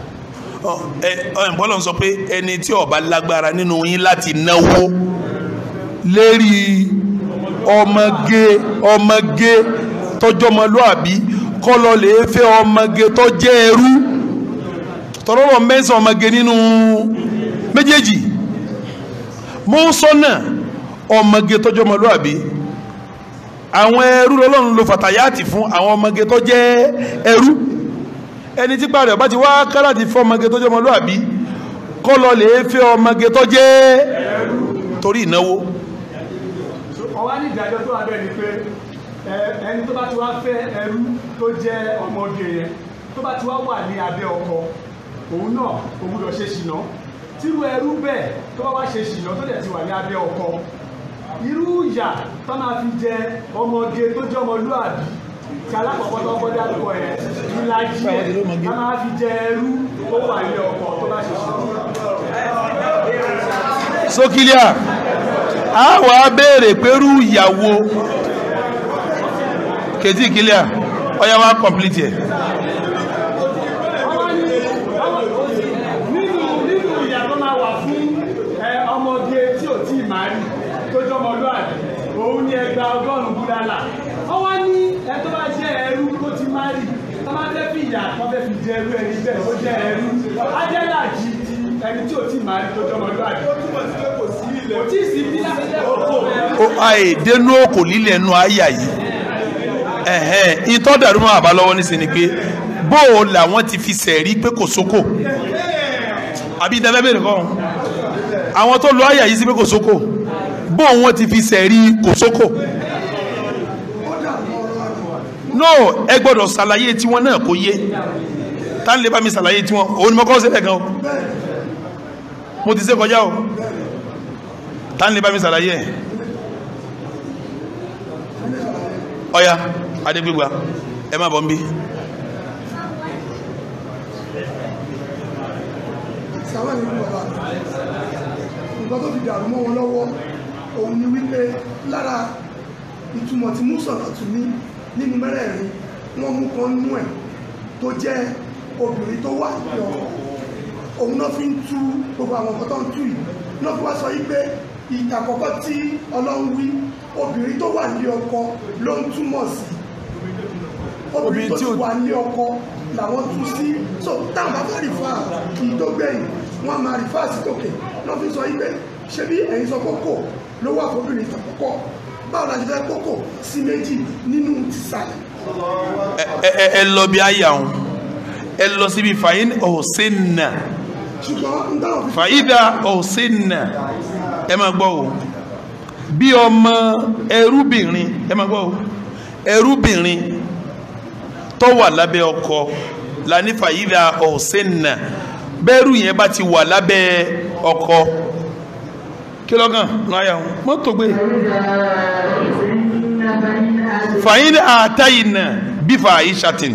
bọ́lọ̀ sọ pé ẹni tí ó bá lágbára nínú yín láti náwó lérí ọmọge ọmọge tọjọmọlúàbí kọ́ lọ lè fẹ́ ọmọge tó jẹ́ ẹrú tọ́lọ́lọ́ mẹ́sàn ọmọge nínú méjèèjì mọ́ sọ́nà ọmọge tó jẹ́ ọmọlúwàbí àwọn ẹrú lọ́lọ́run lo fàtàyàtì fún àwọn ọmọge tó jẹ́ ẹrú ẹni tí parí ọba ti wá kálá ti fẹ́ ọmọge tó jẹ́ ọmọlúwàbí kọ́ lọ lè fẹ́ ọmọge tó jẹ́ ẹrú torí ìnáwó ọwá ní ìdájọ́ tó wà bẹ́ẹ̀ ni pé ẹni tó bá ti wá fẹ́ ẹrú tó jẹ́ ọmọge yẹn tó bá ti wá wà ní abẹ́ ọkọ òun náà kò gbúdọ̀ ṣe ṣìnà tírú ẹrú bẹ́ẹ̀ tó bá wá ṣe ṣìnà tó dẹ̀ ti wà ní abẹ́ ọkọ irú ìyà tó máa fi jẹ ọmọge tó jẹ́ ọmọlúàbí ti alákọ̀ọ́kọ́ tó kọjá lọ́kọ̀ yẹn ìlàjì ẹ̀ tó máa fi jẹ ẹrú tó wà ní ọkọ tó bá ṣe ṣìnà. sókílíà a wàá béèrè pẹ̀lú ìyàwó kejì kílíà ọyá wa complete yẹ. òun ni ẹgbà ọgọ́rùn-ún búdàlà wọ́n wá ní ẹtọ́ bá jẹ́ ẹrú tó ti má rí tó bá fẹ́ fi ìyà tó fẹ́ fi jẹ ẹrú ẹni bẹ́ẹ̀ ó jẹ́ ẹrú ajẹ́là jì ti ẹni tí ò tí má rí tó ó túmọ̀ sí pé kò sí ilẹ̀ kò tí ì sí bí láti lẹ́kọ̀ọ́. ó àìdénú òkò lílẹ̀ nù ayà yìí ẹ̀hẹ́n ìtọ́ dàrú mọ́ àbá lọ́wọ́ nísìnyí ni pé bó o làwọn ti fi sẹ̀rí pé kò sóko àbí ìdáfẹ́ bèrè kọ́ àwọn tó lọ àyà yìí sí pé kò sóko bó wọn ti fi sẹ̀rí kò sóko no ẹ gbọ́dọ̀ ṣàlàyé tiwọn náà kò yé tá n lè bá mi ṣàlàyé tiwọn òun ni mo kọ́ sílẹ̀ gan o mo ti ṣe kọjá o tá n lè bá mi ṣàlàyé ẹ̀ ọ̀ya. Oh, yeah adégbégbá ẹ má bọ̀ ń bí. sàwọn ìlú bàbá nǹkan tó fi dàrú mọ́ wọn ni wípé lára ìtumọ̀ tí mùsọ̀lá tún ní nínú mẹ́rẹ̀ẹ̀rin wọ́n mú kan nú ẹ̀ tó jẹ́ obìnrin tó wà lọ òun náà fi ń tú gbogbo àwọn nǹkan tó ń tú yìí náà fi wá sọ yí ìtàkọ́kọ́ tí ọlọ́run wí obìnrin tó wà ní ọkọ ló ń túmọ̀ sí obìnrin tó ti wà ní ọkọ làwọn tú sí so táwọn bá fẹ́ rìfà kì í máa rìfà sí lọ́n fi sọ yí ṣé bí ẹ̀yin sọ kókó ló wà fóbìnrin tàkọ́kọ́ báwo la ṣe fẹ́ kókó sí méjì nínú tìsàlẹ̀. ẹ ẹ lọ bí àyà òun ẹ lọ síbi fàyín ọ̀sẹ̀nà fàyídà ọ̀sẹ̀nà ẹ máa gbọ́ o bí ọmọ ẹrúbìnrin ẹ máa gbọ́ o ẹrúbìnrin tó wà lábẹ́ ọkọ lanifa yíra ọ̀sẹ̀nà bẹ́rù yẹn bá ti wà lábẹ́ ọkọ kí lọ́gàn láyà wọn mọ́tò gbé fàyín àtàyìnà bífà àyíṣàtìn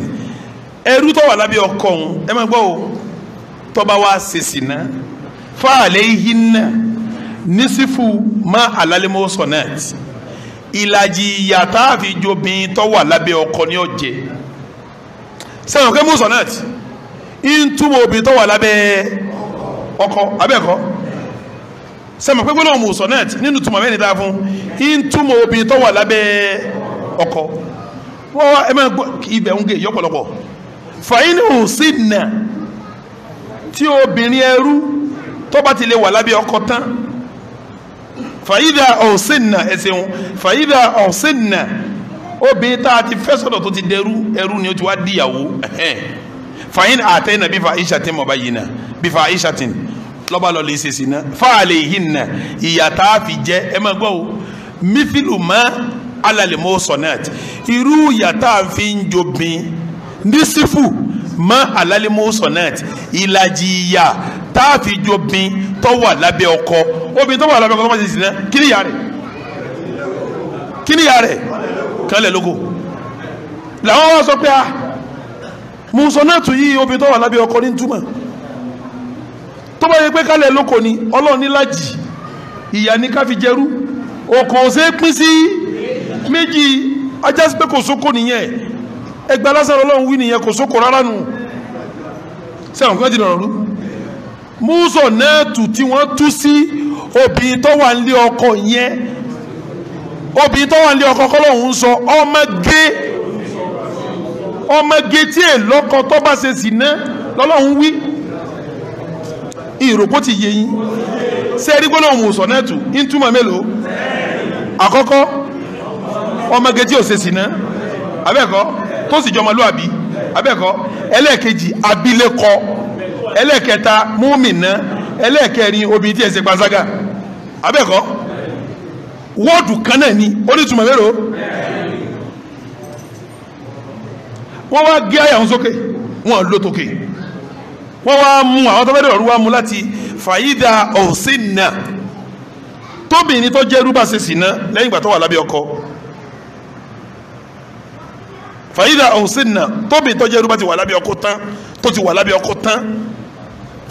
ẹrú tó wà lábẹ́ ọkọ òun ẹ máa gbọ́ o tó bá wá sèṣì náà fáàlẹ́ yìí náà nísìfù má àlálẹ́mọ́sọ̀ náà ìlàjì ìyà tá tó wà lábẹ́ ọkọ ní ọ̀jẹ̀ sẹ́wọ̀n pé mùsọ̀nàt ń túmọ̀ obìnrin tó wà lábẹ́ ọkọ abẹ́ẹ̀kọ́ sẹ́wọ̀n pé gbọ́dọ̀ mùsọ̀nàt nínú túmọ̀ mẹ́rin dáa fún ń túmọ̀ obìnrin tó wà lábẹ́ ọkọ wọ́n wá ẹ máa gbọ́ ibẹ̀ ń gé yọ́pọ̀lọpọ̀ fàyínì hùsìnà tí obìnrin ẹrú tó bá ti lè wà lábẹ́ ọkọ tán fàyídà ọ̀sìnà ẹ̀sìn fàyídà ọ̀sìnà obìnrin tá a ti fẹ́ sọ̀dọ̀ tó ti dẹrú ẹrú ni ó ti wá díyàwó fàyín àtẹ náà bífa aisha tí mo bá yìí náà bífa aisha tí lọ́ba lọ lè ṣe sí náà fáàlẹ̀ yìí náà ìyà tá a fi jẹ ẹ máa gbọ́ o mífìlù mọ́ alàlẹ̀ mọ́ sọ̀nẹ́t irú ìyà tá a fi ń jobin ní sífù mọ́ alàlẹ̀ mọ́ sọ̀nẹ́t ìlàjì ìyà tá a fi jobin tó wà ọkọ obìnrin tó wà ọkọ tó wà lábẹ́ ọkọ rẹ̀ kí rẹ̀ kánlẹ̀ lóko làwọn wá sọ pé a ah, mùsọ̀nàtù yìí obì tó wà lábẹ́ ọkọ ní túmọ̀ tó bá yẹ pé kálẹ̀ lóko ni ọlọ́ọ̀ni lájì ìyá ni ká fi jẹrú ọkọ̀ ọ̀sẹ̀ pín sí méjì ajá sí pé kò sóko nìyẹn ẹgbẹ́ lásán ọlọ́run wí nìyẹn kò sóko rárá nù sẹ́wọ̀n kí wọ́n ti nà ọ̀rú mùsọ̀nàtù tí wọ́n tú sí obì tó wà nílé ọkọ yẹn obìnrin tó wà ní ọkọ kọlọ́hún ń sọ ọmọge ọmọge tí èlọ́kọ tó bá ṣe sì ná lọ́lọ́hún wí ìròpó ti yé yín ṣe rí gbólóhùn òsàn náà tù ń túmọ̀ mélòó àkọ́kọ́ ọmọge tí ò ṣe sì ná abẹ́ẹ̀kọ́ tó sì jọmọ lúàbí abẹ́ẹ̀kọ́ ẹlẹ́ẹ̀kejì abilékọ ẹlẹ́ẹ̀kẹta múmìnà ẹlẹ́ẹ̀kẹrin obìnrin tí ẹ̀ ṣe panṣágà abẹ́ẹ̀kọ́ wọ́ọ̀dù kan náà ni onítùmọ̀ mẹ́rọ wọ́n wá gé àyà wọn sókè wọ́n ló tókè wọ́n wá mú àwọn tó bẹ́ẹ̀ wá mú láti fàyídà ọ̀sìnà tóbìnrin tó jẹ́ rúbà ṣe sìnà lẹ́yìn ìgbà tó wà lábẹ́ ọkọ fàyídà ọ̀sìnà tóbìnrin tó jẹ́ rúbà ti wà lábẹ́ ọkọ tán tó ti wà lábẹ́ ọkọ tán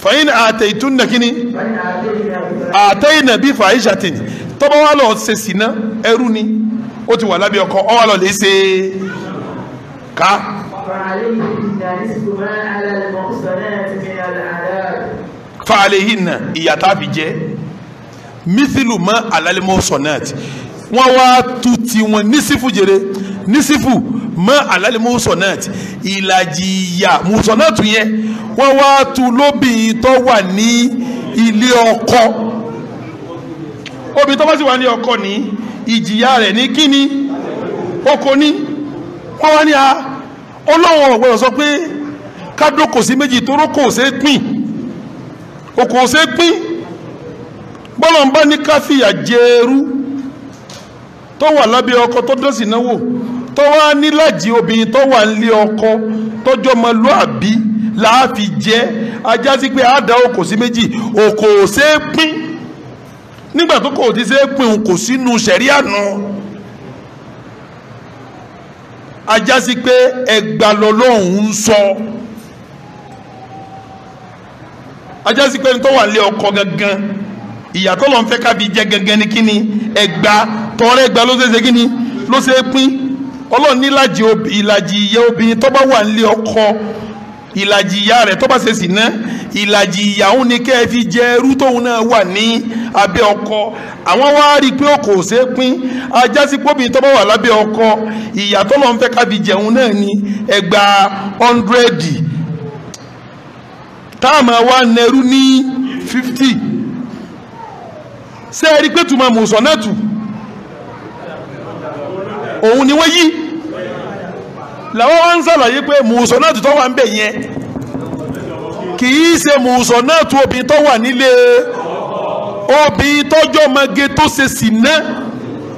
fàyín àtẹ̀yìntún nàkíní àtẹ̀yìn nàbí fàyíṣàtìn tọ́ba wa lọ ṣe sìná ẹrú ni ó ti wà lábẹ́ ọkọ ọ wa lọ lè ṣe ká. fàlẹ́hìnà ìyàtà fi jẹ́ mithilu mọ́ alalimọ́ sọ̀nàtì wọ́n wá tu tiwọn ní sífù jèrè ní mọ́ alálẹ́ mùsọ̀nàtì ìlàjì ìyà mùsọ̀nàtì yẹn wọ́n wá tu lóbìn tó wà ní ilé ọkọ obì tó bá sì wà ní ọkọ ní ìjìyà rẹ̀ ní kíni oko ní wọ́n wá ní a ọlọ́wọ́n ọ̀gbọ́dọ̀ sọ pé kádókò sí méjì tó rókò ṣe pín okò ṣe pín bọ́lọ̀ ń bá ní káfíà jẹ́rú tó wà lábẹ́ ọkọ tó dọ́sì náwó tó wá níláàjì obìnrin tó wà nílé ọkọ tọ́jọ́ ọmọlúàbí láàfi jẹ́ ajá sí pé àádá okò sí méjì okò ṣe pín nígbà tó kò ti ṣe é pin kò sínú sẹ̀ríà nù ajásí pé ẹgbà lọ́lọ́hún ń sọ ajásí pé ní tó wà lé ọkọ gangan ìyàtọ̀ lọ́n fẹ́ kábi jẹ́ gangan ní kíni ẹgbà tọrẹ ẹgbà ló ṣe kíni ló ṣe pin ọlọ́ọ̀ni ìlàjì obìnrin tó bá wà lé ọkọ ìlàjì ìyá rẹ̀ tó bá ṣe sì ná ìlàjì ìyá òun ni kẹ́ ẹ fi jẹ ẹrú tóun náà wà ní abẹ́ ọkọ àwọn wá rí i pé kò ṣe é pín ajá sí pọ́bìnrin tó bá wà lábẹ́ ọkọ ìyá tó lọ́n fẹ́ ká fi jẹun náà ni ẹgbà ọ̀ndrẹ́dì táàmù wa nẹrú ní fífítì ṣé ẹ rí i pé tùmọ̀ mùsọ̀nẹ́tù òun ni wọ́n yí làwọn wá ń sàlàyé pé mùsọ̀nàtù tó wà ń bẹ̀ yẹn kì í ṣe mùsọ̀nàtù obìnrin tó wà nílé obìnrin tọ́jọ́ mage tó ṣe sì ná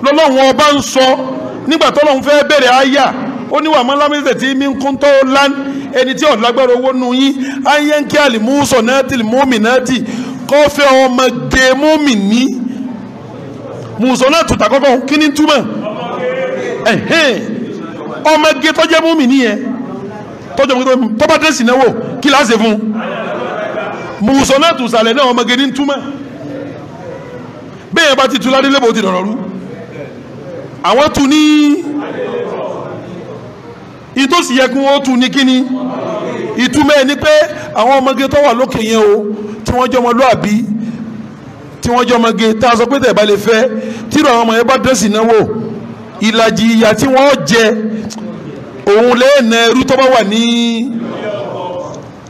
lọ́lọ́run ọba ń sọ nígbà tọ́lọ́run fẹ́ bẹ̀rẹ̀ àyà ó ní wàá mọ́lámísẹ̀ tí mi ń kún tó lán ẹni tí ọ̀lágbára owó nu yín ayé ń kí àlìmúsọ̀nàtì mọ́mìnàtì kọ́ fẹ́ ọmọ ge mọ́mìnì mùsọ̀nàtù tàkọ́kọ́ kí ni túmọ̀ ẹ̀hẹ́n ọmọge tó jẹ́ múmi nìyẹn tọ́jọ́ mú tó bá dẹ́sì náwó kí láṣẹ fún mùsùn náà tù sàlẹ̀ náà ọmọge ní túmọ̀ bẹ́ẹ̀ bá ti tu ládé lébò ti dọ̀rọ̀ rú àwọn tu ní ìtòsí yẹ kí wọ́n tu ní kíni ìtumọ̀ ẹ̀ ni pé àwọn ọmọge tó wà lókè yẹn o tí wọ́n jẹ́ ọmọlúàbí tí wọ́n jẹ́ ọmọge tá a sọ pé tẹ̀ bá lè fẹ́ tírò àwọn ọmọ yẹn bá dẹ́sì náwó ìlàjì ìyà tí wọ́n jẹ òun lẹ́ẹ̀nà ẹrú tó bá wà ní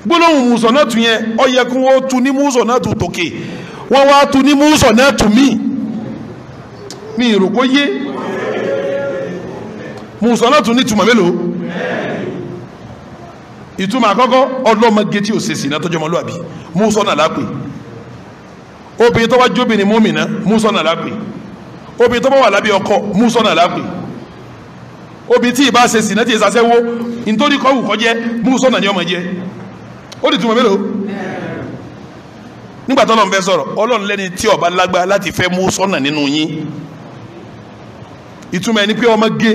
gbólóhùn mùsọ̀nàtù yẹn ó yẹ wọ́n tu ní mùsọ̀nàtù tòkè wọ́n wá tu ní mùsọ̀nàtù míì mi ìrò kó yé mùsọ̀nàtù ní tùmọ̀ mélòó ìtumọ̀ àkọ́kọ́ ọlọ́mọge tí ò ṣe sìnà tọ́jú ọmọlúwàbí mùsọ̀nà lápè obìnrin tó wá mọ́mìnà mùsọ̀nà lápè obi tó bá wà lábẹ́ ọkọ mú sọ́nà lápè obi tí ì bá ṣe sìnà tí ì sàṣẹ́wó nítorí kọ́ wù kọ́ jẹ́ mú sọ́nà ni ọmọ jẹ́ ó di túmọ̀ mélòó nígbà tó lọ́n fẹ́ sọ̀rọ̀ ọlọ́run lẹ́ni tí ó bá lágbára láti fẹ́ mú sọ́nà nínú yín ìtumọ̀ ẹni pé ọmọ gé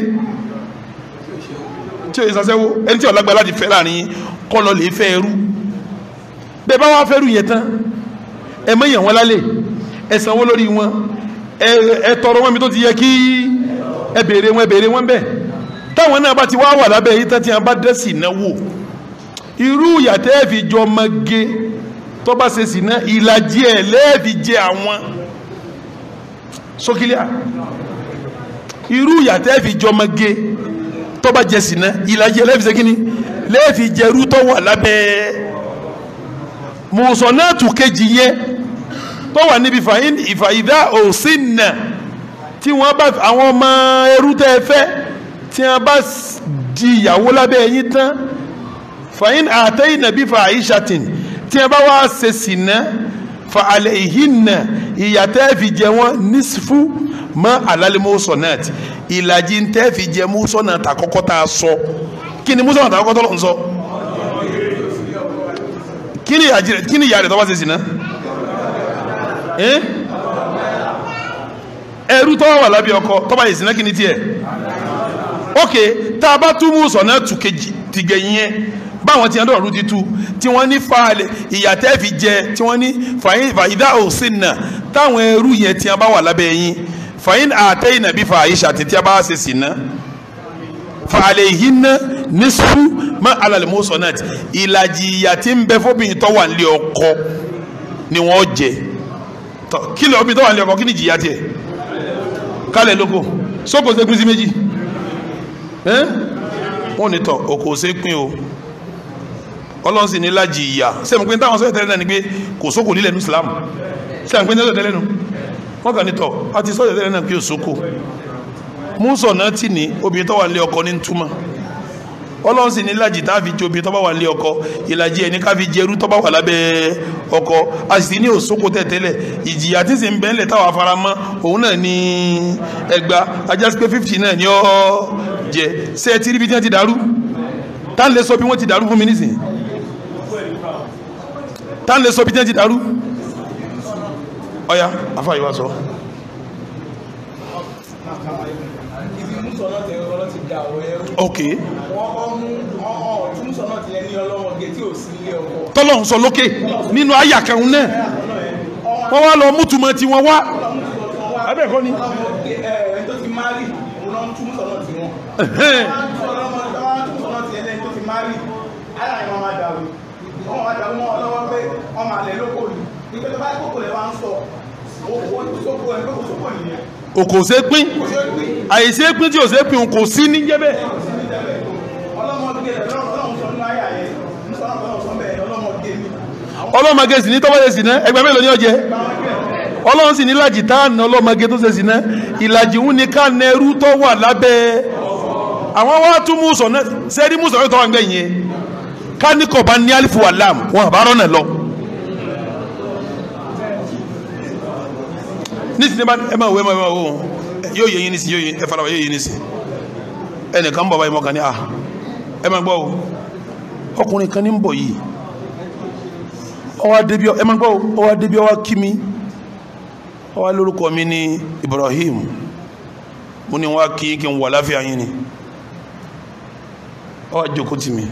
tí ì sàṣẹ́wó ẹni tí ó lágbára láti fẹ́ láàrin yín kọ́ lọ lè fẹ́ ẹrú bẹ́ẹ̀ bá wá fẹ́rù yẹn tán ẹ mọ̀ yẹn wọn lálẹ́ ẹ sanwó lórí wọn ẹ tọrọ wọn mi tó ti yẹ kí ẹ béèrè wọn ẹ béèrè wọn bẹ́ẹ̀ táwọn náà bá ti wá wà lábẹ́ yìí tán tí wọn bá dẹ́sì náà wò irú yàtẹ́ fi jọ ọmọge tó bá ṣe sì náà ìlàjì ẹ̀ lẹ́ẹ̀fi jẹ àwọn sókílíà irú yàtẹ́ fi jọ ọmọge tó bá jẹ sì náà ìlàjì ẹ̀ lẹ́ẹ̀fi ṣe kíní lẹ́ẹ̀fi jẹ irú tó wà lábẹ́ mùsọ̀nà tù kejì yẹn tó wà níbi ìfàyídá òsínà tí wọ́n bá àwọn ọmọ ẹrú tẹ́ ẹ fẹ́ tí wọ́n bá di ìyàwó lábẹ́ ẹ̀yìn tán fàyín àtẹ́yìn nàbí fàáyíṣàtìn tí wọ́n bá wá ṣe sìnà fa alẹ́ ìhìnà ìyà tẹ́ fi jẹ wọ́n nísìfú mọ́ alálẹ́mọ́sọ̀ náà tì ìlàjì tẹ́ fi jẹ mọ́sọ̀ náà tà kọ́kọ́ tá a sọ kí ni mọ́sọ̀ náà tà kọ́kọ́ tó lọ́n sọ kí ni ìyà tó bá ṣe sìnà. Eh? ẹrú tó wà lábẹ́ ọkọ tó bá ìsìn náà kí ni tiẹ̀ ok tá a bá tún mú sọ̀nà tù kejì tìgẹ̀yìn yẹn báwọn ti yàn dọ̀rù ti tu tí wọ́n ní fàálẹ̀ ìyàtẹ́ fi jẹ tí wọ́n ní fàyín fàyídá òsínà táwọn ẹrú yẹn tí wọ́n bá wà lábẹ́ yín fàyín àtẹ́yìn nàbí fàyíṣà títí a bá ṣe sì ná fàálẹ̀ yìí ná ní sùn mọ́ alàlẹ́ mọ́sánà ìlàjì ìyà ń bẹ fóbìnrin tó wà nílé ni wọ́n jẹ tọ kí lọ bí tọ́wà ní ọkọ̀ kí ni jìyà tiẹ̀ kálẹ̀ lóko sóko ṣe pín sí méjì wọ́n ní tọ̀ òkò ṣe pín o ọlọ́run sì ní lájì ìyà sẹ́mi pé táwọn sọ́yẹ̀ tẹ́lẹ̀ náà ni pé kò sóko nílẹ̀ ní Islam sẹ́mi pé tẹ́lẹ̀ tẹ́lẹ̀ nu wọ́n kàn ní tọ̀ àti sọ́yẹ̀ tẹ́lẹ̀ náà pé òsóko mú sọ̀nà tì ní obìnrin tọ́wà ní ọkọ̀ ní túmọ̀ ọlọ́run sì ní ìlàjì tá a fi jobi tó bá wà lé ọkọ ìlàjì ẹni ká fi jẹrú tó bá wà lábẹ́ ọkọ a ní òsókò tẹ̀tẹ̀lẹ̀ ìjìyà tí sì ń bẹ́ńlẹ̀ táwa fara mọ́ òun náà ní ẹgbàá ajá sí fifty náà ní ọ́ jẹ ṣé ẹ ti rí bí wọ́n ti dàrú tá n lè sọ bí wọ́n ti dàrú fún mi nísìnyí tá n lè sọ bí wọ́n ti dàrú ọ̀ya afa yìí sọ. ibi mú sọ náà tẹ ok. tọ́lọ́hún sọ lókè nínú àyà náà wọ́n wá lọ mútùmọ̀ tí wọ́n wá. abẹ́ ni. ẹni tó ti máa pé wọ́n máa lóko ni nígbà bá kókò lẹ̀ máa ń sọ òkú sókò ẹ̀ lóko sókò nìyẹn òkò ṣe pín àìsí pín tí ò ṣe pín kò sí ní jẹ́bẹ̀ ọlọ́mọge sì ní tọ́wọ́ ṣe sì ná ẹgbẹ́ mélòó ni ó jẹ́ ọlọ́run sì ní ìlàjì táànà ọlọ́mọge tó ṣe sì ná ìlàjì ń ní ká na ẹrú tó wà lábẹ́ àwọn wá tún mú sọ̀nà sẹ́rí mú sọ̀nà tó wà ń gbẹ̀yìn ká ní kọ̀ọ̀bá ní alifu alam wọn àbárọ̀ náà lọ. nísìnyí ẹ máa wo ẹ máa wo yóò yẹ yín nísìnyí yóò yẹ ẹ fara wa yóò yẹ nísìnyí ẹnìkan ń bọ̀ báyìí mọ̀kàn ní à ah, ẹ o ọkùnrin kan ní ń bọ̀ yìí ọwọ́ adébíọ́ ẹ o wa kí mi Ibrahim mo wà láfíà ni ọwọ́ àjòkó tì mí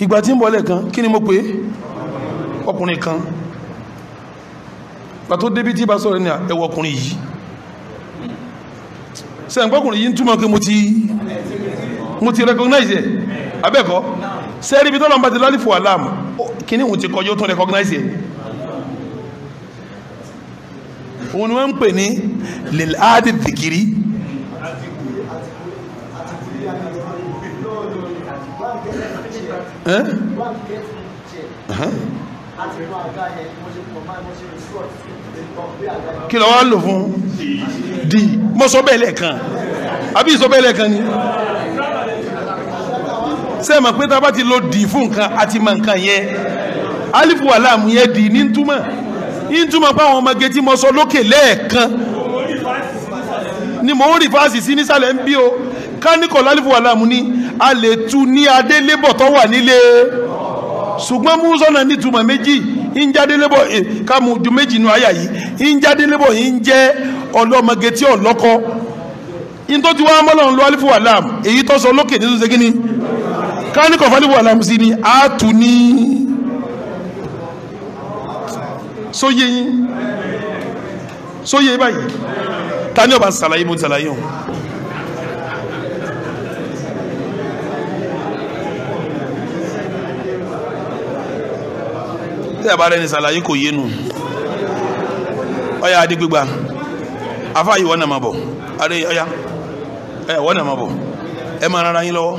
ìgbà tí ń bọ̀ lẹ́ẹ̀kan mo kan pàtó débi tí bá sọ̀rọ̀ ní ẹwọ ọkùnrin yìí ṣe ń gbọ́kùnrin yìí ń túmọ̀ pé mo ti mo ti recognize ẹ̀ abẹ́kọ́ ṣe rí ibi tọ́lọ́ bá ti lálẹ́ fún alam kíní òun ti kọjú tún recognize ẹ̀ ni wọ́n ń pè ní lil'adi dìkiri ẹ́ ẹ́ àti kí lọ wá lò fún di mọ́ sọ bẹ́ẹ̀ lẹ́ẹ̀kan àbí ìsọ bẹ́ẹ̀ lẹ́ẹ̀kan ni sẹ́ẹ̀mọ̀ pé tá bá ti lo di fún nǹkan àti mọ̀ nǹkan yẹn alifu aláàmù yẹn di ní túmọ̀ ní túmọ̀ pé àwọn ọmọge tí mo lókè lẹ́ẹ̀kan ni mo ń rí fásitì sí nísàlẹ̀ ń bí o káníkọ̀ lálífù aláàmù ni a lè tu ní adélébọ̀ tó wà nílé ṣùgbọ́n musa náà nítumọ̀ méjì ń jáde lébọ̀ ká mu ju méjì nu àyà yìí ń jáde lébọ̀ yìí ń jẹ́ ọlọ́mọge tí ọ̀lọ́kọ́ in tó ti wá mọ́lọ̀ ń lo alifu alam èyí tó sọ lókè nínú ṣe kíni ká ní kọ̀ọ̀fà alifu alam sí ni a tù ní sóyè yín sóyè báyìí ta ni ọba ṣàlàyé mo ṣàlàyé o. bí àbára ẹni sàlàyé kò yé nu ọyà adé gbígbà afa yìí wọ́n nà má bọ̀ adé ọyà ẹ wọ́n nà má bọ̀ ẹ má rárá yín lọ́wọ́.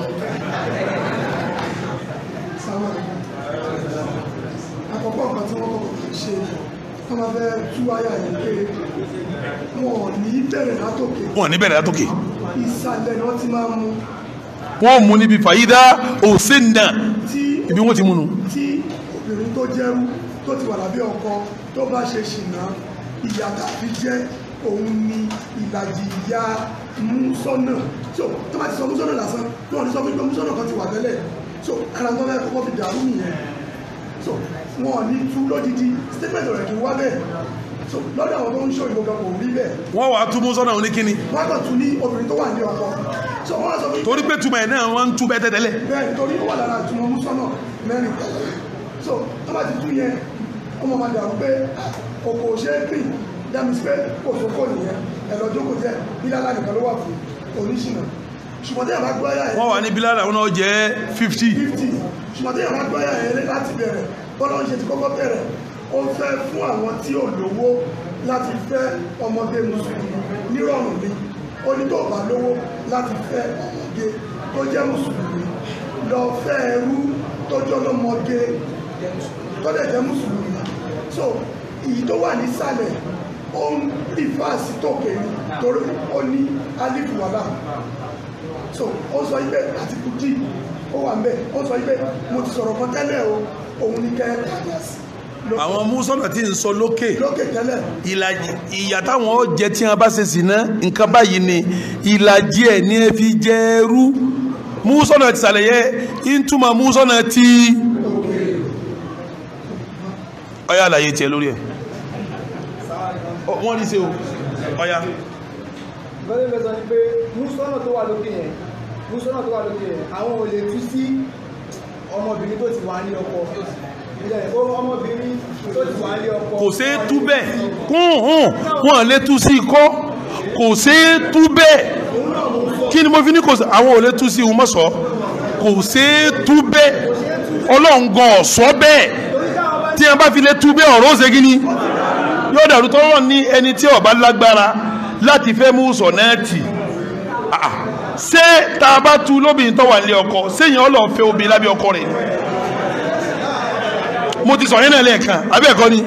àkọ́kọ́ nǹkan tí wọ́n kọ́kọ́ ṣe wọ́n máa fẹ́ tú àyà yìí pé wọn ò ní bẹ̀rẹ̀ látòkè. wọn wọ́n mú. níbi fàyídá òsínà ibi wọ́n ti mú tí jẹrú tó ti wà lábẹ́ ọkọ tó bá ṣe ṣìnà ìyá tá a fi jẹ òun ni ìlàjì ìyá músọ́nà tó tó bá ti sọ músọ́nà lásán tó wọ́n ti sọ pé músọ́nà kan ti wà tẹ́lẹ̀ so ara tó bẹ́ẹ̀ kọ́kọ́ fi dàrú nìyẹn so wọn ò ní tú lódìdí statement rẹ̀ kì í wá bẹ́ẹ̀ so lọ́dọ̀ àwọn tó ń ṣe òyìnbó kan kò rí bẹ́ẹ̀. wọ́n wàá tú músọ́nà oníkíní. wọ́n kàn tún ní obìnrin tó wà ní ọkọ. torí pé túmọ̀ ẹ̀ náà wọ́n ń tú bẹ́ẹ̀ tẹ́tẹ́lẹ̀. bẹ́ẹ̀ torí ó wà lára àtúmọ̀ músọ́nà mẹ́rin pẹ̀lú so tó bá ti tú yẹn ọmọ máa dàrú pé kòkò ah, ṣe é pè dámi sí pé kò sókò nìyẹn ẹ̀rọ jókòó jẹ́ bílálà nìkan ló wà fún oníṣìnà ṣùgbọ́n tí a bá yẹn. wọ́n wà ní bílálà wọn náà jẹ́ fifty. fifty ṣùgbọ́n tí a bá gbọ́ yà yẹn láti bẹ̀rẹ̀ bọ́lá ń ṣe ti kọ́kọ́ bẹ̀rẹ̀ ó fẹ́ fún àwọn tí ò lówó láti fẹ́ ọmọdé mùsùlùmí nírọ̀rùn ni ó ní tó bá lówó láti fẹ́ ọmọdé tó jẹ́ mùsùlùmí lọ fẹ́ tó dẹ̀ jẹ́ mùsùlùmí so èyí tó wà nísàlẹ̀ ó ń rìfáàsì tòkè ni torí ó ní alifu wàhálà so ó sọ ibẹ̀ àti kùdí ó wà mbẹ̀ ó sọ ibẹ̀ mo ti sọ̀rọ̀ kan tẹ́lẹ̀ o òun ni kẹ́ àwọn musọ́nà tí ń sọ lókè ìyàtà wọn jẹ tí wọn bá ṣe sì ná nǹkan báyìí ni ìlàjì ẹ̀ ní ẹ fi jẹ́ ẹrú musọ́nà ti sàlẹ̀ yẹ ìtumọ̀ musọ́nà ti ọyá àlàyé tiẹ̀ lórí ẹ̀ wọ́n rí sí o ọyá lọ́lẹ́lẹ́sọ ni pé músọ́nà tó wà lókè yẹn músọ́nà tó wà lókè yẹn àwọn ò lè tú sí ọmọbìnrin kò sí ikọ́ kí ni mo fi ní kò àwọn ò tú sí ìhùmọ́sọ kò ṣeé tú bẹ́ẹ̀ ọlọ́run tí a bá fi lè tú bẹ́ ọ̀rọ̀ ṣe gíní yóò dàrú tó rọ̀ ní ẹni tí ó bá lágbára láti fẹ́ mú sọ̀nẹ́ẹ̀tì ṣé tá a bá tú lóbìnrin tó wà ní ọkọ séyìn ọlọ́ fẹ́ obì lábẹ́ ọkọ rẹ̀ mo ti sọ yẹn náà lẹ́ẹ̀kan abẹ́ ẹ̀kọ́ ni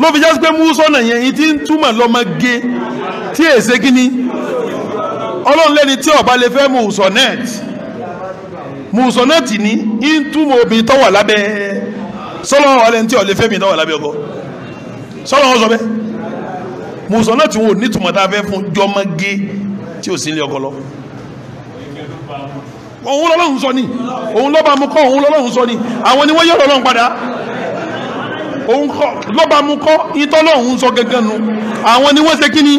ló fi jásí pé mú sọ́nà yẹn yìí ti ń túmọ̀ lọ́mọ gé tí èsè gíní ọlọ́run lẹ́ni tí ó lè fẹ́ mú sọ̀nẹ́ẹ̀tì mú sọ̀nẹ́ẹ̀tì ní ń túmọ̀ obì tó wà lábẹ́ sọlọ́wọ́ wà lẹ́ntì ọ̀lẹ́ fẹ́mi náà wà lábẹ́ ọkọ sọlọ́wọ́ sọ bẹ́ẹ̀ mùsùlùmí náà tí wọn ò ní tùmọ̀ tá a fẹ́ fún jọmọgé tí ò sí ilé ọkọ lọ. òun lọ́lọ́run sọ ni òun lọ́ba mu kọ́ òun lọ́lọ́run sọ ni àwọn ni wọ́n yọ̀ lọ́lọ́run padà òun lọ́ba mu kọ́ ìtọ́lọ́run sọ gẹ́gẹ́ nu àwọn ni wọ́n ṣe kí ni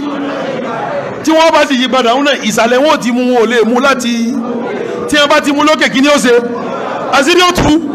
tí wọ́n bá sì yí padà òun náà ìsàlẹ̀ wọn ti mú wọn ò lè mú láti tí wọ́n bá ti mú lókè kí ni ó ṣe àṣírí ó tú.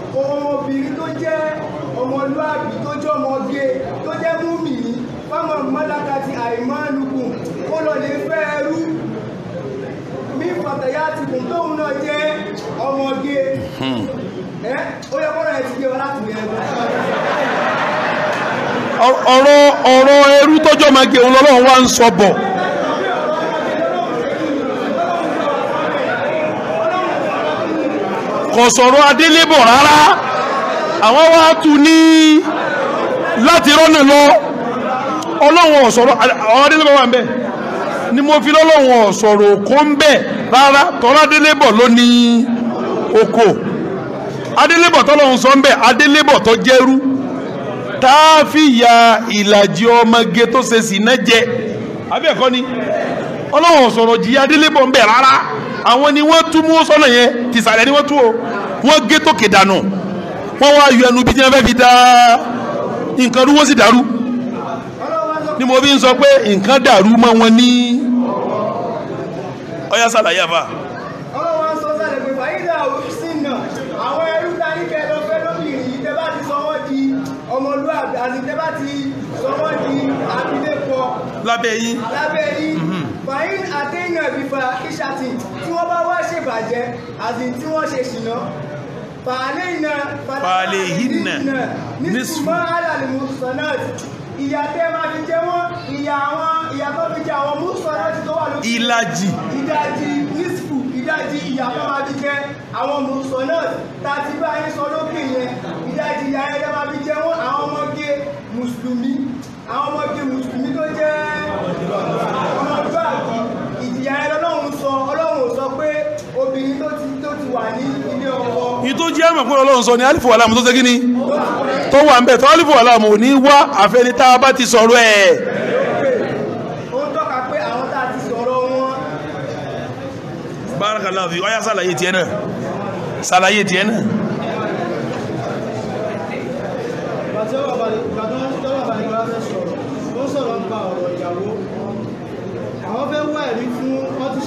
obìnrin tó jẹ́ ọmọlúàbí tó jẹ́ ọmọge tó jẹ́ múmìnì fáwọn mọ́láka ti àìmọ́lùkùn kó lọ lè fẹ́ ẹrú mí fàtàyà ti kùn tóun náà jẹ́ ọmọge hmm. ẹ ó yẹ kọ́ra ẹ ti gbé wa láti ọ̀rọ̀ ọ̀rọ̀ ẹrú tọ́jọ́ máa òun ń sọ bọ̀. kò sọ̀rọ̀ adélébọ̀ rárá àwọn wá tu ní láti rọ́nà lọ ọlọ́run ọ̀sọ̀rọ̀ àwọn adélébọ̀ wà ń bẹ̀ ni mo fi lọ́lọ́run ọ̀sọ̀rọ̀ òkó ń bẹ̀ rárá tọ́lá adélébọ̀ ló ní oko adélébọ̀ tọ́lọ́run sọ ń bẹ̀ adélébọ̀ tó jẹ́rú táàfìyà ìlàjì ọmọge tó ṣe sì náà jẹ abẹ́ẹ̀kọ́ ni ọlọ́run sọ̀rọ̀ jìyà délébọ̀ ń bẹ̀ rárá àwọn ni wọ́n tú mú sọ́nà yẹn tìsàlẹ̀ ni wọ́n tú o wọ́n gé tókè dànù wọ́n wá yọ ẹnu bí tí wọ́n fẹ́ fi dá nǹkan rú wọ́n sì dàrú ni mo fi ń sọ pé nǹkan dàrú mọ́ wọn ní ọyá sàlàyé àbá. ọlọ́wọ́n sọ sàlẹ̀ pé fàyídà sínà àwọn ẹrú ta ní kẹlọ fẹ́ lóbìnrin yìí tẹ́ bá ti sọ wọ́n di ọmọlúwàbí àti tẹ́ bá ti sọ wọ́n di abilékọ. lábẹ́ yín. lábẹ́ yín fàyín àtẹ̀yàn ìbífà ìṣàtì tí wọ́n bá wá ṣèbàjẹ́ àti tí wọ́n ṣe ṣìnà fàálẹ́yìnà fàálẹ́yìnà nísùmọ́ alàlùmùsọ̀nàtì ìyà tẹ́ máa fi jẹ wọ́n ìyà àwọn ìyà tó fi jẹ àwọn mùsọ̀nàtì tó wà lókè ìlàjì ìdajì nísùkù ìdajì ìyà tó máa fi jẹ àwọn mùsọ̀nàtì tàbí bá yín sọ lókè yẹn ìdajì ìyà yẹn tẹ́ máa fi jẹ wọ́n àwọn ọmọge mùsùlùmí àwọn ọmọge mùsùlùmí tó jẹ́ obìnrin tó ti tó ti wà ní ilé ọkọ. ìtò jẹ́ àmọ̀ pé ọlọ́run sọ ni alifu alamu tó ṣe kí ni tó wà ń bẹ̀ tó alifu alamu ò ní wá àfẹni tá a bá ti sọ̀rọ̀ ẹ̀. ó ń tọ́ka pé àwọn tá a ti sọ̀rọ̀ wọn. bárakàlá fi ọyá sàlàyé tiẹ̀ náà sàlàyé tiẹ̀ náà.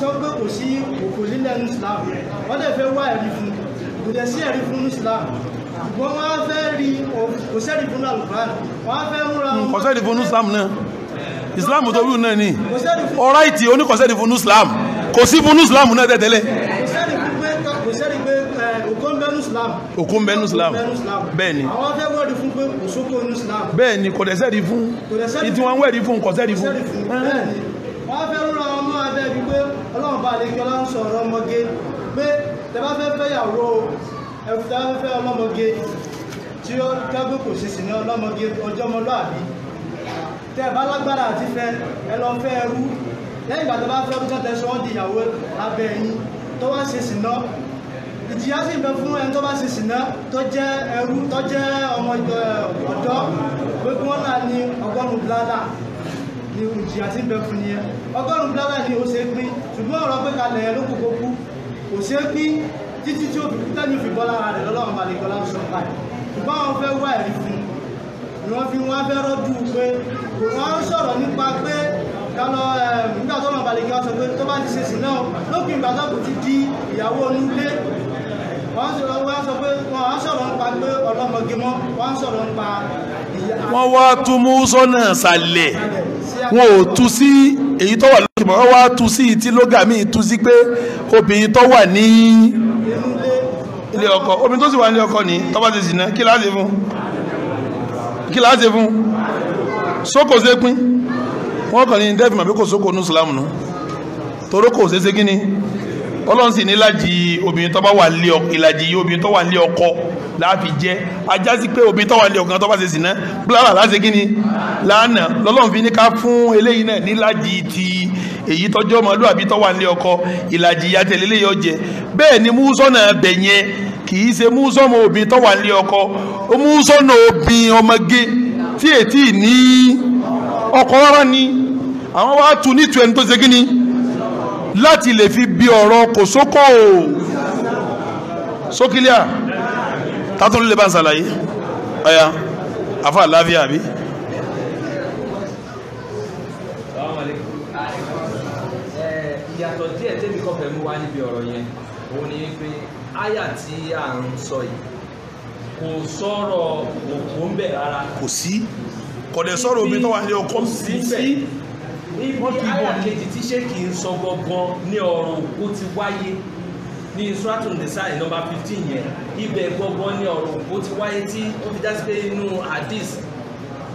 sọ pé kò sí òkò lílẹ̀ ní Islam wọ́n dẹ̀ wá ẹ̀rí fún kò dẹ̀ sí ẹ̀rí fún Islam ṣùgbọ́n wọ́n á fẹ́ rí kò sẹ́rí fún Al-Qur'an wọ́n múra wọn. kò sẹ́rí fún Islam náà Islam tó wù náà ni ọ̀ráìtì oníkọ̀sẹ́rí fún Islam kò sí fún Islam náà tẹ́tẹ́lẹ̀ eh, òkú ń bẹ ní islam bẹ́ẹ̀ ni bẹ́ẹ̀ ni kò dẹ̀ sẹ́ẹ̀rí fún ìtí wọn wẹ̀rí fún kò sẹ́ẹ̀rí fún wọ́n fẹ́ rúra ọmọ abẹ́ bíi pé ọlọ́run bá lè kí ọlọ́run sọ̀rọ̀ ọmọge pé tẹ́bá fẹ́ fẹ́ yàwó ẹ̀rù tẹ́bá fẹ́ ọlọ́mọge tí ó kẹ́gbẹ́ kò sì sìn ní ọlọ́mọge ọjọ́mọlúàbí tẹ́bá lágbára àti fẹ́ ẹ lọ fẹ́ ẹrú lẹ́yìn ìgbà tẹ́bá fẹ́ ọdún tẹ́ sọ wọ́n di ìyàwó abẹ́ ẹ̀yìn tó wá ṣe sìn náà ìjìyà sì ń bẹ fún ẹni tó bá ṣe sìn náà tó jẹ́ ẹrú tó jẹ́ ọmọ ọ̀dọ́ gbogbo wọn náà ní ọgọ́rùn-ún ni ìjìyà tí ń bẹ fún nìyẹn ọgọ́rùn-ún dára ni ó ṣe é pín ṣùgbọ́n ọ̀rọ̀ pé kalẹ̀ ẹ̀ ló kókó kú kò ṣe é pín títí tí òbí tẹ́ni òfin bọ́ lára rẹ̀ lọ́lọ́run balẹ̀ ìkọlá ń sọ báyìí ṣùgbọ́n àwọn fẹ́ wá ẹ̀rí fún ni wọ́n fi wọ́n fẹ́ rọ́jú pé kò wọ́n sọ̀rọ̀ nípa pé kálọ nígbà tó wọn balẹ̀ ìkọlá sọ pé tó bá ti ṣe sí náà lópin ìgbà tó kò ti di ìyàwó onílé wọ́n sọ̀rọ̀ wọ́n sọ pé wọ́n sọ̀rọ̀ nípa pé ọlọ́mọge mọ́ wọ́n sọ̀rọ̀ nípa ìyá. wọ́n wá tú múúsọ náà sàlẹ̀ wọn ò tú sí èyí tó wà lókè mọ́ wọ́n wá tú sí ti lógàmì tú sí pé obìnrin tó wà ní ilé ọkọ obìnrin tó sì wà ní ilé ní tó ti zìnà kí láti fún kí láti fún sókò sí pín wọ́n kàn ní dẹ́fì màbí kò sókò ní ìsìlámù nù torókò sí sí kí ni ọlọ́run sì ní lájì obìnrin tó bá wà lé ọkọ ìlàjì yìí obìnrin tó wà lé ọkọ láàfi jẹ́ ajá sí pé obìnrin tó wà lé ọkàn tó bá ṣe sìnà blára láti kí ni lánà lọ́lọ́run fi ní ká fún eléyìí náà nílájì ti èyí tọ́jọ́ ọmọlúwàbí tó wà lé ọkọ ìlàjì ìyá lè yọ jẹ bẹ́ẹ̀ ni músọ́nà bẹ̀ kì í ṣe músọ́nà obìnrin tó wà lé ọkọ músọ́nà obìnrin ọmọge tí ètí ní ọkọ rárá ni àwọn wá tu nítu ẹni tó ṣe kí ni láti lè fi bí ọ̀rọ̀ kò sókò sókílíà tátún lè bá ń sàlàyé ọ̀yà àfà àláfíà àbí ìyàtọ̀ díẹ̀ tẹ́mi kọ́ mú wá níbi ọ̀rọ̀ yẹn òun ni pé áyà tí à ń sọ yìí kò sọ̀rọ̀ òkú ń bẹ̀ rárá kò sí kọ̀dẹ̀ sọ̀rọ̀ omi tó wà ní ọkọ̀ sí níbi àyàkejì tí ṣé kì í sọ gangan ní ọ̀rọ̀ òkú ti wáyé ní suratul nisa'i nọmba fifteen yẹn ibẹ̀ gangan ní ọ̀rọ̀ òkú ti wáyé tí ó fi dásí pé inú hadith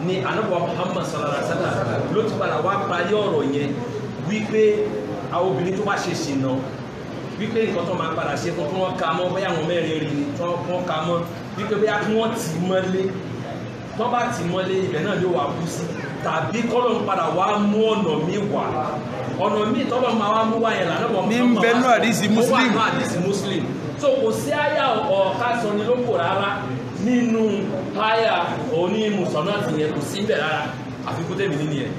ni anabu muhammad sallallahu alaihi wa sallam ló ti padà wá parí ọ̀rọ̀ yẹn wípé àwọn obìnrin tó bá ṣe ṣìnà wípé nǹkan tó máa padà ṣe fún kí wọ́n ka mọ́ bóyá àwọn mẹ́rin rí ni tí wọ́n ka mọ́ wípé bóyá kí wọ́n tì mọ́lé tó bá tì mọ́lé ibẹ̀ náà yóò wá kú sí tàbí kọ́lọ̀ ń padà wá mú ọ̀nà mi wá ọ̀nà mi tọ́lọ̀ máa wá mú wá yẹn lànà bọ̀ ní bẹnu àdìsí muslim ó wà ní àdìsí muslim so kò sí àyà ọ̀ọ́ká sọni ló kò rárá nínú àyà òní mùsọ̀nà àti yẹn kò sí bẹ̀ rárá àfikún tẹ̀mí nínú yẹn.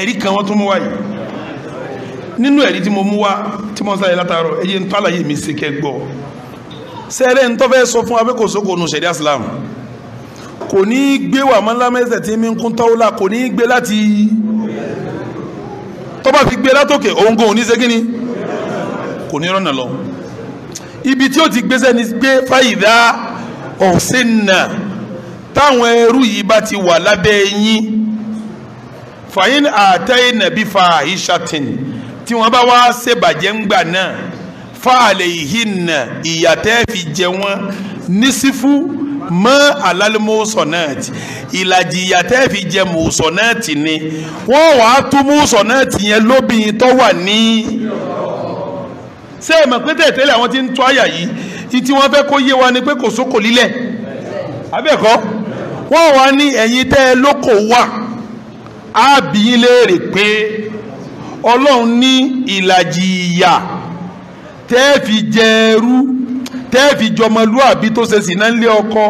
ẹ̀rí kan wọ́n tún mú wá yìí nínú ẹ̀rí tí mo mú wá tí mo ń sáyé látàárọ̀ ẹ̀yẹ ń tó àlàyé mi ṣe kẹ́ gbọ́ sẹ́rẹ̀ ń tọ́fẹ́ sọ fún abẹ́kòsókò nù ṣẹ̀dí àsìlámù kò ní í gbé wà mọ́ lámẹ́sẹ̀ tí mi ń kún tọ́wọ́lá kò ní í gbé láti tó bá fi gbé látòkè òun òní ṣe kí ni kò ní rọ́nà lọ ibi tí ó ti gbéṣẹ́ ni gbé fáyidá ọ̀sẹ̀ náà táwọn ẹrú yìí bá ti wà lábẹ́ yín fàyín àtẹ́yìn nàbí fa àyíṣàtìn tí wọ́n bá wá ṣèbàjẹ́ ńgbà náà fa àlè ìhìn náà ìyàtẹ́ fi jẹ wọ́n ní sífú mọ́ alálẹ́mọ́sọ̀nẹ́ẹ̀tì ìlàjì ìyà tẹ́ fi jẹ mọ́sọ̀nẹ́ẹ̀tì ni wọ́n wàá tú mọ́sọ̀nẹ́ẹ̀tì yẹn lóbìnrin tó wà ní. ṣé ẹ mọ̀ pé tẹ̀tẹ̀lẹ̀ àwọn ti ń tú àyà yìí títí wọ́n fẹ́ kó yé wa ni pé kò sóko lílẹ̀ abẹ́ẹ̀kọ́ wọ́n wá ní ẹ̀yin tẹ́ ẹ lóko wà á bí yín léèrè pé ọlọ́run ní ìlàjì ìyà tẹ́ fi jẹ ẹrú tẹ́ẹ̀fì jọmọlúàbí tó ṣe sì náà ń lé ọkọ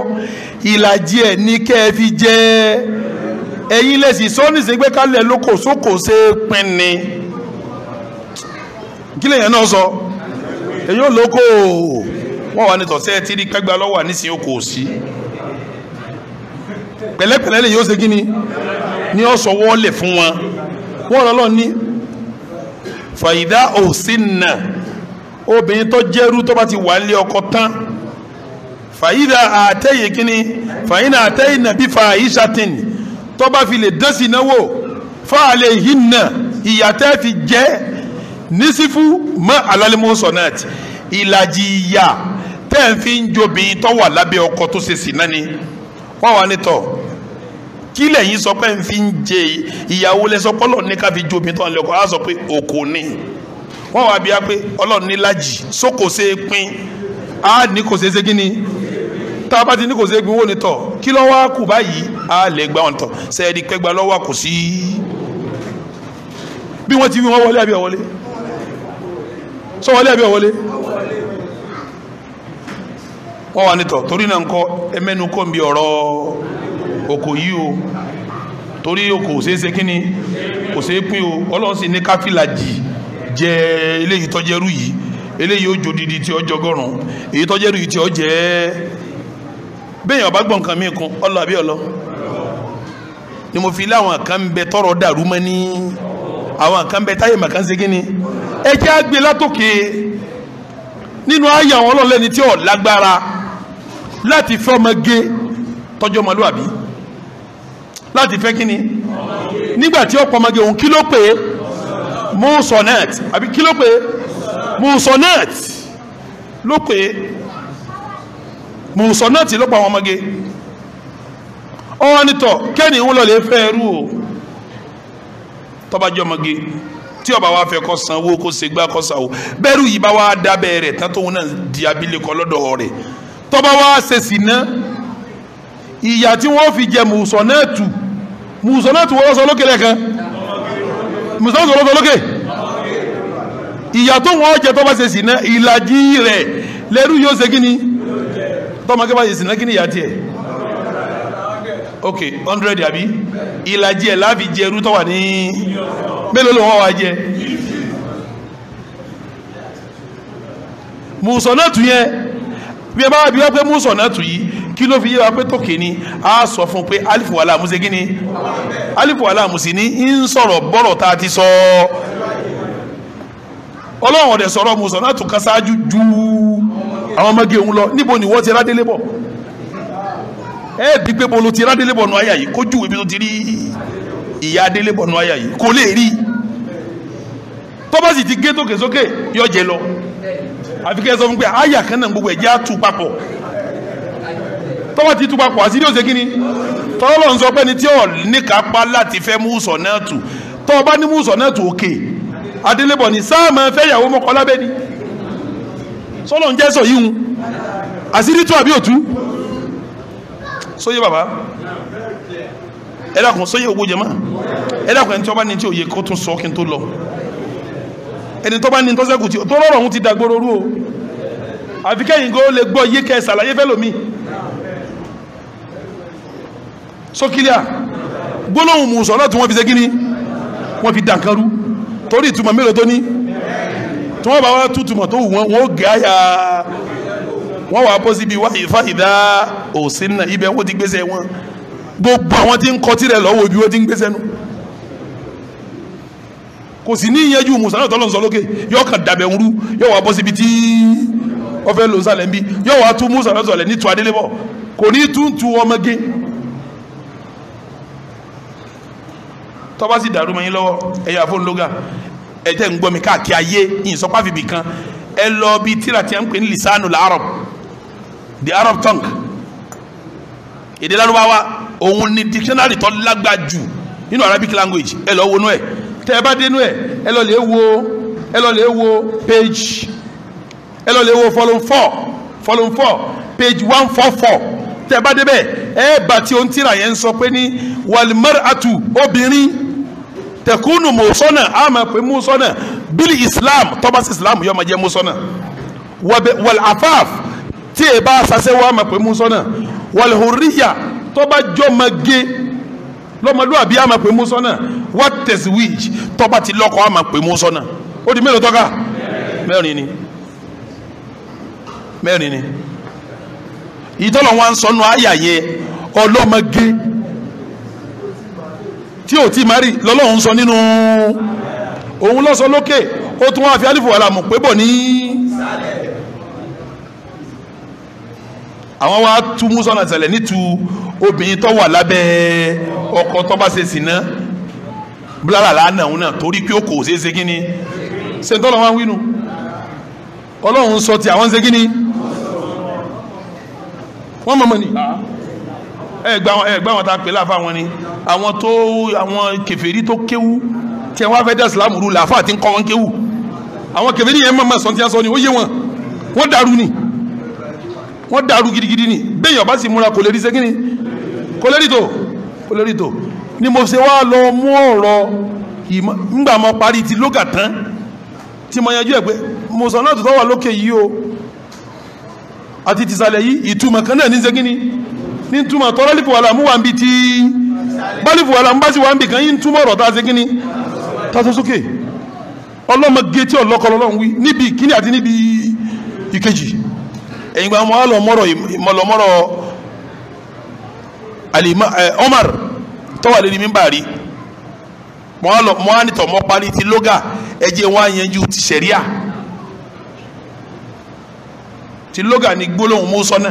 ìlàjì ẹ̀ ní kẹ́ẹ̀fì jẹ́ ẹ̀yin lè sì sọ ní ìsègbè kálẹ̀ lóko sóko ṣe pin ni kí lèyàn náà sọ èyí ò lóko wọn wà ní tọ̀sẹ̀ tí rí kágbá lọ́wọ́ wà nísìnyí kò sí pẹ̀lẹ́pẹ̀lẹ́ lè yóò ṣe kí ni ni ó sọ wọ́ọ́lẹ̀ fún wọn wọ́n lọ́lọ́ ní fàyídá òsínà obìnrin tó jẹ́rú tó bá ti wà nílé ọkọ tán fàyídà àtẹ́yè kínní fàyídà àtẹ́yè nàbí fàyíṣàtìn tó bá fi lè dẹ́sí náwó fáàlẹ̀ hinna ìyàtẹ́ fi jẹ́ nísìfú mọ́ alálẹ́mọ́sọ̀ náà ti ìlàjì ìyà tẹ́ ń fi ń jobìn tó wà lábẹ́ ọkọ tó ṣe sí náà ni wọ́n wà nítọ̀ kí lẹ́yìn sọ pé ń fi ń jẹ ìyàwó lẹ́sọpọ́lọ́ ní ká fi jobìn tó wà lẹ́kọ̀ọ́ á sọ pé òkò ni. Wa wọ́n wá bíi apẹ́ ọlọ́run ní lájì sóko ṣe é pín á ní kò ṣe é ti ní kò ṣe é ni tọ̀ kí lọ́wọ́ á kù báyìí á lè gba wọn tọ̀ sẹ́ẹ̀dì pẹ́gbà lọ́wọ́ sí bí wọ́n ti wí wọ́n wọlé àbí ọ̀wọ́lé sọ wọlé àbí ọ̀wọ́lé wọ́n wà torí jẹ eléyìí tọ́jẹ́rú yìí eléyìí ó jò didi tí ó jọgọ́rùn èyí tọ́jẹ́rú yìí tí ó jẹ́ bẹ́ẹ̀ ọba gbọ̀n kan míì kun ọlọ àbí ọlọ ni mo fi láwọn kan bẹ tọrọ dàrú mọ́ ní àwọn kan bẹ táyé màkà ń segin ni ẹ jẹ́ àgbè látòkè nínú ayé àwọn ọlọ́lẹ́ni tí ò lágbára láti fẹ́ ọmọge tọ́jọ́ ọmọlúwàbí láti fẹ́ kí nígbà tí ọ̀pọ̀ ọmọge òun kí ló pè é musonet àbí kí ló pé musonet ló pé musonet ló pa àwọn ọmọge ọwọ́ nítọ̀ kẹ́ni ń lọ lè fẹ́ ẹrú o tọ́bajọ́ ọmọge tí ọba wa fẹ́ kó sanwó kó ṣe gbá kó sanwó bẹ́ẹ̀rù yìí bá wa dábẹ́ rẹ̀ tán tóun náà di abilékọ lọ́dọ̀ rẹ̀ tọ́ba wa ṣe sì ná ìyà tí wọ́n fi jẹ mùsọ̀nẹ́ẹ̀tù mùsọ̀nẹ́ẹ̀tù wọ́n sọ lókè lẹ́kan mùsọ̀nẹ́ẹ̀tù wọ́n sọ lókè ìyà tó wọ́n jẹ tó bá ṣe sì ná ìlàjì rẹ̀ lẹ́rú yóò ṣe kíni tọ́mọkẹ́ bá ṣe sì ná kíni ìyà tiẹ̀ ok hundred àbí ìlàjì ẹ̀ láàfi jẹ irú tó wà ní mélòó ló wọ́n wá jẹ mùsọ̀nàtù yẹn bí ẹ bá bí wọ́n pé mùsọ̀nàtù yìí kí ló fi yé wa pé tòkè ni a sọ fún pé alifu wàhálà musa gíní alifu wàhálà musa ní ń sọ̀rọ̀ bọ́rọ̀ tá ti sọ ọ́ ọlọ́run ọ̀dẹ̀ sọ̀rọ̀ musa náà tún kan ṣáájú ju àwọn ọmọge òun lọ níbo ni wọ́n ti rádélé bọ̀ ẹ bí pé bolo ti rádélé bọ̀ nù àyà yìí kó júwèé bí tó ti rí ìyá adélé bọ̀ nù àyà yìí kò lè rí tọ́ba sì ti gé tókè sókè yọ jẹ lọ àfi kẹ́ ẹ sọ fún pé àyà kan náà gbogbo ẹ̀ jẹ́ àtú papọ̀ tọ́ba ti tú papọ̀ àti ní òsè kínní tọ́lọ́ sọ pé ni tí ò ní kápá láti fẹ́ mú sọ̀ náà tù tọ́ba ní mú sọ̀ náà tù òkè adélébọ̀ ní sáàmà fẹ́yàwó mọ́kọ lábẹ́ ni sọ́lọ̀ ń jẹ́sọ̀ yíhun àṣírí tú àbí òtú sóyè bàbá ẹ dákun sóyè owó jẹ máa ẹ dákun ẹni tí wọ́n bá ní tí òye kó tún sọ kí n tó lọ ẹni tó bá ní tó sẹ́kù tí tó rọrọ̀ òun ti dàgbòrò rú o àfi kẹ́yìn lè gbọ́ yé kẹ́ ṣàlàyé fẹ́ lómi sókílíà gbólóhùn mùsọ̀ náà tí wọ́n fi ṣe kíní wọ́n fi dàǹkan torí ìtumọ̀ mélòó tó ní tí wọ́n bá wá tútùmọ̀ tó wù wọ́n wọ́n gé àyà wọ́n wà bọ́ síbi wáyé fáyidá òsín náà ibẹ̀ wọ́n ti gbéṣẹ́ wọn gbogbo àwọn tí ń kọtí rẹ̀ lọ́wọ́ ibi wọ́n ti ń gbéṣẹ́ nu kò sì ní ìyẹn ju musa náà tọ́lọ́ sọ lókè yóò kàn dàbẹ̀ ń rú yóò wá bọ́ síbi tí wọ́n fẹ́ lò ń sàlẹ̀ ń bí yóò wá tú musa sọ̀lẹ̀ ní tu adélébọ̀ kò ní tú tu ọmọge tó bá sì dàrú mọ́ yín lọ́wọ́ ẹ yà fóònù lóga ẹ tẹ́ ń gbọ́ káàkiri ayé yìí sọ́pàfì bì kan ẹ lọ bí tíra tí a ń pè ní lisanu la arab the arab tongue èdè lárúbáwá òun ni dictionary tó lágbá jù nínú arabic language ẹ lọ wọnú ẹ tẹ ẹ bá dénú ẹ ẹ lọ lè wo ẹ lọ lè wo page ẹ lọ lè wo volume four volume four page one four four tẹ ẹ bá débẹ̀ ẹ bá tí o ń tíra yẹn sọ pé ní wàlímọ́rì àtù obìnrin tẹkúnù musona, àmà pé musona. bílí islam tọ́ba sí islam yóò máa jẹ́ mùsọ́nà wal afaf tí ẹ bá sase wọ́n àmà pé mùsọ́nà wal hurriya tọ́ba jọmọge lọ́mọlúwàbí àmà pé mùsọ́nà wat tazwij tọ́ba ti lọ́kọ àmà pé mùsọ́nà ó di mélòó tọ́ka mẹ́rin ni mẹ́rin ni ìtọ́lọ̀ wọn sọnù àyà yẹn ọlọ́mọge tí ò tí mari lọ́lọ́run sọ nínú òun lọ́sọ lókè ó tún wá fi alifu alamu pé bọ̀ ní àwọn wa tú musa náà tẹ̀lẹ̀ nítu obìnrin tó wà lábẹ́ ọkọ tó bá ṣe sìnà bílára lánàá òun náà torí pé ó kò ṣe é ṣe kíni ṣe ń tọ́lọ́ wọn wínú ọlọ́run sọ ti àwọn ṣe kíni wọ́n mọ̀mọ́ ni ẹ gba ẹ gba wọn ta pè láfa wọn ni àwọn tó àwọn kèfèrí tó kéwú tí wọn fẹẹ dá Ìsìlámù rú làáfà tí ń kọ́ wọn kéwú àwọn kèfèrí yẹn mọ̀mọ́ sọ̀tìyà sọ ni ó yé wọn wọ́n dàrú ni wọ́n dàrú gidigidi ni bẹ́ẹ̀ ọba sì múra kò lè rí sẹ́kìnì kò lè tó kò tó ni mo ṣe wá lọ mú ọ̀rọ̀ ngbà mo parí ti lóga tán tí mo yanjú ẹ̀ pé mo sọ náà tó tọ́ wà lókè yìí o àti tìsàlẹ̀ yìí ìtumọ̀ kan náà ní sẹ́kìnì ní túmọ̀ tọ́lá lífò wàhálà mú wà ń bi tí bálífò wàhálà mú bá sì wà ń bi kan yín túmọ̀ ọ̀rọ̀ tá a ṣe kíni tá a ṣe sókè ọlọ́mọ gétí ọlọ́kọlọ́ wí níbi kíní àti níbi ìkejì ẹ̀yìn gba mọ́ ìmọ̀lọ́mọ́rọ̀ Omar tọ́wà lórí mímbà rí mọ́ ànítọ̀ mọ́ parí ti lóga ẹjẹ́ wọn àyànjú ti sẹ̀ríà ti lóga ní gbólóhùn mọ́sọ́nà.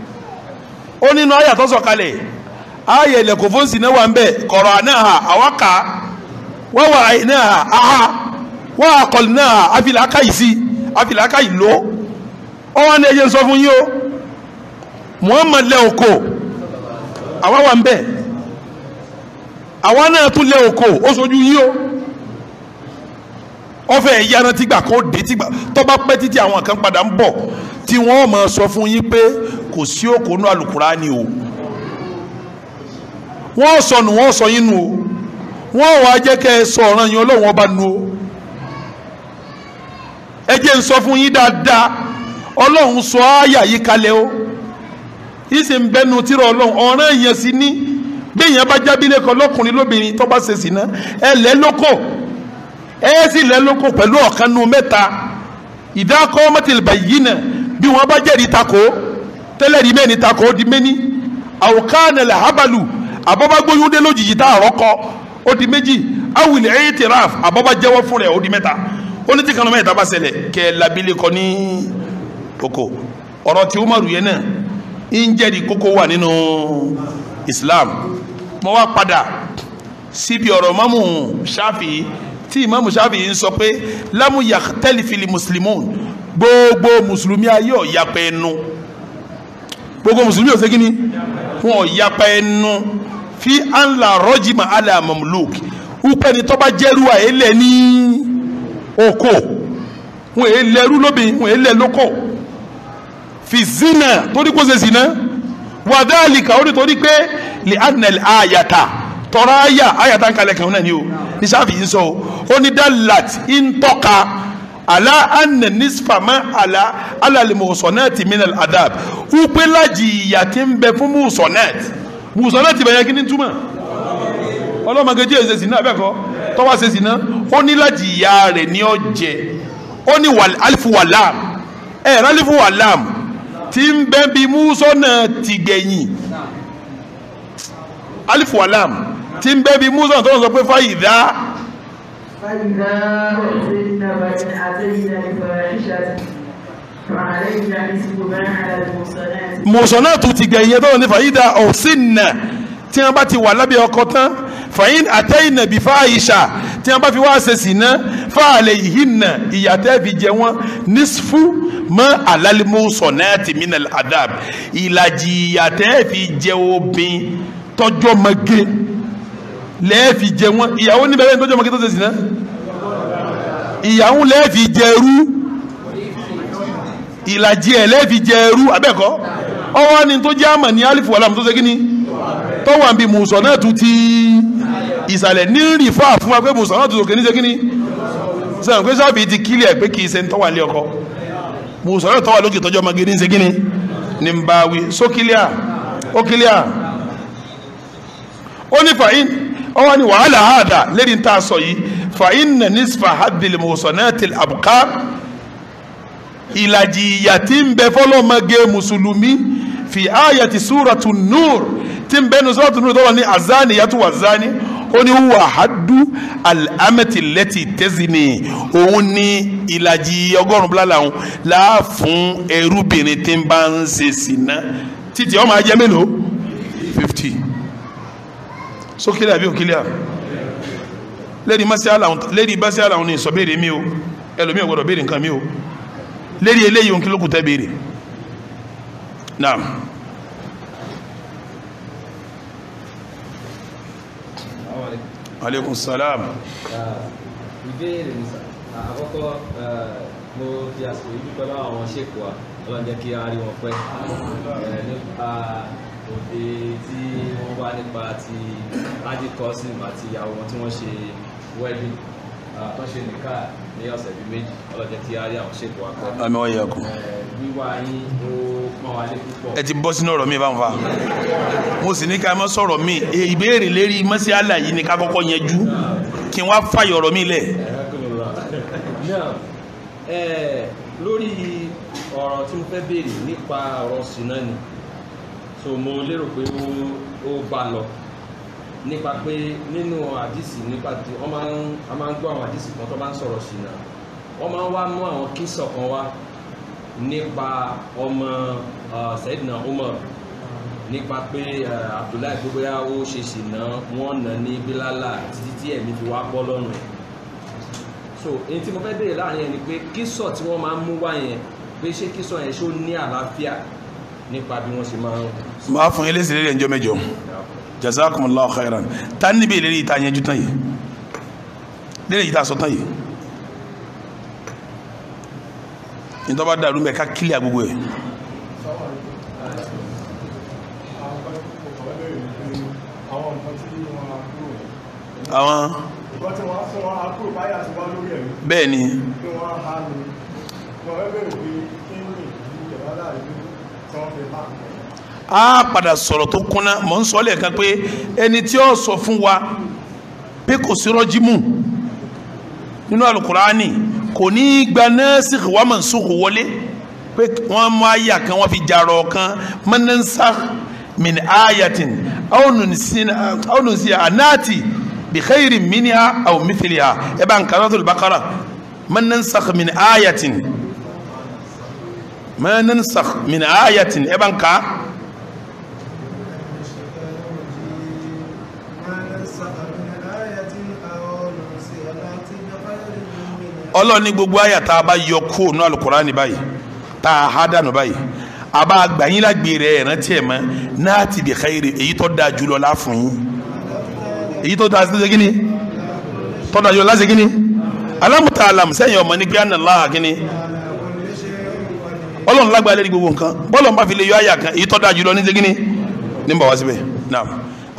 ó nínú àyà tó sọ̀kalẹ̀ ààyè ilẹ̀kùn fún sinẹ́ ń bẹ̀ kọ̀rọ̀ àná ha àwa kà á wọ́n wà àìní ha aha wọ́n àkọlù náà àfìlà káyì sí àfìlà káyì ló ó wà ní ẹyẹ sọ fún yín Muhammad lẹ oko àwa wà ń bẹ̀ àwa náà tún lẹ oko ó sojú yín ọfẹ yára tìgbà kó dé tìgbà tọba pẹ́ títí àwọn kan padà ń bọ̀ tí wọ́n máa sọ fún yín pé kò sí òkòónú alukurani o wọ́n sọ nù wọ́n sọ yín nù o wọ́n wàá jẹ́ kẹ́ ẹ sọ ọ̀ràn yín Ọlọ́run ọba nù o ẹ jẹ́ ń sọ fún yín dáadáa Ọlọ́run sọ àyà yìí kalẹ̀ o yìí sì ń bẹnu tìrọ Ọlọ́run ọ̀ràn yẹn sì ní bí èèyàn bá jábílẹ̀ kan lọ́kùnrin lóbìnrin tó ṣe sí ná ẹ lẹ́ lóko ẹ̀ẹ́sì lẹ́lókun pẹ̀lú ọ̀kan nu mẹ́ta ìdákọ́ mọ́tìlìbà yìí nà bí wọ́n bá jẹ́rìí takò tẹ́lẹ̀ rí mẹ́ni takò ó di mẹ́ni àwòkánilẹ̀ abalu àbọ̀bágbóyúndé lójijì tá àrọ́kọ ó di méjì awìlì ẹ̀yẹ́tìráf àbọ̀bájẹ́wọ́ fún rẹ̀ ó di mẹ́ta ó ní tí kanú mẹ́ta bá ṣẹlẹ̀ kẹ́ labílẹ̀ kọ́ ní oko ọ̀rọ̀ tí Umaru yẹn náà ń jẹ́rìí kókó wà nínú Islam mo wá padà síbi ọ̀rọ̀ mọ́mú Ṣáfì tí imaamu Shafi'i ń sọ pé lamu yakhtalifil muslimun gbogbo mùsùlùmí ayé ò yapa ẹnu gbogbo mùsùlùmí ò ṣe kíni wọn ẹnu fi anla rọjìmọ ala mamluk upẹni tọba jẹrú à elẹ ní oko wọn è lẹrú lóbi wọn è lẹ fi zina torí kó ṣe zina wàdálìkà ó ní torí pé lè anel ayata tọ́ra àyà àyà tá n kalẹ̀ kan náà ni o ní sáfì yìí sọ o ó ní dalat ń tọ́ka àlá àna nísfàmà àlá alàlè mùsọ̀nẹ́ẹ̀tì minal adab wípé lájì ìyà ti ń bẹ fún mùsọ̀nẹ́ẹ̀tì mùsọ̀nẹ́ẹ̀tì bẹ̀yẹn kí ni túmọ̀ ọlọ́mọge díẹ̀ ṣe sìnà abẹ́kọ́ tọ́wọ́ ṣe sìnà ó ní lájì ìyà rẹ̀ ní ọ̀jẹ̀ ó ní alifu wàlám ẹ̀ alifu wàlám ti ń bẹ́ bí mùsọ̀nẹ́ẹ̀tì gbẹ̀yìn alifu wàlám tí ń bẹ́bi musa tó ń sọ pé fàyídá mùsùlùmí tó ti gbẹ̀yìn tó ní fàyídá ọ̀sìnà tí wọ́n bá ti wà lábẹ́ ọkọ tán fàyín àtẹ́yìnà bí fáyíṣà tí wọ́n bá fi wá ṣe sí náà fáàlẹ̀ ìhìnà ìyàtẹ́ fi jẹ wọ́n nísfú mọ́ àlálẹ́mọ́sọ̀nà ti mí nàlẹ́ àdáàb ìlàjì ìyàtẹ́ fi jẹ obìn tọ́jọ́ mọ́gẹ́ lẹ́ẹ̀fì jẹ wọn ìyàwó níbẹ̀ lẹ́yìn tó jẹ́ ọmọ kí tó ṣe sí náà ìyàwó lẹ́ẹ̀fì jẹ ẹrú ìlàjì ẹ̀ lẹ́ẹ̀fì jẹ ẹrú abẹ́kọ́ ọwọ́ ni tó jẹ́ àmà ní alifu alam tó ṣe kí ni tọ́wọ́ àbí mùsọ̀ náà tún ti ìsàlẹ̀ ní rìfà fún wa pé mùsọ̀ náà tún sòkè ní ṣe kí ni sẹ́wọ̀n pé sábì ti kílẹ̀ pé kì í ṣe tọ́wà lé ọkọ mùsọ̀ náà tọ́wà lókè tọ́jọ́ ọmọ gidi ń kí ni ní báwí sókílíà ó kílíà ó nípa yìí ọwọ́ ni wàhálà hàdà lẹ́ni tá a sọ yìí fa inna nisfa hadil musanatil abqar ìlàjì ìyà tí ń bẹ fọlọ́mọge mùsùlùmí fi ayati suratu nur tí ń bẹnu suratu nur tó wà ní azani yàtú wà zani ó ní wà hadu alamati lẹ́tì tẹ́sínì òun ní ìlàjì ọgọ́rùn bílálà òun láàfún ẹrúbìnrin tí ń bá ń ṣe sìnà títí ó máa mélòó fifty sókèlè àbí òkèlè à lẹ́ni báṣẹ́ àlàun ní sọ béèrè mi o ẹlòmí ò gbọ́dọ̀ béèrè nǹkan mi o lẹ́ni eléyìí òun kí lókùn tẹ́ béèrè náà aleykum salam ìbéèrè àkọ́kọ́ mo fi àsìkò yìí dúpẹ́ bá ọlọ́njẹ́ kí a rí wọn pẹ́ òde tí wọ́n wá nípa ti hajj cousin àti ìyàwó wọn tí wọ́n ṣe wedding tó ṣe nìka ní ọ̀sẹ̀ bíi méjì ọlọ́jẹ́ tí a rí àwọn ṣètò akọ. àmì wọ́n yẹ kù. wíwá yín ó pọ́n wálé púpọ̀. ẹ ti bọ́ sínú ọ̀rọ̀ mi bá ń fa mo sì ní ká má sọ̀rọ̀ mi ìbéèrè lérí mọ́sí àlàyé ni ká kọ́kọ́ yanjú kí n wá fàyọ̀ ọ̀rọ̀ mi lẹ̀. lórí ọ̀rọ̀ tí mo fẹ́ béèrè nípa ọ̀rọ̀ sùn so mo lérò pé ó ó bá lọ nípa pé nínú àdìsí nípa tí wọ́n máa ń a máa ń gbọ́ àwọn àdìsí kan tó bá ń sọ̀rọ̀ sí náà wọ́n máa ń wá mú àwọn kíṣọ̀ kan wá nípa ọmọ Sayyidina Umar nípa pé Abdullahi gbogbo ó ṣe sì ná wọ́n nà ní bílálà títí tí ẹ̀mí fi wá bọ́ lọ́rùn ẹ̀ so èyí tí mo fẹ́ béèrè láàrin ẹ̀ ni pé kíṣọ̀ tí wọ́n máa ń mú wá yẹn pé ṣé kíṣọ̀ yẹn ṣó ní àlàáfíà nípa bí wọ́n ṣe máa ń. máa fún ilé ìsìlẹ̀ rẹ̀ ń jọ mẹ́jọ jazakumullahu khairan ta níbi ìlérí ìta yẹnjú tán yìí lérí ìta sọ tán yìí nítorí bá dàrú mẹ́ka kílíà gbogbo ẹ̀. àwọn bẹ́ẹ̀ ni a padà sọ̀rọ̀ tó kúnná mọ̀ ń sọ lẹ́ẹ̀kan pé ẹni tí ó sọ fún wa pé kò sí rọ́jímù nínú alukurani kò ní í gba nasikh wa mansukh wọlé pé wọ́n mú àyà kan wọ́n fi jarọ̀ kan manasakh min ayatin aw nunsiha anati bi khairin minha aw mithliha ẹ bá ń kan suratul baqara manasakh min ayatin ma nansakh min ayatin ẹ bá ń ka. ọlọ́run ní gbogbo àyà tá a bá yọ kó nù alukurani báyìí tá a há dànù báyìí a bá gbàyìn lágbè rẹ ẹ̀rántí ẹ̀ mọ́ náà ti bi khayri èyí tó da jùlọ láfún yín èyí tó da ṣe kí ni tó da jùlọ láṣẹ kí ni alámùtà àlàmùsẹ́yìn ọmọ ní pé ànàlá ni ọlọ́run lágbára lẹ́ni gbogbo nǹkan bọ́lọ̀ bá fi lè yọ àyà kan èyí tó dáa jùlọ ní segin ni ní bàwá síbẹ̀ náà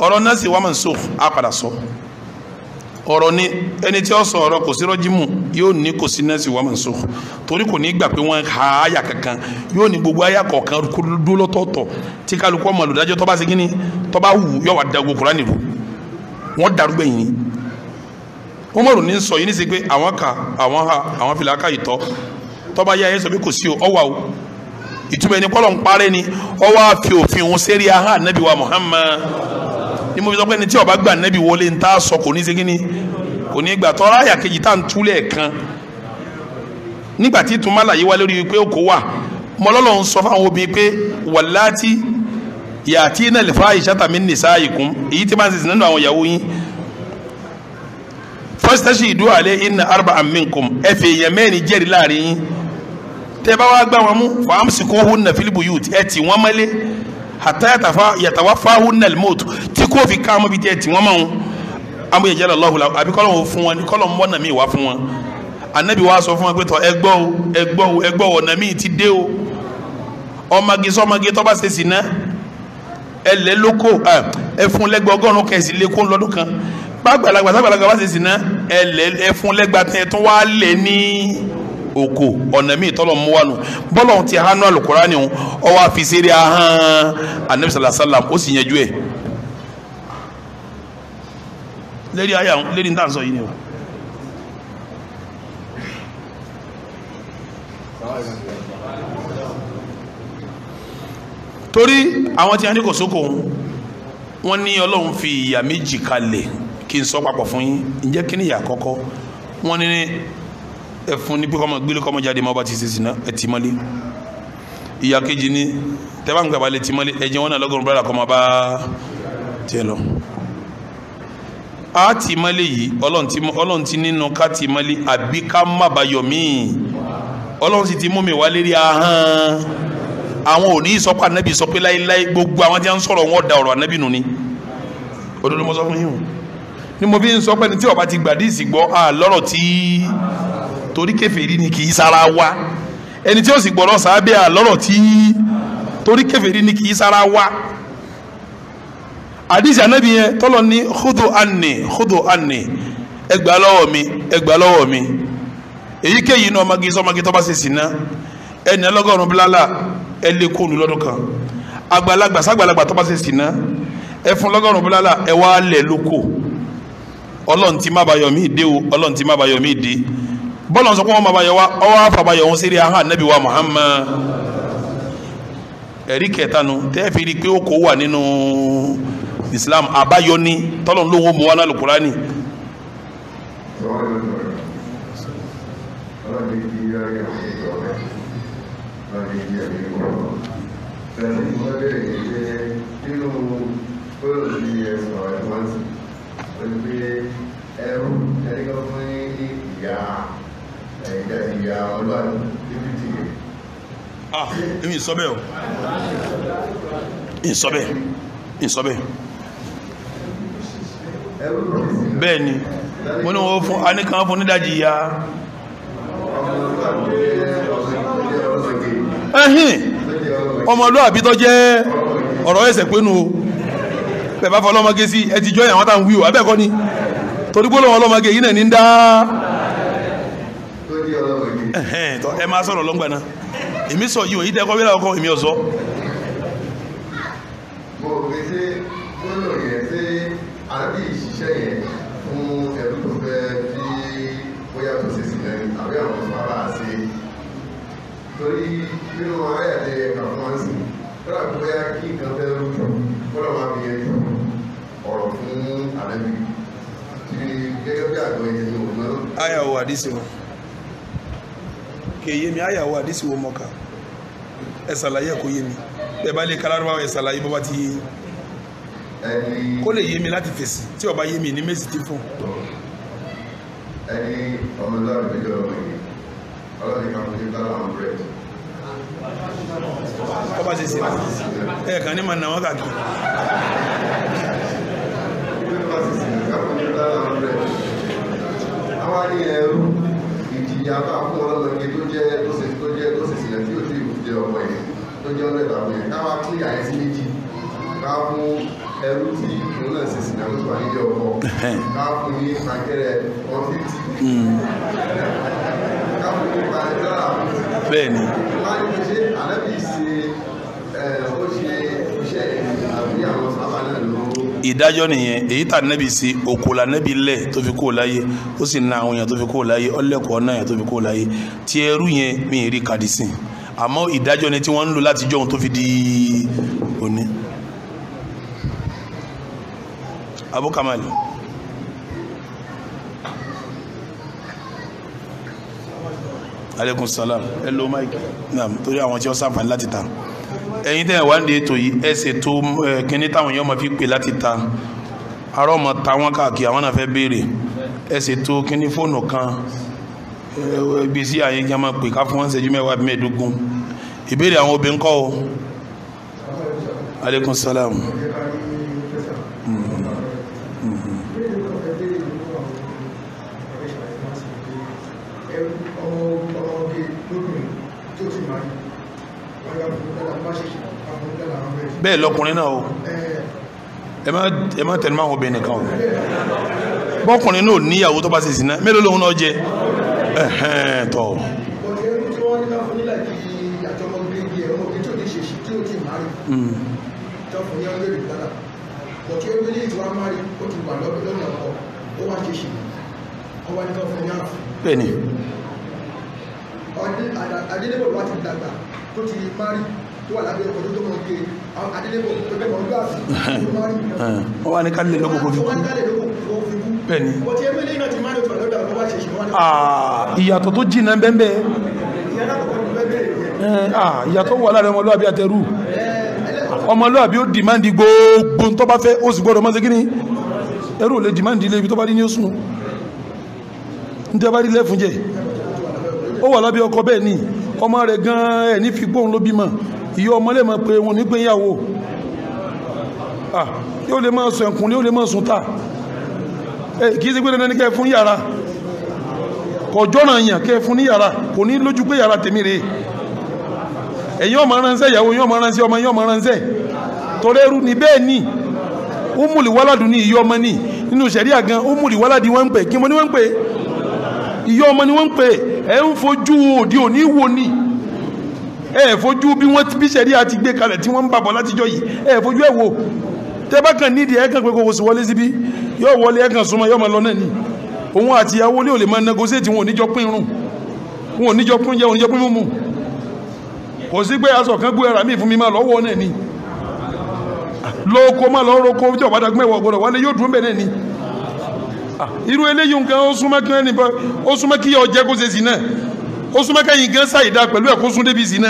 ọ̀rọ̀ náà sì wá mọ̀ sọ á padà sọ ọ̀rọ̀ ni ẹni tí ó sọ ọ̀rọ̀ kò sí rọ́jímù yóò ní kò sí náà sì wá mọ̀ sọ torí kò ní gbà pé wọ́n ha àyà kankan yóò ní gbogbo àyà kọ̀ọ̀kan dúró tí kálukú ọmọ olùdájọ́ tó bá segin ni tó bá wù yóò wá dago kúránì rú wọ́n darúgbẹ̀yìn tọ́ba yá ẹ sọ pé kò sí o ọwà o ìtumọ̀ ẹni kọ́lọ̀ ń parẹ́ ni ọwọ́ àfi òfin òun sẹ́rí aha anabi wa Muhammad ni mo fi sọ pé ẹni tí ọba gba anabi wọlé ń tá a sọ kò ní segin ni kò ní gbà tọ́ra àyà kejì tá à ń túlẹ̀ kan nígbà tí tuma láyé wa lórí pé kò wà mọlọ́lọ́ ń sọ fáwọn obìnrin pé wàláti yàtí náà lè fa àyíṣàtà mi nìṣá ìkún èyí tí máa ń sèṣin àwọn ìyàwó yín fọ́sítẹ́sì ìdúrà lé iná arba aminkum ẹ̀fẹ̀ èèyàn mẹ́rin jẹ́rìí láàrin yín tẹ́ bá wá gbá wọn mú fàámu sìnkú hun na filibu yut ẹ tì wọ́n mọ́lé hàtà yàtàwá fáhùn na lemot tí kò fi káàmù bi tẹ́ tì wọ́n mọ́ amu yẹ jẹ́lẹ̀ lọ́hùn la àbí kọ́lọ̀ wọn fún wọn ni kọ́lọ̀ mọ́ nàmí wá fún wọn anabi wa sọ fún wọn pé tọ ẹ gbọ́ o ẹ gbọ́ o ẹ gbọ́ o nàmí ti dé o ọmọge sọmọge tọ́ bá ṣe sì ná ẹ lẹ́ lóko ẹ fún lẹ́gbẹ̀ẹ́ ọgọ́rùn-ún kẹsì lé kó kan gbàgbàlagbà sàgbàlagbà bá ṣe sì ná ẹ lẹ́ ẹ fún lẹ́gbàá ní oko ọ̀nà míì tọ́lọ̀ mú wánu bọ́lọ̀ ti hánú alukurani o ọwọ́ àfisèrè ahán anabi sallallahu alayhi wa sallam ó sì yẹjú ẹ̀ lérí ayé àwọn lérí ntànsọ yìí ni o. torí àwọn tí a ní kò sóko wọn ní ọlọ́run fi ìyà méjì kalẹ̀ kí n sọ papọ̀ fún yín ǹjẹ́ kí ni ìyà àkọ́kọ́ wọn ní ẹ fún ní pé kọ́mọ gbélé kọ́mọ jáde máa bá ti ṣe sìnà ẹ tì mọ́lé ìyá kejì ni tẹ́wà ń gbàgbà lè tì mọ́lé ẹ jẹ́ wọn náà lọ́gọ́rùn búrọ́dà kọ́mọ bá tiẹ̀ lọ. a tì mọ́lé yìí ọlọ́run ti nínú ká tì mọ́lé àbí ká má ba yọ̀ míì ọlọ́run sì ti mú mi wá lérí ahọ́n àwọn òní ìsọpọ̀ ànábì sọ pé láéláé gbogbo àwọn tí wọ́n sọ̀rọ̀ wọn da ọ̀rọ̀ ànábì nù ni òdodo mo sọ fún yín ni mo fi ń sọ pé ní tí ọba ti gbàdí ìsìgbọ́ à tí torí kèfèrí ni kì í sára wá ẹni tí ó sì gbọ́dọ̀ sábẹ́ àlọ́rọ̀ tí torí kèfèrí ni kì í sára wá àdìsí anábì yẹn tọ́lọ̀ ní khudu anni khudu anni ẹgbàá lọ́wọ́ mi ẹgbàá lọ́wọ́ mi èyíkéyìí inú ọmọge sọmọge tó bá ṣe sì ná ẹni ọlọ́gọ́rùn-ún bílálà ẹ lé kóòlù lọ́dún kan àgbàlagbà sàgbàlagbà tó bá ṣe sì ná ẹ fún ọlọ́gọ́rùn-ún bílálà ẹ wá lẹ̀ lóko ọlọ́run ti má ba yọ̀ mí dé o ọlọ́run ti má ba yọ̀ mí dé o bọ́ọ̀lù sọ fún wọn bàbá yẹn wa ọwọ́ àfàbàyọ̀ wọn sírí ahọ́n anabi wa Muhammad ẹ̀rí kẹta nu tẹ́ẹ̀fì rí i pé ó kó wà nínú Islam àbáyọ ni tọ́lọ́ ló ń wọ́n mu wá ní Al-Qur'ani ah èmi sọ o ìsọ bẹ́ẹ̀ bẹ́ẹ̀ ni mo ní wọ́n fún anìkan fún nídàjì ya ẹ̀hìn ọmọlúwàbí tó jẹ́ ọ̀rọ̀ ẹsẹ̀ sí ẹ ti abẹ́ẹ̀kọ́ ni ní ẹ máa sọ̀rọ̀ lọ́ngbà náà èmi sọ yìí òyìn tẹ́kọ́ wíra ọkọ èmi ọ̀sọ́. mo rò pé ṣé gbọ́dọ̀ yẹn ṣé àbí ìṣiṣẹ́ yẹn fún ẹ̀rú tó fẹ́ kí ó yàtọ̀ sí sílẹ̀ ní àwọn ọ̀sán bá a ṣe torí nínú ayàdé ẹ̀ka fún wa sí kọ́lá tó bóyá kí nǹkan fẹ́ lójú kọ́lá máa fi yẹn ju ọ̀rọ̀ fún àlẹ́ mi gẹ́gẹ́ bí àgbẹ̀ yẹn ní òun náà. ayà wò àdìsí wọn kèye mi àyàwó àdísì wo mọ̀ọ́ká ẹ ṣàlàyé ẹ̀ kó yé mi ẹ bá lè kálárọ̀ báwọn ẹ ṣàlàyé bó bá ti yé yín kó lè yé mi láti fèsì tí ó yé mi ní méjì tí fún. ẹni ọmọ lọ́rùn mi lọ́rùn mi ọlọ́run kan fún mi bá àwọn bread. ọba ṣe ṣe ẹ kàn ní ma nà wọn kàkiri. ọba ṣe ṣe ká fún mi bá àwọn bread. àwọn àdìyẹ ẹrú ìyá bá fún ọlọ́mọge tó jẹ́ tó ṣe tó jẹ́ tó ṣe sílẹ̀ tí ò tí ì jẹ ọmọ yẹn tó jẹ́ ọmọ ìbàbọ̀ yẹn káwá pín ìyá yẹn sí méjì ká fún ẹrú tí òun náà ṣe sílẹ̀ tó wà nílé ọkọ ká fún ní pàkẹ́rẹ́ ọtí tì hmm. ká fún ní pàkẹ́rẹ́ ọtí tì. bẹ́ẹ̀ni. wọ́n á ní ṣe àlẹ́ bí ṣe ó ṣe ìdájọ́ nìyẹn èyí tà nẹ́bi sí òkò la nẹ́bi lẹ̀ tó fi kó láyé ó sì na àwọn èèyàn tó fi kó láyé ọlẹ́kọ̀ọ́ náà èèyàn tó fi kó láyé tí ẹrú yẹn mi ì rí kàdí sí àmọ́ ìdájọ́ ni tí wọ́n ń lò láti jọ́ ohun tó fi di òní. Abu Kamal. aleykum salaam ẹ lo mike naam torí àwọn tí wọ́n sàǹfààní láti ta ẹ̀yin tẹ́ wá ń de ètò yìí ẹ ṣètò kíní táwọn èèyàn máa fi pè láti ta arọ́ ọmọ ta wọn káàkiri àwọn náà fẹ́ béèrè ẹ ṣètò kíní fóònù kan ibi sí àyè kí a máa pè ká fún wọn ṣẹ́jú mẹ́wàá bí mẹ́ẹ̀ẹ́dógún ìbéèrè àwọn obìnrin kọ́ o aleykum salaam. bẹ́ẹ̀ lọkùnrin náà o ẹ má tẹnu máa wọn obìnrin nìkan o bọ́kùnrin náà níyàwó tó bá ṣe sìnà mélòó lòun náà jẹ ẹ̀hẹ́n tọ̀. ọ̀tí ó gbélé ìtura mari ó ti wà lọ́nà ọkọ̀ ó wá ṣe ṣe ọwá ní kan fún yàrá fún. bẹ́ẹ̀ni. adélébọ̀ wá ti dàgbà tó ti mari tó wà lábẹ́ ọkọ̀ tó tó mọ̀ gbé <laughs> wọ́n wá ní kálẹ̀ lọ́gbọ̀ kò fi kú bẹ́ẹ̀ni ah, ìyàtọ̀ tó jìnà bẹ́ẹ̀bẹ́ ìyàtọ̀ wà láàrin ọmọlúwàbí àtẹrù ọmọlúwàbí ó dìmáǹdì gbogbo tó bá fẹ́ ó sì gbọ́dọ̀ mọ́sí gíní ẹrù lè dìmáǹdì ilé ibi tó bá rí ní oṣù ní tẹ́ bá rí lẹ́fún jẹ́ ó wà lábẹ́ ọkọ bẹ́ẹ̀ ni ọmọ rẹ̀ gan-an ẹ̀ ní fi gbóhun ló bímọ ìyá ọmọ lè máa pe wọn nígbé ìyàwó yóò lè máa sùn ẹ̀kùn yóò lè máa sùn tà kì í sí pé dandan ní kẹ́ fún yàrá kọjọ́ náà yàn kẹ́ fún ní yàrá kò ní lójú pé yàrá tèmi rèé ẹ̀yin ọmọ ránṣẹ́ ìyàwó yín ọmọ ránṣẹ́ ọmọ yín ọmọ ránṣẹ́ torí ẹrú ni bẹ́ẹ̀ ni umuli waladu ni ìyá ọmọ ni nínú sẹ̀ríà gan umuli waladi wọ́n ń pè kí wọ́n ní wọ́n ń pè ìyá ọmọ ni wọ́n ń pè ẹ̀ ń fojú òdi òní wo ni. Wangpe, ẹ fojú bí wọ́n bí sẹ́rí àti gbé kalẹ̀ tí wọ́n ń bàbọ̀ látijọ́ yìí ẹ fojú ẹ wo tẹ́bákan nídìí ẹ̀ kàn pé kò sí wọlé síbí yóò wọlé ẹ̀ kàn súnmọ́ yóò máa lọ náà ni òun àti ìyàwó lè ò lè máa negotiate wọn ò níjọ pín irun wọn ò níjọ pín jẹ wọn ò níjọ pín mímu kò sí pé aṣọ kan gbé ara mi fún mi máa lọ́wọ́ náà ni lóko máa lọ́ọ́ roko tí ọ̀bádà gbẹ̀wọ̀ gbọ́dọ̀ wálé yóò dùn bẹ́ẹ̀ náà ni ah, irú eléyìí nǹkan ó súnmọ́ kí ọjẹ́ kó ṣe sí náà ó súnmọ́ kẹ́yìn gan ṣàyídá pẹ̀lú ẹ̀kọ́ sún débi zina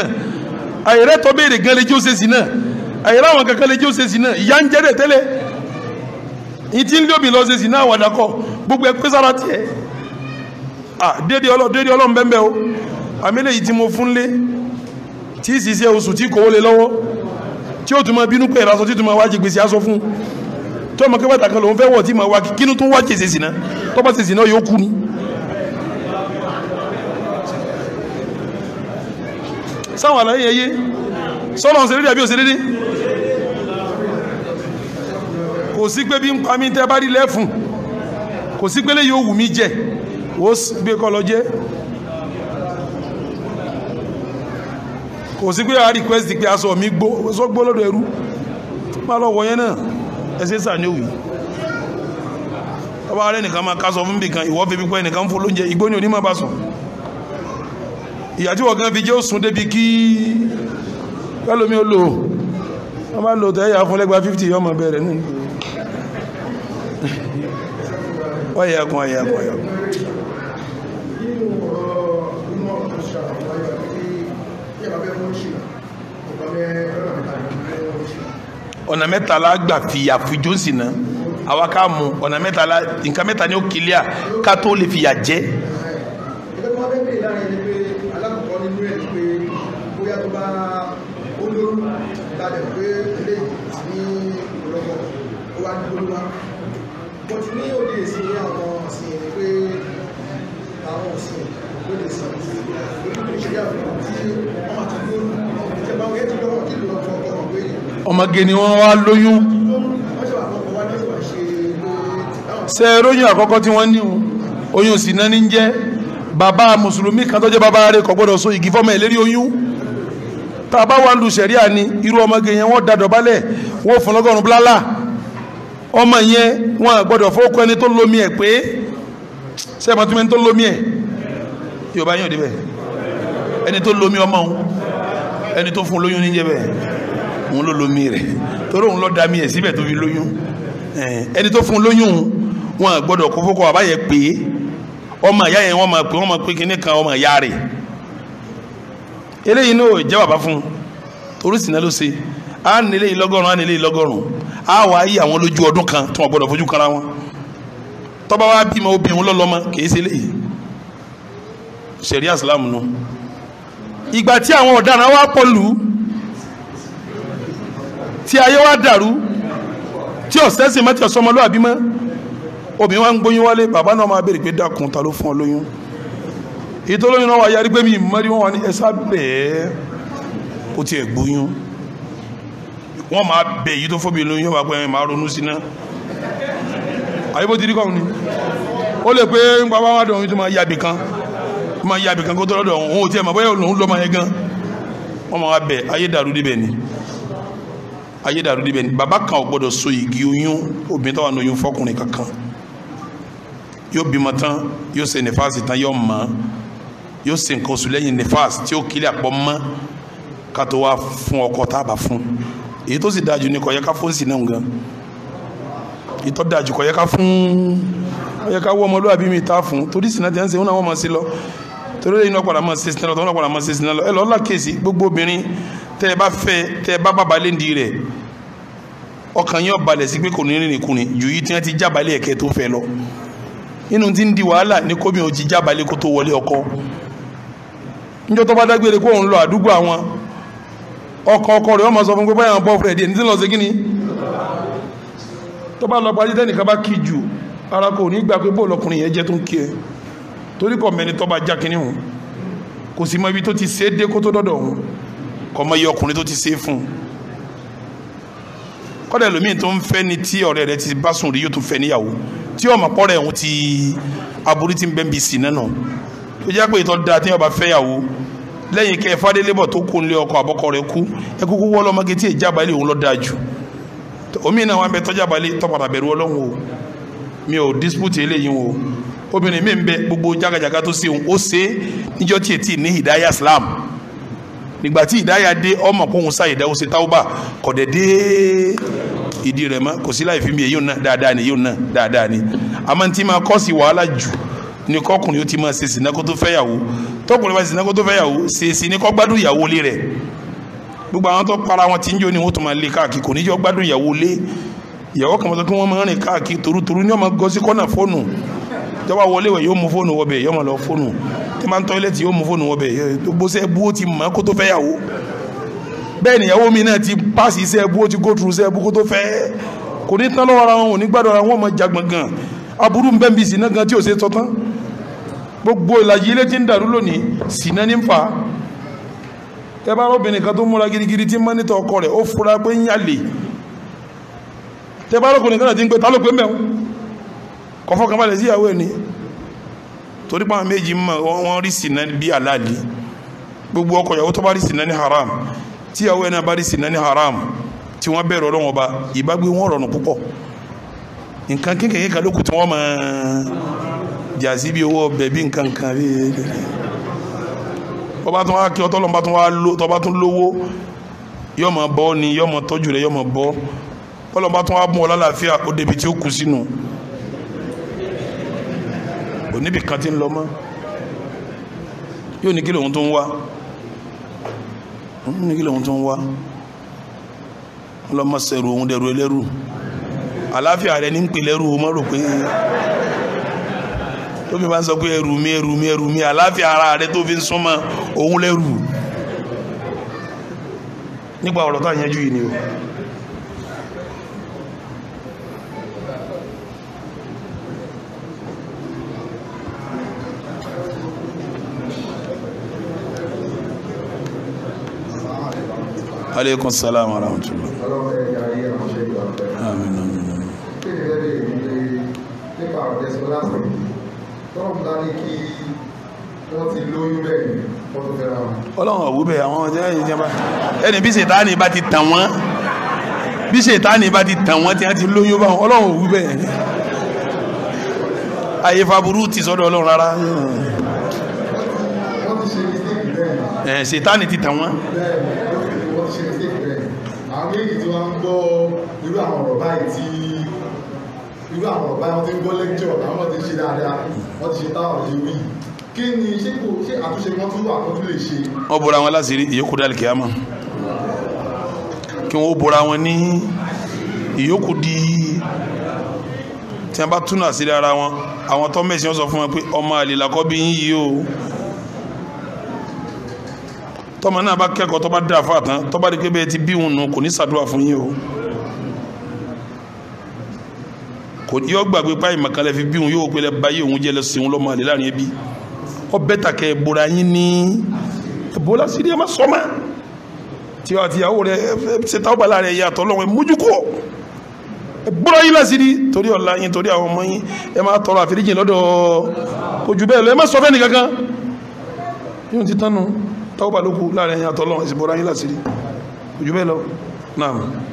àyẹ̀rẹ́ tọ́ béèrè gan lè jẹ́ òṣè zina àyẹ̀rẹ́ àwọn kankan lè jẹ́ òṣè zina ìyá ń jẹ́rẹ̀ tẹ́lẹ̀ ìtí ń lóbi lọ́ọ́ ṣe zina àwọn àdàkọ gbogbo ẹ pé sára tiẹ̀ dédé ọlọ́ dédé ọlọ́ mbẹ́mbẹ́ o àmìlẹ̀ yìí tí mo fún lé tí ì sì ṣe oṣù tí kò wọlé lọ́wọ́ tí ó tún mọ bínú pé ìrasọ tí tún mọ wájú gbèsè aṣọ fún tó mọ kí wọ́n ìtàkàn lòun fẹ́ wọ̀ tí mọ wá kínú tó wájú ṣe zina tó bá ṣe zina yóò kú ni. sáwọn àlàyé yẹn yé sọ́nà ọ̀sẹ̀ dídí àbí ọ̀sẹ̀ dídí kò sí pé bí ń pa mí tẹ́ bá rí lẹ́fùn kò sí pé léyìí ó wù mí jẹ ó gbé kọ́ lọ jẹ́ kò sí pé a request pé aṣọ mi gbó sọ gbó lọ́dọ̀ ẹrú má lọ wọ náà ẹsẹ̀ sà ní òwì nìkan máa sọ fún bìkan ìwọ́ ìyá tí wọ́n gan fi jẹ́ òsùn débi kí ẹlòmí ó lò wọ́n bá lò tẹ́yà fún lẹ́gbà 50 yọmọ bẹ̀rẹ̀ nínú ọ̀yẹ̀kùn ọ̀yẹ̀kùn ọ̀yẹ̀kùn ọ̀nà mẹ́ta la gbà fi àfijó sí náà àwa ká mú ọ̀nà mẹ́ta la nǹkan mẹ́ta ni ó kílíà ká tó lè fìyà jẹ. ẹgbẹ́ wọn bẹ́ẹ̀ bẹ́ẹ̀ láàrin ẹni balẹ̀ pé ilé ní ìrọ̀bọ̀ ó wá ní olúwa mo ti ní òde ìsìn ní àwọn ọ̀sìn ẹni pé àwọn ọ̀sìn ló lè sọ orí ìṣẹ́yàwó tí wọ́n máa tọ́jú ìjọba òye ti lọ́wọ́ kí lọ́wọ́ fọ́ ọkọ̀ ọ̀gbẹ́ yìí. ọmọge ni wọ́n wá lóyún. ṣe ròyìn àkọ́kọ́ tí wọ́n ní o oyún sì náà ní jẹ́ bàbá mùsùlùmí kan tó jẹ́ bàbá rẹ̀ kò gbọ́dọ̀ so igi fọ́mọ ẹ̀ lérí oyún tá a bá wà ń lu sẹ̀ríà ni irú ọmọge yẹn wọ́n da dọ̀bálẹ̀ wọ́n fún lọ́gọ́rùn bláàlà ọmọ yẹn wọn gbọ́dọ̀ fọ́kọ ẹni tó lómi ẹ̀ pé sẹ́ẹ̀mọ́ tó mẹ́ni tó lómi ẹ̀ yorùbá yóò débẹ̀ ẹni tó lómi ọmọ òun ẹni tó fún lóyún níjẹ́ bẹ́ẹ̀ òun ló lómi rẹ̀ torí òun ló da mi ẹ̀ síbẹ̀ tó fi lóyún ẹni tó fún lóyún wọn gbọ́dọ̀ kó fọ́kọ eléyìí náà jẹ́ bàbá fún oríṣi náà ló ṣe á nílé ìlọ́gọ́rùn á nílé ìlọ́gọ́rùn á wà á yí àwọn lójú ọdún kan tó wọn gbọdọ̀ fojú kanra wọn tọ́ba wa bímọ obìnrin lọ́lọ́mọ kìí ṣe eléyìí sẹ̀ríà islam nù ìgbà tí àwọn ọ̀daràn wa pọ̀ lù tí ayé wa dàrú tí ọ̀sẹ̀sìn mọ́ tí ọ̀sọ́mọlúwàbí mọ́ obìnrin wa ń gbóyún wálé bàbá náà máa béèrè pé dákun ta ló fún ọ lóyún itolo náà wà yarí pé mi mọ́rí wọn wà ní ẹ̀sà bẹ́ẹ̀ ó ti ẹ̀ gbóyún wọ́n máa bẹ̀ yìí tó fóbi lóyún wà pé máa ronú sí ti ó lè pé ń pa wáwá dùn tó kan tó máa kan kó mọ̀ bóyá òun gan wọ́n máa bẹ̀ ayé dàrú débẹ̀ ni ayé dàrú ni kan ò gbọ́dọ̀ so igi oyún obìnrin táwọn oyún fọkùnrin kankan yóò bímọ tán yóò tán yóò mọ̀ yóò ṣe nǹkan oṣù lẹ́yìn nefas tí ó kílẹ̀ àpọ̀ mọ́ ká tó wá fún ọkọ tá a bá fún èyí tó sì dájú ni kò yẹ ká fún sí náà gan ìtọ́ dájú kò yẹ ká fún ó yẹ ká wọ́ ọmọlúwàbí mi ta fún torí sinna tí wọ́n ń ṣe wọn náà wọ́n máa ṣe lọ torí lẹ́yìn náà padà máa ṣe sinna lọ tọ́wọ́n náà padà máa ṣe sinna lọ ẹ lọ́ọ́ lákèsí gbogbo obìnrin tẹ́ ẹ bá fẹ́ tẹ́ ẹ bá bàbá léǹdì rẹ̀ ọkàn yóò balẹ̀ sí pé kò ní rìnrìn ju yìí tí wọ́n ti jábàálẹ̀ ẹ̀kẹ́ tó fẹ́ lọ inú ti ń di wàhálà ní kómi ò ti kó tó wọlé ọkọ níjọ́ tó bá dágbére kó òun lọ àdúgbò àwọn ọkọ ọkọ rẹ̀ wọ́n máa sọ fún pé báyà ń bọ́ fúrẹ́dì ẹni tí ń lọ sí kíni tó bá lọ parí tẹ́nìkan bá kí jù ara kò ní gbà pé bó lọkùnrin yẹn jẹ́ tó ń kí ẹ torí kò mẹ́ni tó bá já kíní hùn kò sì mọ ibi tó ti ṣe é dé kó tó dọ́dọ̀ hùn kò mọ iye ọkùnrin tó ti ṣe é fún un kọ́dà tó ń fẹ́ ni tí ọ̀rẹ́ rẹ ti bá sùn rí yóò tún fẹ́ níyàwó tí ọmọ pọ́rẹ́ òun ti aburú ti ń bẹ́ẹ̀ bí sí náà tó jẹ́ pé ìtọ́ da tí wọ́n bá fẹ́yàwó lẹ́yìn kẹ́ fadélébọ̀ tó kún lé ọkọ àbọ́kọ rẹ̀ kú ẹ kúkú wọ́ lọ́mọge tí ìjábá ilé òun lọ́ da jù omi náà wọn bẹ tọ́jábá ilé tọ́padà bẹ̀rù ọlọ́run o mi ò dispute eléyìí o obìnrin mi ń bẹ gbogbo jágajàga tó ṣe òun ó ṣe é tí Islam nígbà tí dé ọmọ kóhun táwọ́ bá dé ìdí rẹ̀ mọ́ kò sí láì fi mi èyí dáadáa ni ni kọkùnrin ó ti máa ṣe sìnà tó fẹ́ yàwó tọkùnrin bá ṣe sìnà tó fẹ́ yàwó ṣèṣì ni kó gbádùn ìyàwó lé rẹ̀ gbogbo àwọn tó para wọn ti ń jó ni wọ́n tó máa lé káàkiri kò ní jọ gbádùn ìyàwó lé ìyàwó kan tó kí wọ́n máa rìn káàkiri torutoru ni wọ́n máa gọ́ sí kọ́nà fóònù tọ́ba wọlé wẹ̀ yóò mú fóònù wọbẹ̀ yóò máa lọ fóònù tí máa ń tọ́ílẹ̀tì yóò mú fóònù wọbẹ̀ gbogbo sẹ́ bú ó ti mọ̀ kó tó fẹ́ yàwó bẹ́ẹ̀ ni ìyàwó mi náà ti pàṣẹ iṣẹ́ bú ó ti go through iṣẹ́ bú kó tó fẹ́ kò ní tán lọ́wọ́ ara wọn ò ní gbádùn ara wọn máa jagbọ̀n gan aburú ń bẹ́ẹ̀ bí ìsìn tí ò ṣe tọ́tán gbogbo ìlàjì ilé tí ń dàrú lónìí sínà ní fa ẹ bá rọ́bìnrin kan tó múra girigiri tí mọ́nítọ̀ ọkọ rẹ̀ ó fura pé ń yàlè tẹ bá rọ́kùnrin kan náà ti ń pè ta ló pé mẹ́wọ́n kọ̀fọ́ kan balẹ̀ síyàwó ẹ̀ ní torí pàmò méjì mọ̀ wọ́n rí sínà bí aláàlì gbogbo ọkọ ìyàwó tó bá rí sínà ní haram tíyàwó ẹ̀ náà bá rí sínà ní haram tí wọ́n bẹ̀rẹ̀ ọlọ́wọ́n ọba ìbágbé wọn rọrùn púpọ̀ nǹkan kékeré kan tí wọ́n máa jàsí bí owó ọbẹ̀ bí nǹkan kan bí ọba tó wá kí ọtọ́ lọ́nba tó wá lò tọ́ba tó lówó yọ mọ bọ́ ni yọ mọ tọ́jú rẹ yọ mọ bọ́ ọlọ́ba tó wá bùn ọ lálàáfíà ó débi tí ó kù sínú oníbi kan ti ń lọ mọ́ yóò ní kí lòun tó ń wá ní kí lòun tó ń wá ọlọ́mọ sẹ̀rù òun dẹ̀rù ẹlẹ́rù àlàáfíà rẹ ní ń pè lẹ́rù o rò pé tómi bá ń sọ pé ẹrù mi ẹrù mi ẹrù mi àláfíà ara rẹ tó fi ń súnmọ́ òun lẹ́rù nípa ọ̀rọ̀ tó àyànjú yìí ni o aleykum salaam wa rahmatulah. Amin amin ọ̀tá ní kí wọ́n ti lóyún bẹ́ẹ̀ wọ́n tó fẹ́ra wọn. ọlọ́run ọ̀wú bẹ́ẹ̀ àwọn ọ̀jẹ́ ẹ̀yìn jẹba ẹni bí ṣètánì bá ti tàn wọ́n bí ṣètánì bá ti tàn wọ́n tí wọ́n ti lóyún bá wọn ọlọ́run ọ̀wú bẹ́ẹ̀ ayé faburú ti sọ́dọ̀ ọlọ́run rárá. ẹ̀ ṣètánì ti tàn wọ́n. àwọn méjì tí wọ́n ń gbọ́ irú àwọn ọ̀rọ̀ báyìí tí irú àwọn ọ̀gá wọn ti ń gbọ́ lẹ́kítọ̀ àwọn ti ṣe dáadáa wọ́n ti ṣe táwọn ti wí kí ni ṣé kò ṣe àtúnṣe wọn tún wà kó tún lè ṣe. wọ́n bora wọn láṣìírí ìyókù dálì kìámà kí wọ́n bora wọn ní ìyókù di tí wọ́n bá túnú àṣírí ara wọn àwọn tó mẹ́sìn wọn sọ fún wọn pé ọmọ àlèlàkọ́ bí yín yìí o tọ́mọ náà bá kẹ́kọ̀ọ́ tó bá dáa fún àtàn tó bá rí pé bẹ́ẹ̀ ti bí òun nù kò ní ṣàdúrà fún yín o. kò yọ gbàgbé pa ìmọ̀kànlẹ̀ fi bí òun yóò gbélé báyé òun jẹ́ lẹ́sìn òun lọ́mọ àlè láàrin ẹbí ọ bẹ́tà kẹ́ ẹ bora yín ní ẹ̀bọ́lá sí ẹ má sọ ma tí ọ àtìyàwó rẹ ṣe táwọn bá láàrin ẹ̀yà àtọ́ lọ́wọ́ ẹ mójú kọ́ ẹ bora yín lásìrí torí ọ̀la yín torí àwọn ọmọ yín ẹ má tọrọ àfẹ́ríjìn lọ́dọ̀ kò jù bẹ́ẹ̀ lọ ẹ má sọ fẹ́ni kankan yóò ti tánu táwọn bá lóko láàrin ẹ̀yà àtọ́ lọ́wọ́ ẹ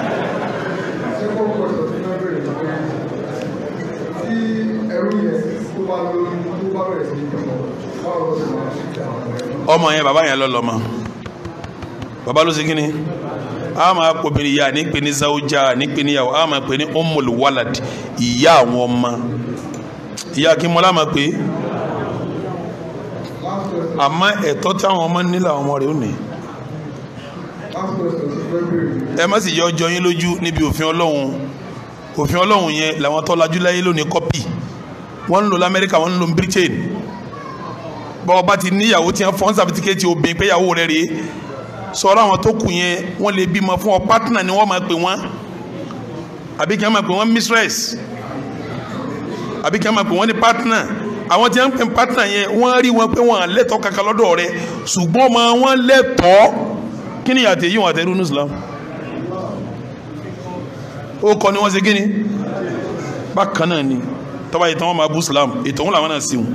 ẹrú yẹn tó bá lórí tó bá bẹ̀rẹ̀ sí ní bímọ báwo ló sì máa ṣe tẹ àwọn ọmọ yẹn bàbá yẹn lọ lọmọ ló ṣe ni a máa pè ní ìyá zawuja ní pè ní ìyàwó a umul walad iya àwọn ọmọ ìyá kí mọ́lá máa pè é àmọ́ ẹ̀tọ́ táwọn ọmọ nílò àwọn ọmọ rẹ̀ ò ní ẹ má sì yọ ọjọ́ yín lójú níbi òfin ọlọ́run òfin ọlọ́run yẹn làwọn tọ́lajú láyé lónìí kọ́pì wọ́n ń lò lamẹ́ríkà wọ́n lò britain bọ́ọ̀ bá ti níyàwó tiẹ̀ fọ́n sàfitikẹ́tì obìnrin pé yàwó rẹ̀ rèé sọ̀rọ̀ àwọn tó kù yẹn wọ́n lè bímọ fún ọ pátánà ni wọ́n máa pè wọ́n àbí kí wọ́n máa pè wọ́n mistress àbí kí wọ́n máa pè wọ́n ní pátánà àwọn tí wọ́n pè pátánà yẹn wọ́n rí wọn pé wọ́n lẹ́tọ̀ọ́ kankan lọ́dọ̀ rẹ̀ ṣùgbọ́n ọmọ wọn lẹ́tọ̀ọ́ kí ni yàtọ̀ yìí wọn àtẹ̀rù ní Islam ó kọ́ ni wọ́n ṣe kí ni bákan náà ni tọ́ba ìtàn wọn máa bú Islam ìtàn wọn làwọn náà sí wọn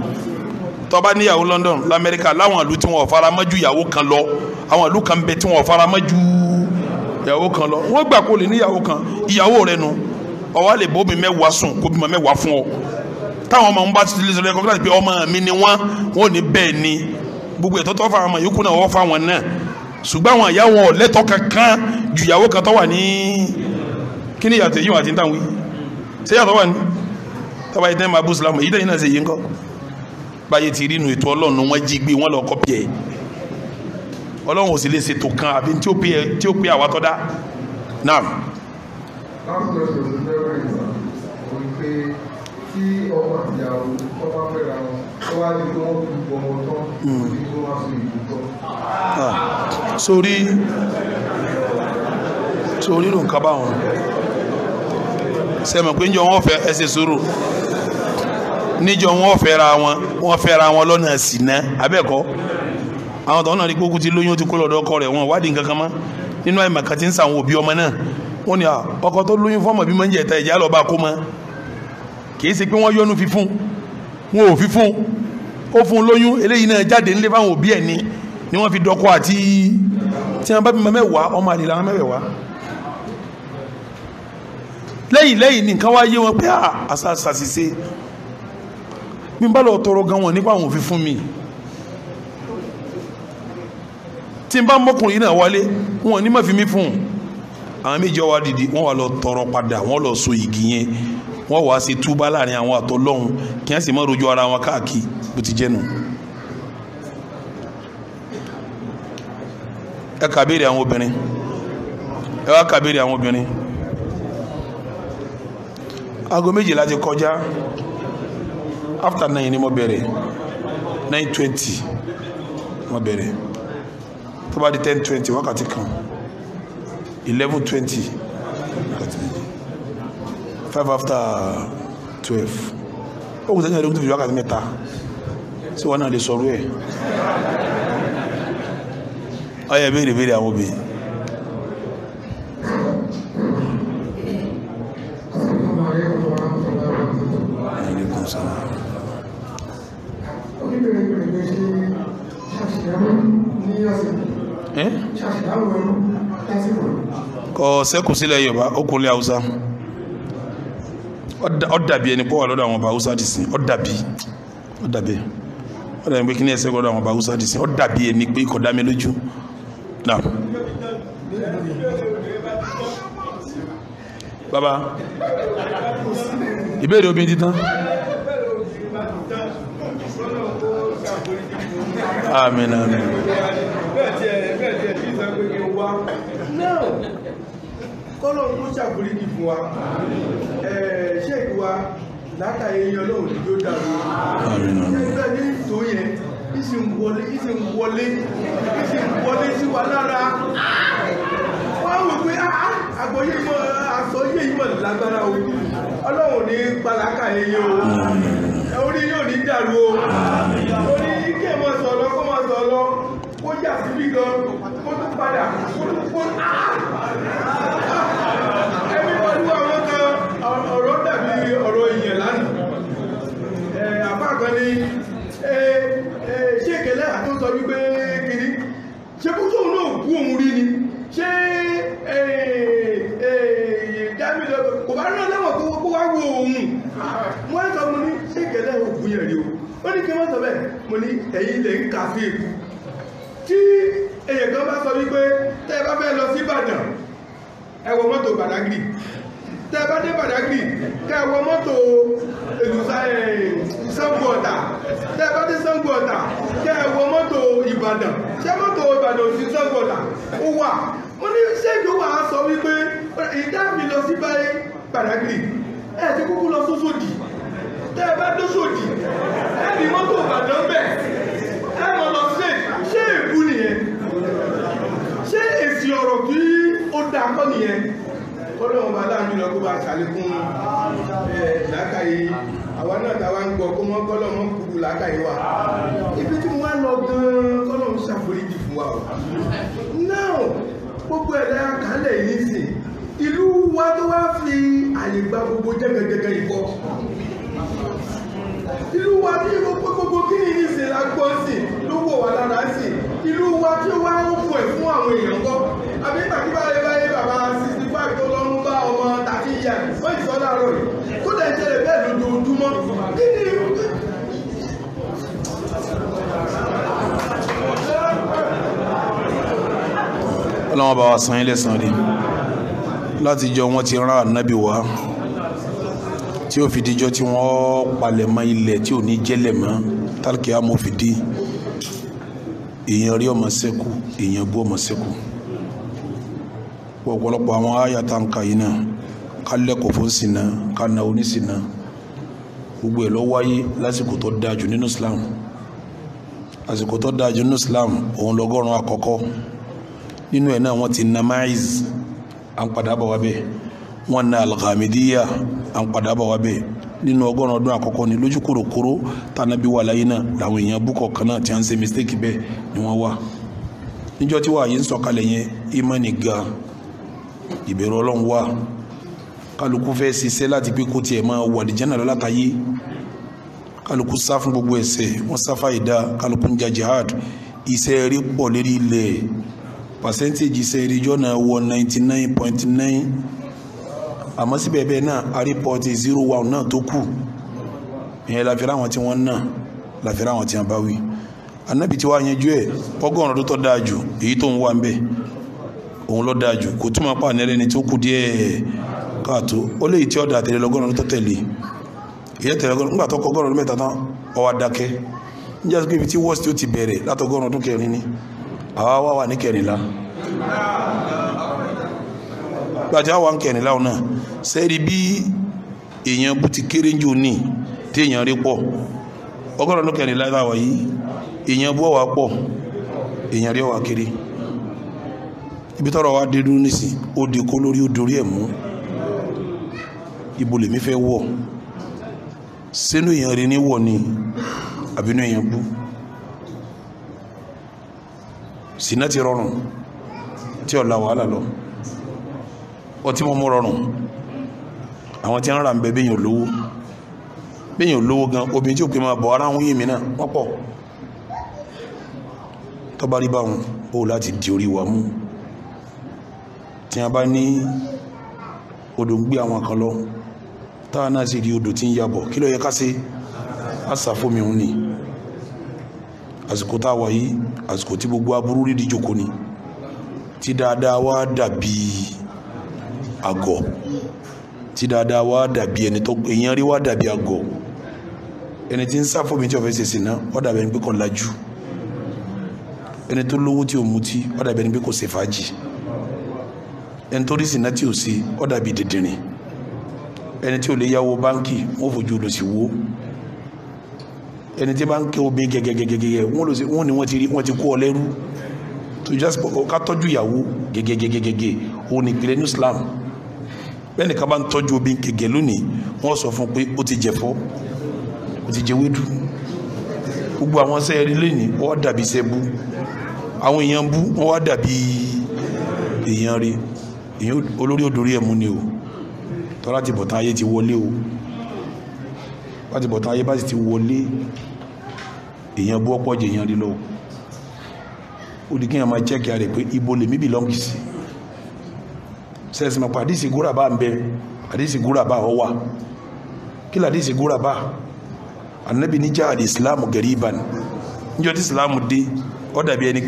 tọ́ba níyàwó London l'Amẹ́ríkà láwọn ìlú tí wọn fara mọ́ ju ìyàwó kan lọ àwọn ìlú kan bẹ tí wọn fara mọ́ ju ìyàwó kan lọ wọ́n gbà kó lè níyàwó kan ìyàwó rẹ nu ọwọ́ àlè bóbi mẹ́wàá sùn kó bímọ mẹ́wàá fún ọ táwọn ọmọ ń bá títí lẹ́sọ̀rọ̀ ẹ̀kọ́ kíláàsì pé ọmọ mi ni wọ́n wọ́n ní bẹ́ẹ̀ ni gbogbo ẹ̀tọ́ tó fara mọ́ yòókù náà wọ́n fáwọn náà ṣùgbọ́n àwọn ìyá wọn lẹ́tọ́ kankan ju ìyàwó kan tó wà ní kí ni ìyàtọ̀ yìí wà tí ń tàn wí ṣé ìyàtọ̀ wà ní tọ́ba yìí tẹ́ máa bú sílámù èyí tẹ́yìn náà ṣe yìí ńkọ́ báyìí ti rí inú ètò ọlọ́run wọn jí gbé wọn lọ kọ́pì ẹ̀ ọlọ́run ò sì lè ṣètò kan àbí tí ó pé àwa tọ́ dá náà. Hmm. Ah. sórí sórí ló ń kábàáwọn sẹ́mi pé ń jọ wọ́n fẹ́ ẹ ṣe sùúrù níjọ wọn fẹ́ra wọn wọn fẹ́ra wọn lọ́nà sínà abẹ́kọ́ àwọn tọ́wọ́n náà rí kókó ti lóyún ti kó lọ́dọ̀ ọkọ rẹ̀ wọn wádìí nǹkan kan nínú àìmọ̀ kan ti ń sàwọn òbí ọmọ náà wọn ni ọkọ tó lóyún fọmọ bí máa ń jẹ ẹ̀ta ìjà lọ́ba kó mọ́ kì í ṣe pé wọ́n yọnu fífún wọn ò fífún ó fún lóyún eléyìí náà jáde ńlẹ́ fáwọn òbí ẹ̀ ni ni wọ́n fi dọ́kọ àti tí wọ́n bá bímọ mẹ́wàá ọmọ àlè làwọn mẹ́wàá lẹ́yìn lẹ́yìn nìkan wá yé wọn pé àṣà àṣàṣìṣe bí n bá lọ tọrọ gan wọn nípa àwọn òfin fún mi tí n bá mọ́kùnrin náà wálé wọn ní má fi mí fún àwọn méjì ọwọ́ dìde wọn wà lọ tọrọ padà wọn lọ so igi yẹn wọn wà á túbá láàrin àwọn àtọlọ́hún kí wọ́n sì má rojọ́ ara wọn káàkiri bó ti jẹ́ nù. ẹ kàbéèrè àwọn obìnrin ẹ wá kàbéèrè àwọn obìnrin aago méjìlá ti kọjá after nine ni mo bẹ̀rẹ̀ nine twenty mo bẹ̀rẹ̀ tó bá di ten twenty wákàtí kan eleven twenty five after twelve ó kù sẹ́yìn ẹ̀rọ fi wákàtí mẹ́ta sí wọn náà lè sọ̀rọ̀ ẹ̀ ọ yẹ béèrè béèrè àwọn obìnrin. Eh? kò sẹ́kù sílẹ̀ yorùbá ó kúnlẹ̀ haúsá ó dàbí ẹni pọ́ wà lọ́dọ̀ àwọn ọba haúsá dì sí ó dàbí ó dàbí ó dàbí pé kí ni ẹsẹ̀ lọ́dọ̀ àwọn ọba haúsá dì sí ó dàbí ẹni pé kò dá mi lójú náà. baba ìbéèrè obìnrin ti tán. àmín àmín. kọ́lọ́run ọlọ́run ni ní yẹn lára ah, ah, o ọlọ́run yóò ní dàrú o. níjà sí bí gan kó tó padà kó tó kó á. ẹbí wọlé àwọn kan ọ̀rọ̀ dàbí ọ̀rọ̀ ìyẹn lánàá àbá kan ní ṣé ìkẹlẹ́ àtúntò wípé kiri ṣé kó tóun náà kú òun rí ni ṣé dámìlọ kò bá rán lẹ́wọ̀n kó kó wá wo òun mo ń sọ mo ní ṣé ìkẹlẹ́ òkú yẹn rí o ó ní kí wọ́n sọ bẹ́ẹ̀ mo ní ẹ̀yin lè ń kà sí ikú tí èyàn kan bá sọ wípé tẹ́ ẹ bá fẹ́ lọ sí Ìbàdàn ẹ wọ mọ́tò Badagry tẹ́ ẹ bá dé Badagry kẹ́ ẹ wọ mọ́tò èlùsá eh, Ṣàngó Ọ̀tà tẹ́ ẹ bá dé Ṣàngó Ọ̀tà kẹ́ ẹ wọ mọ́tò Ìbàdàn ṣé mọ́tò Ìbàdàn sí Ṣàngó Ọ̀tà ó wà mo ní ṣé ìdúwà sọ wípé ìdá mi lọ sí báyé Badagry ẹ ti kúkú lọ sósòdì tẹ́ ẹ bá dósòdì ẹ ní mọ́tò Ìbàdàn bẹ́ẹ̀. èrò tí ó dá kọ́ nìyẹn kọ́lọ́wọ́n bá láàrin jùlọ kó bá ṣàlékún làákàyè àwọn náà tàwa ń gbọ́ kó mọ́ kọ́lọ́wọ́n kúrú làákàyè wa ibi tí mo wá lọ gan-an kọ́lọ́wọ́n ṣàforíjì fún wa o náà gbogbo ẹ̀dá kálẹ̀ yìí sìn ìlú wa tó wá fi àyè gba gbogbo jẹ́gẹ́gẹ́gẹ́ ìbọ̀ ìlú wa tí gbogbo gbogbo kí ni ìsìn la gbọ́ sí ló wọ̀ wá lára sí ìlú wa tí ó wá ń fò ẹ̀ fún àwọn èèyàn kọ́ àbí tàbí báyé báyé bàbá sixty five tó lọ ń bá ọmọ tàbí ìyá wọ́n ti sọ láàárọ̀ yìí tó dẹ̀ ń ṣẹlẹ̀ bẹ́ẹ̀ lójoojúmọ́ kí ni ọlọ́wọ́n bá wa san ilé san rí láti jọ wọn ti rán ànábì wá tí ó fi dijọ́ tí wọ́n palẹ̀mọ́ ilẹ̀ tí ò ní jẹ́lẹ̀ mọ́ tálkì amòfìdí èèyàn rí ọmọ sẹ́kù èèyàn bú ọmọ sẹ́kù ọ̀pọ̀lọpọ̀ àwọn àyàtà ń ka yìí náà ká lẹ́kọ̀ọ́ fún sinna ká na onísinna gbogbo ẹ̀ ló wáyé lásìkò tó dáa jù nínú Islam àsìkò tó dáa jù nínú Islam òun lọ́gọ́rùn-ún àkọ́kọ́ nínú ẹ̀ náà wọ́n ti na maiz à ń padà bọ̀ wá bẹ́ẹ̀ wọ́n na alghamidiya à ń padà bọ̀ wá bẹ́ẹ̀ nínú ọgọ́rùn ọdún àkọ́kọ́ ni lójú kòròkòrò tànàbí wà láyé náà làwọn èèyàn búkọ̀ kan náà ti à ń ṣe mistake bẹ́ẹ̀ ni wọ́n wà níjọ́ tí wàá yìí sọ̀kalẹ̀ yẹn imani gan ìbẹ̀rù ọlọ́run wà kálukú fẹ́ ṣiṣẹ́ láti pé kó tiẹ̀ máa wà àdìjánà látàyé kálukú sá fún gbogbo ẹ̀ṣẹ̀ wọ́n sáfà ìdá kálukú ń ja jihad iṣẹ́ rí pọ̀ lérí ilẹ̀ percentage iṣẹ́ rí jọ́nà wọ ninety nine point nine àmọ́ síbẹ̀ bẹ́ẹ̀ náà àrípọ̀tì zero one náà tó kù ìyẹn láfíra àwọn tí wọ́n náà láfíra àwọn tí wọ́n bá wí anábì tí wàá yanjú ẹ̀ ọgọ́rùn-ún tó tọ́ dáa jù èyí tó ń wà ń bẹ́ẹ̀. òun lọ dájú kò tún máa pa ànẹ́rẹ́ ni tó kù díẹ̀ káàtó ó lè tí ọ̀dà àtẹ̀lẹ́lọ́gọ́rùn tó tẹ̀lé ìyẹ́ tẹ̀lẹ́gọ́rùn nígbà tó kọ́gọ́rùn mẹ́ta tán ọwà dákẹ́ ń jẹ́ pé ibi tí wọ́ọ̀sì tó ti bẹ̀rẹ̀ látọgọ́rùn ọdún kẹrin ni àwa wà wà ní kẹrìnlá gbàtí àwa ń kẹrìnlá ọ̀nà sẹ́ẹ̀rì bí èèyàn bú ti kéré jù ní tí èèyàn rí pọ̀ ọgọ́rùn ọdún kẹrìnlá ìbáwọ̀ yìí èèyàn bú ọwà pọ̀ èèyàn rí ọwà kéré ibi tọ́rọ̀ wa dé dúró nísìn ó di kó lórí ó dorí ẹ̀ mú ibo lèmi fẹ́ wọ̀ sínú èèyàn rí ní wọ̀ ni àbínú èèyàn bú sínà ti rọrùn tí ọ̀la wàhálà lọ ọtí mo mú rọrùn àwọn tí ń ra ń bẹ bẹ́yìn olówó bẹ́yìn olówó gan obìnrin tí ò pé máa bọ̀ ara ń yìn mí náà wọ́n pọ̀ tọ́ba rí báwọn bó láti di orí wa mú tí a bá ní odò ń gbé àwọn kan lọ táwa náà sì rí odò tí ń yabọ̀ kí ló yẹ ká ṣe àṣàfòmí òun ni àsìkò tá a wà yìí àsìkò tí gbogbo aburú rí di jòkó ni tí dáadáa wá dàbí àgọ̀ tí dáadáa wá dàbí ẹni tó èèyàn rí wá dàbí àgọ̀ ẹni tí ń sáfòmí tí ó ṣe sí náà ó dàbí ẹni pé kò lajú ẹni tó lówó tí ò mutí ó dàbí ẹni pé kò ṣe ẹni si nati sinna tí o ṣe ọ dàbí dìndìnrín ẹni tí o lè yáwó báńkì wọn fojú olùsí wo ẹni tí bá ń kẹ́ omi gẹ́gẹ́gẹ́gẹ́gẹ́ wọn ni wọ́n ti rí wọ́n ti kó ọ lẹ́rú to just ká tọ́jú ìyàwó gẹ́gẹ́gẹ́gẹ́gẹ́ òun ni ìpìlẹ̀ ní Islam bẹ́ẹ̀ nìkan bá ń tọ́jú omi gẹ́gẹ́ lónìí wọ́n sọ fún pé ó ti jẹ̀fọ́ ó ti jẹ̀wédú gbogbo àwọn sẹ́yẹ rí lẹ́nìí wọ́n dàbí sẹ́bú àwọn èèyàn bú wọ́n dàbí èèyàn rí olórí òdòrí ẹ̀mú ni o tọ́lá ti bọ̀tán ayé ti wọlé o láti bọ̀tán ayé bá sì ti wọlé èèyàn bú ọ̀pọ̀ jẹ èèyàn lílọ ó di kí èèyàn máa jẹ́ kí a rẹ̀ pé ibo lèmi belong sí sẹ́sìn mọ̀ pé àdìsí gúràbá ń bẹ àdìsí gúràbá ọ wà lè àdìsí gúràbá ànábì níjà ẹni pé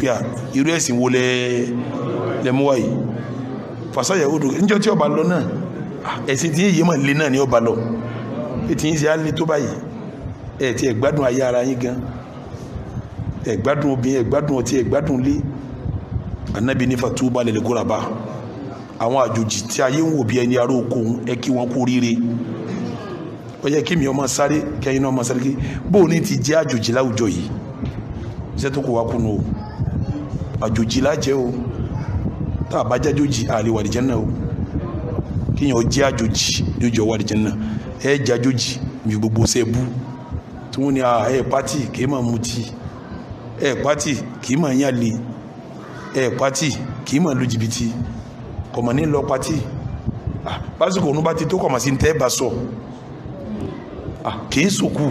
à irú ẹ̀sìn wo lẹ́ẹ̀ lẹ́mú fasaya odo níjọ́ tí ọba lọ náà ah, ẹ̀sìn tí yìí mọ̀ lé náà ni ọba lọ ètí yìí ṣe á lé tó báyìí ẹ̀ tí ẹ̀ gbádùn ayé ara yín gan ẹ̀ gbádùn obìnrin ẹ̀ gbádùn ọtí ẹ̀ gbádùn lé anabi nífa tó bá lẹ̀lẹ̀ kóra bá àwọn àjòjì tí ayé ń wò bí ẹni ará oko ẹ kí wọn kú ríire ó yẹ kí mi ọmọ sáré kẹyìn náà ọmọ sáré kí bóun ní ti jẹ́ àjòjì láwùjọ yìí iṣẹ́ tó kó wa kú nù o àjòjì lájẹ́ o tá a bá jẹ́ àjòjì a lè wà ní Janna o kíyàn ó jẹ́ àjòjì àjòjì ó wà ní Janna ẹ jẹ́ àjòjì mi gbogbo ṣe bú tí wọ́n ní ẹ pátì kì í máa mutí ẹ pátì kì í máa yàn lè ẹ pátì kì í máa lu jìbìtì kọ̀mọ̀ ní lọ pátì básìkò ònú bá tó kọ̀mọ̀ sí ní tẹ́ bá sọ kì í sòkù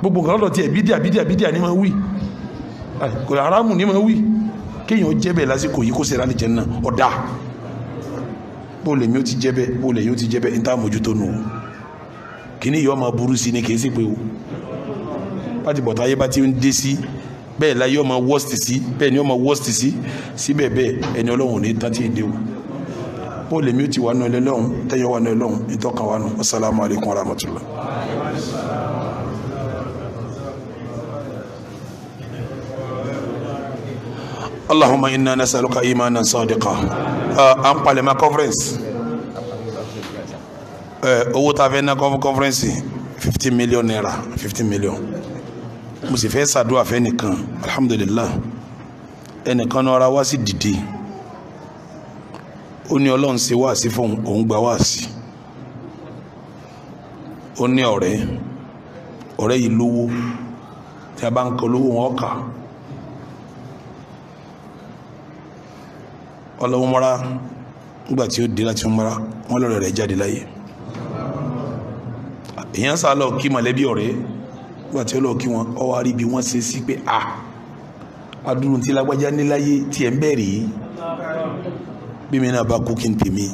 gbogbo nǹkan lọ́dọ̀ tí ẹ̀ bídíà bídíà bídíà ni máa wí kò haramu ni máa wí kéèyàn jẹ́ bẹ́ẹ̀ lásìkò yìí kó ṣe ránì jẹ́nà ọ̀dà bó lèmi ó ti jẹ́ bẹ́ẹ̀ bó lèyìn ó ti jẹ́ bẹ́ẹ̀ níta mójútó nù kíní yọ máa burú sí ni kì í sì pé o láti bọ̀tá ayé bá ti ń dé sí bẹ́ẹ̀ la yọ máa worst sí bẹ́ẹ̀ ni yọ máa worst sí síbẹ̀ bẹ́ẹ̀ ẹni ọlọ́run ní tán tí ì dé o bó lèmi ó ti wà nù ẹlẹ́lọ́run tẹ́yọ̀ wà nù ẹlọ́run ìtọ́kàn wà nù assalamu alaikum warahmatullah. allahumma inna nasaluka imanan sadiqa an ah, palẹ̀mọ́ conference eh, owó tá a fẹ́ ná conference 50 million naira fifty million mo sì fẹ́ ṣàdúrà fẹ́ nìkan alhamdulillah ẹnìkan náà ra wá sí dìde ó ní ọlọ́run ṣe wá sí fún òun gba wá sí ó ní ọ̀rẹ́ ọ̀rẹ́ yìí lówó tí ọlọ́wọ́ mọ́ra nígbà tí ó dé láti mọ́ra wọ́n lọ́rọ̀ rẹ̀ jáde láyé èèyàn sá lọ kí mọ̀lẹ́bí ọ̀rẹ́ nígbà tí ó lọ kí wọn ọ wá wọ́n ṣe sí pé a adúrún tí lágbájá ní láyé tí ẹ̀ ń bẹ̀rì yìí bí mi náà bá kú kí n tèmi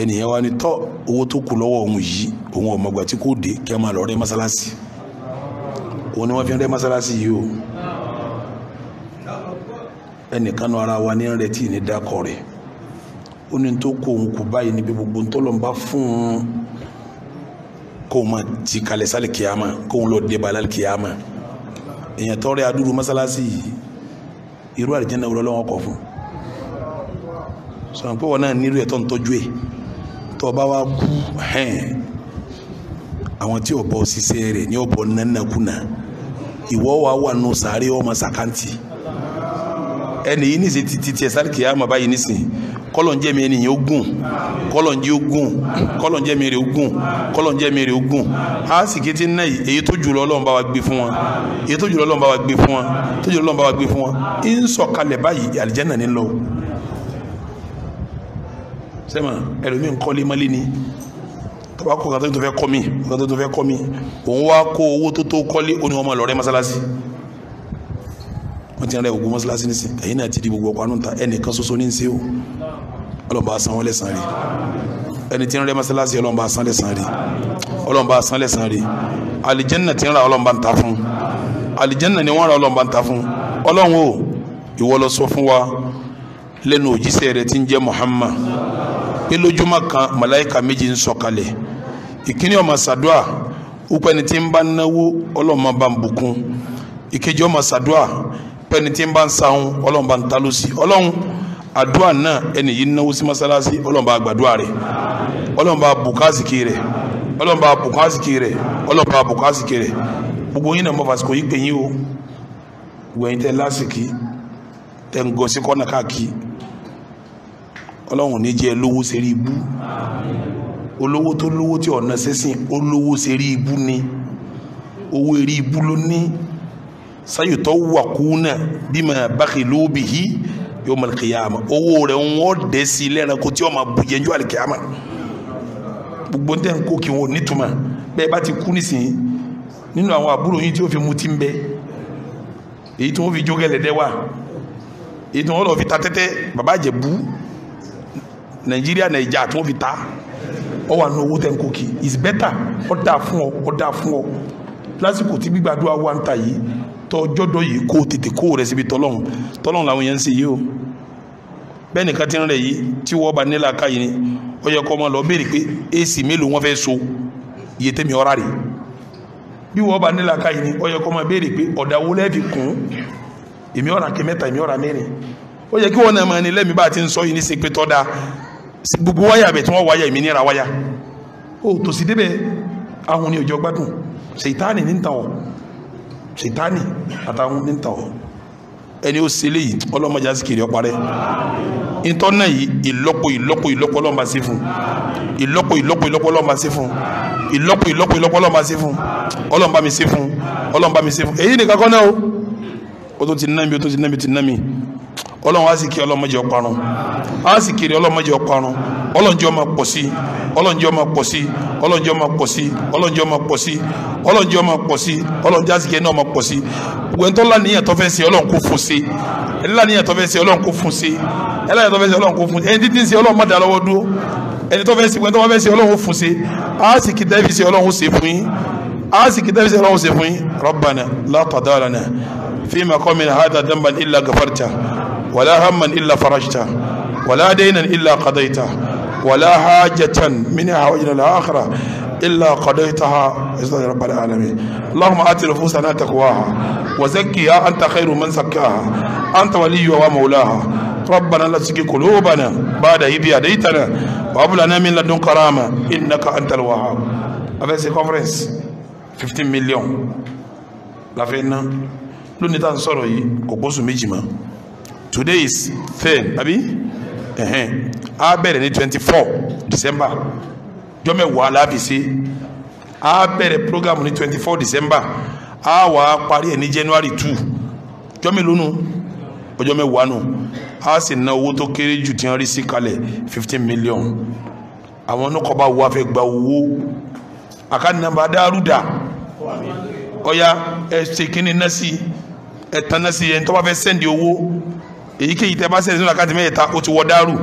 ẹnìyẹn wá ní tọ́ owó tó kù lọ́wọ́ òun yìí òun ọ̀mọ̀gbà tí kò dé kí a máa lọ rẹ́ mọ́sálásí òun ni wọ́n fi rẹ́ mọ́sálásí yìí o ẹnìkanu ara wa ní retí ní dákọ rẹ ó ní tó kó òun kù báyìí níbi gbogbo ntọ́lọ̀ ń bá fún un kó ma ti kalẹ̀ sálì kìyàmà kó ń lọ débà lálì kìyàmà èèyàn tọrẹ adúrú mọ́sálásí irú àdìjẹ́ náà wúlọ́ lọ́wọ́ kọ̀ fún sọ̀rọ̀ pé wọn náà nílò ẹ̀tọ́ ń ẹ̀ tó o bá wá kú hẹ́n àwọn tí o bọ̀ ṣiṣẹ́ rẹ̀ ní o bọ̀ nánà kùnà ìwọ wa wà nù sàárẹ̀ ọmọ sàkántì ẹni yìí ní ṣe títí tiẹ̀ sáré kìí àmọ́ báyìí nísìn kọ́lọ̀njẹ́ mi ènìyàn ogun kọ́lọ̀njẹ́ ogun kọ́lọ̀njẹ́ mi rè ogun kọ́lọ̀njẹ́ mi rè ogun a sì kété ná yìí èyí tó jùlọ Ọlọ́run bá wa gbé fún wọn èyí tó jùlọ Ọlọ́run bá wa gbé fún wọn tó jùlọ Ọlọ́run bá wa gbé fún wọn ń sọ̀kalẹ̀ báyìí àlìjẹ́nà ní lọ. sẹ́mà ẹlòmíì ń kọ́lé mọ́lé ni tọ́ba kó kàtó tó fẹ́ kọ́ mi kàtó tó fẹ́ kọ́ mi òun wá kó owó tó tó kọ́lé ó ní wọ́n mọ̀ lọ́rẹ́ mọ́sálásí wọ́n ti rẹ̀ gbogbo mọ́sálásí nísìn ẹ̀yìn náà ti di gbogbo ọkọ̀ ànúta ẹnìkan ṣoṣo ní ṣe o ọlọ́mọba san wọ́n lẹ́sàn rí ẹni tí ń rẹ̀ mọ́sálásí ọlọ́mọba san lẹ́sàn rí ọlọ́mọba san lẹ́sàn rí alìjẹ́nà ti ń ra ọlọ́mọba ń ta fún alìjẹ́nà ni wọ́n ra ọlọ́mọba ń ta fún ọlọ́run o ìwọ lọ sọ fún wa lẹ́nu òjíṣẹ́ rẹ ti ń jẹ́ Muhammad pé lójúmọ́ kan màláìka méjì ń sọ̀kalẹ̀ ìkíní ọmọ ìkejì ọmọ sàdúà pẹ́ni ń bá ń sahun ọlọ́run bá ń taló sí ọlọ́run àdúrà náà ẹni yìí náwó sí mọ́sálásí ọlọ́run bá gbàdúrà rẹ̀ ọlọ́run bá bùkásìkì rẹ̀ ọlọ́run bá bùkásìkì rẹ̀ ọlọ́run bá bùkásìkì rẹ̀ gbogbo yín náà mọ̀ fàṣikò yí pé o ìwẹ̀yìn tẹ lásìkì tẹ ń gọ́sí kọ́nà ní jẹ́ lówó ibú olówó tó lówó tí ọ̀nà sẹ́sìn olówó ibú ni owó ibú ló ní sayutawakuna bima bakhilu bihi yawmal qiyama owó rẹ̀ ń wọ́n dẹ̀ sí lẹ́ranko tí wọ́n máa bu yẹn jọ́ àlìkìyàmà gbogbo ń tẹ́ ń kó kí wọn ò nítumà bẹ́ẹ̀ bá ti kú nísìnyí nínú àwọn àbúrò yín tí ó fi mutí ń bẹ èyí tí wọ́n fi jógẹ̀lẹ̀dẹ́ wà èyí tí wọ́n lọ fi ta tẹ́tẹ́ bàbá àjẹ̀bú nàìjíríà nàìjà tí wọ́n fi ta ọ wà ní owó tẹ́ ń kó kí is better ọ dáa fún ọ ọ dáa fún ọ lásìkò tí gbígbàdúrà wà ń ta yìí tọjọ́dọ̀ yìí kó tètè kó rẹ̀ síbi tọ́lọ́hún tọ́lọ́hún làwọn yẹn ń ṣe yìí o bẹ́ẹ̀ nìkan ti ń rẹ̀ yìí tí wọ́n bá nílà ká yìí ni ó yẹ kó máa lọ béèrè pé èsì mélòó wọ́n fẹ́ so iye tẹ́mi ọ̀rá rẹ̀ bí wọ́n bá nílà ká yìí ni ó yẹ kó máa béèrè pé ọ̀dà wo lẹ́ẹ̀fì kún èmi ọ̀rà kí mẹ́ta èmi ọ̀rà mẹ́rin ó yẹ kí wọ́n náà máa ní lẹ́mi bá ti ń sọ yìí ní sepe da gbogbo wáyà bẹ̀ tí wọ́n wáyà èmi níra wáyà ó tòsí débẹ̀ ahun ni òjò gbádùn ṣèyítánì ní ń ta ọ̀ ṣètánì àtàwọn níta ọ̀ ẹni ó ṣẹlẹ̀ yìí ọlọ́mọdé àsìkiri ọparẹ́ ìtọ́nà yìí ìlọ́pọ̀ ìlọ́pọ̀ ìlọ́pọ̀ ọlọ́mọba sí fún ìlọ́pọ̀ ìlọ́pọ̀ ìlọ́pọ̀ ọlọ́mọba sí fún ìlọ́pọ̀ ìlọ́pọ̀ ìlọ́pọ̀ ọlọ́mọba sí fún ọlọ́mọba mi sí fún ọlọ́mọba mi sí fún èyí nìkan kọ́ náà o ó tún ti ná mi ó tún ti ná mi ti ná mi ọlọ́run àsìkí ọlọ́mọdé ọparun àsìkí rẹ ọlọ́mọdé ọparun ọlọ́njẹ́ ọmọ pọ̀ sí ọlọ́njẹ́ ọmọ pọ̀ sí ọlọ́njẹ́ ọmọ pọ̀ sí ọlọ́njẹ́ ọmọ pọ̀ sí ọlọ́njẹ́ ọmọ pọ̀ sí ọlọ́njẹ́ àsìkí ẹni ọmọ pọ̀ sí wẹ́ntọ́ lánìyàn tó fẹ́ ṣe ọlọ́run kó fún ṣe ẹni lánìyàn tó fẹ́ ṣe ọlọ́run kó fún ṣe ẹni tó fẹ́ ṣe ọlọ́run kó fún ṣe ẹni títí ṣe ọlọ́run má dá lọ́wọ́ dúró ẹni tó fẹ́ ṣe wẹ́ntọ́ fẹ́ ṣe ọlọ́run fún ṣe àsìkí tẹ́fì ṣe ọlọ́run ṣe fún yín àsìkí tẹ́fì ṣe ọlọ́run ṣe fún yín Rabbana la tadalana fi maqamina hadha dhanban ولا هما إلا فرجته ولا دينا إلا قضيته ولا حاجة منها وإلى الآخرة إلا قضيتها إذن رب العالمين اللهم آت نفوسنا تقواها وزكيها أنت خير من زكاها أنت ولي ومولاها ربنا لا تسقي قلوبنا بعد إذ هديتنا وهب لنا من لدنك رحمة إنك أنت الوهاب avec ces conférences 15 millions la fin na lo ni tan soro yi today is ten àbí a bẹ̀rẹ̀ ní twenty four december jọ́mẹ̀wá aláàbìsí a bẹ̀rẹ̀ program ní twenty four december a wà á parí january two jọ́mẹ̀lónú ọjọ́ mẹ́wàá nù a sì ná owó tó kéré jù tí rí sí kalẹ̀ fifteen million àwọn oníkọ̀ọ́bá wo afẹ́ gba owó àkànnàmbà dárúdà ọ̀ya ẹ̀ ṣe kínní náà sí ẹ̀ tán náà sí ẹ̀ bá fẹ́ sẹ́ndì owó èyíkéyìí tẹ́ bá sẹ́yìn sínú àkáǹtì mẹ́ta ó ti wọ dárú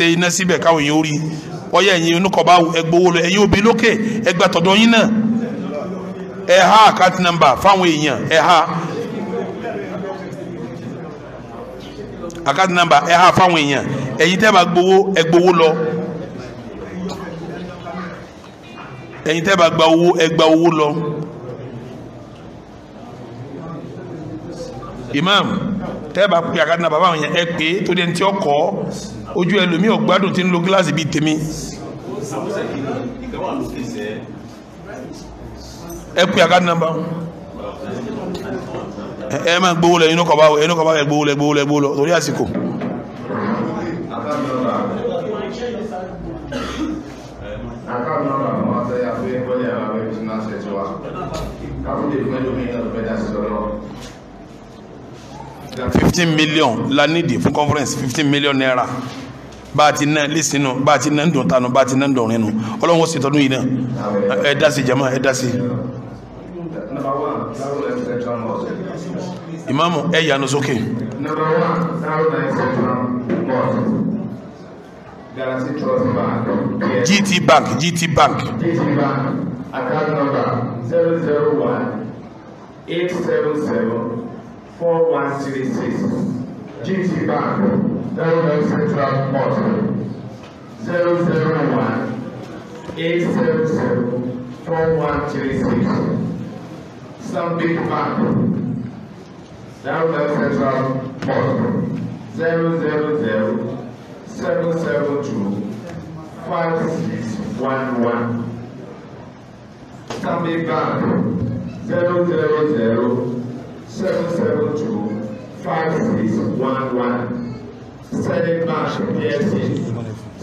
ẹ iná síbẹ̀ káwọn èèyàn ó rí ọyẹ ẹ̀yin onúkọ̀ọ́bá ẹgbowó lọ ẹ̀yin òbí lókè ẹgbà tọ̀dọ̀ yín náà ẹ ha àkáǹtì fáwọn èèyàn ẹ ha fáwọn èèyàn bá gbowó ẹgbowó lọ imam. tẹ́ẹ̀bà pé àkádínà bàbá àwọn yẹn ẹ pé tó dé tí ó kọ́ ojú ẹlòmíì ọ̀gbádùn tí ń lo gíláàsì bíi tèmi ẹ pé àkádínà bá ẹ máa gbowó lẹ inú kọ̀ bá wọ inú kọ̀ bá wọ lẹ gbowó lẹ gbowó lọ torí àsìkò. fifteen million la nídìí fún conference fifteen million naira bá a ti ná lísì nù bá a ti ná dùn tanu bá a ti ná dùn nínú ọlọ́run sì tọdún yìí náà ẹ dá sí jama ẹ dá sí. ìmáàmù ẹ yanu sókè. GT Bank GT Bank. GT Bank account number zero zero one eight seven seven four one three six GT Bank Delaware Central Port zero zero one eight zero zero four one three six Summit Bank Delaware Central Port zero zero zero seven seven two five six one one Summit Bank zero zero zero seven seven two five six one one Sterling Bank PLC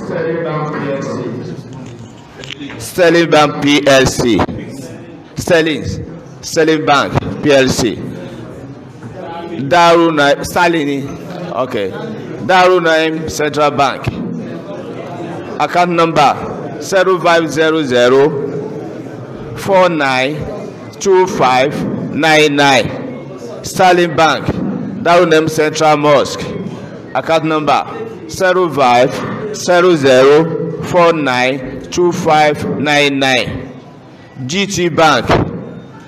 selling Bank PLC Sterling Bank PLC Sterling Sterling Bank PLC Daru na Sterling okay Daru Naim Central Bank account number zero five zero zero four nine two five nine nine. Sterling Bank Darunnem Central Mosque account number zero five GT Bank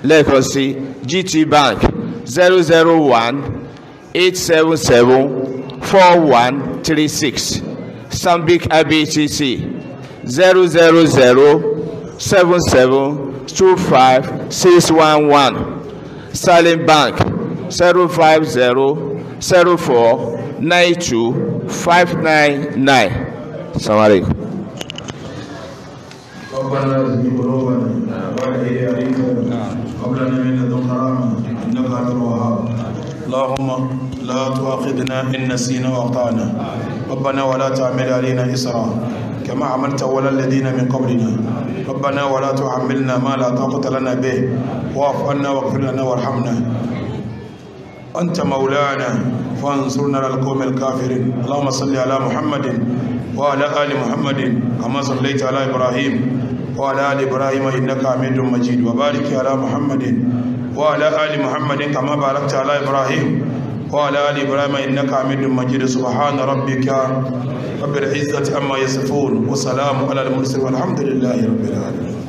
legacy GT Bank zero zero one eight seven IBTC zero zero zero seven seven Bank zero five zero zero four nine two five nine nine. Assalamu اللهم لا تؤاخذنا إن نسينا وأخطأنا ربنا ولا تعمل علينا إسرا كما عملت ولا الذين من قبلنا ربنا ولا تعملنا ما لا طاقة لنا به واعف عنا واغفر لنا وارحمنا أنت مولانا فانصرنا على القوم الكافرين اللهم صل على محمد وعلى آل محمد كما صليت على إبراهيم وعلى آل إبراهيم إنك حميد مجيد وبارك على محمد وعلى آل محمد كما باركت على إبراهيم وعلى آل إبراهيم إنك حميد مجيد سبحان ربك رب العزة عما يصفون وسلام على المرسلين والحمد لله رب العالمين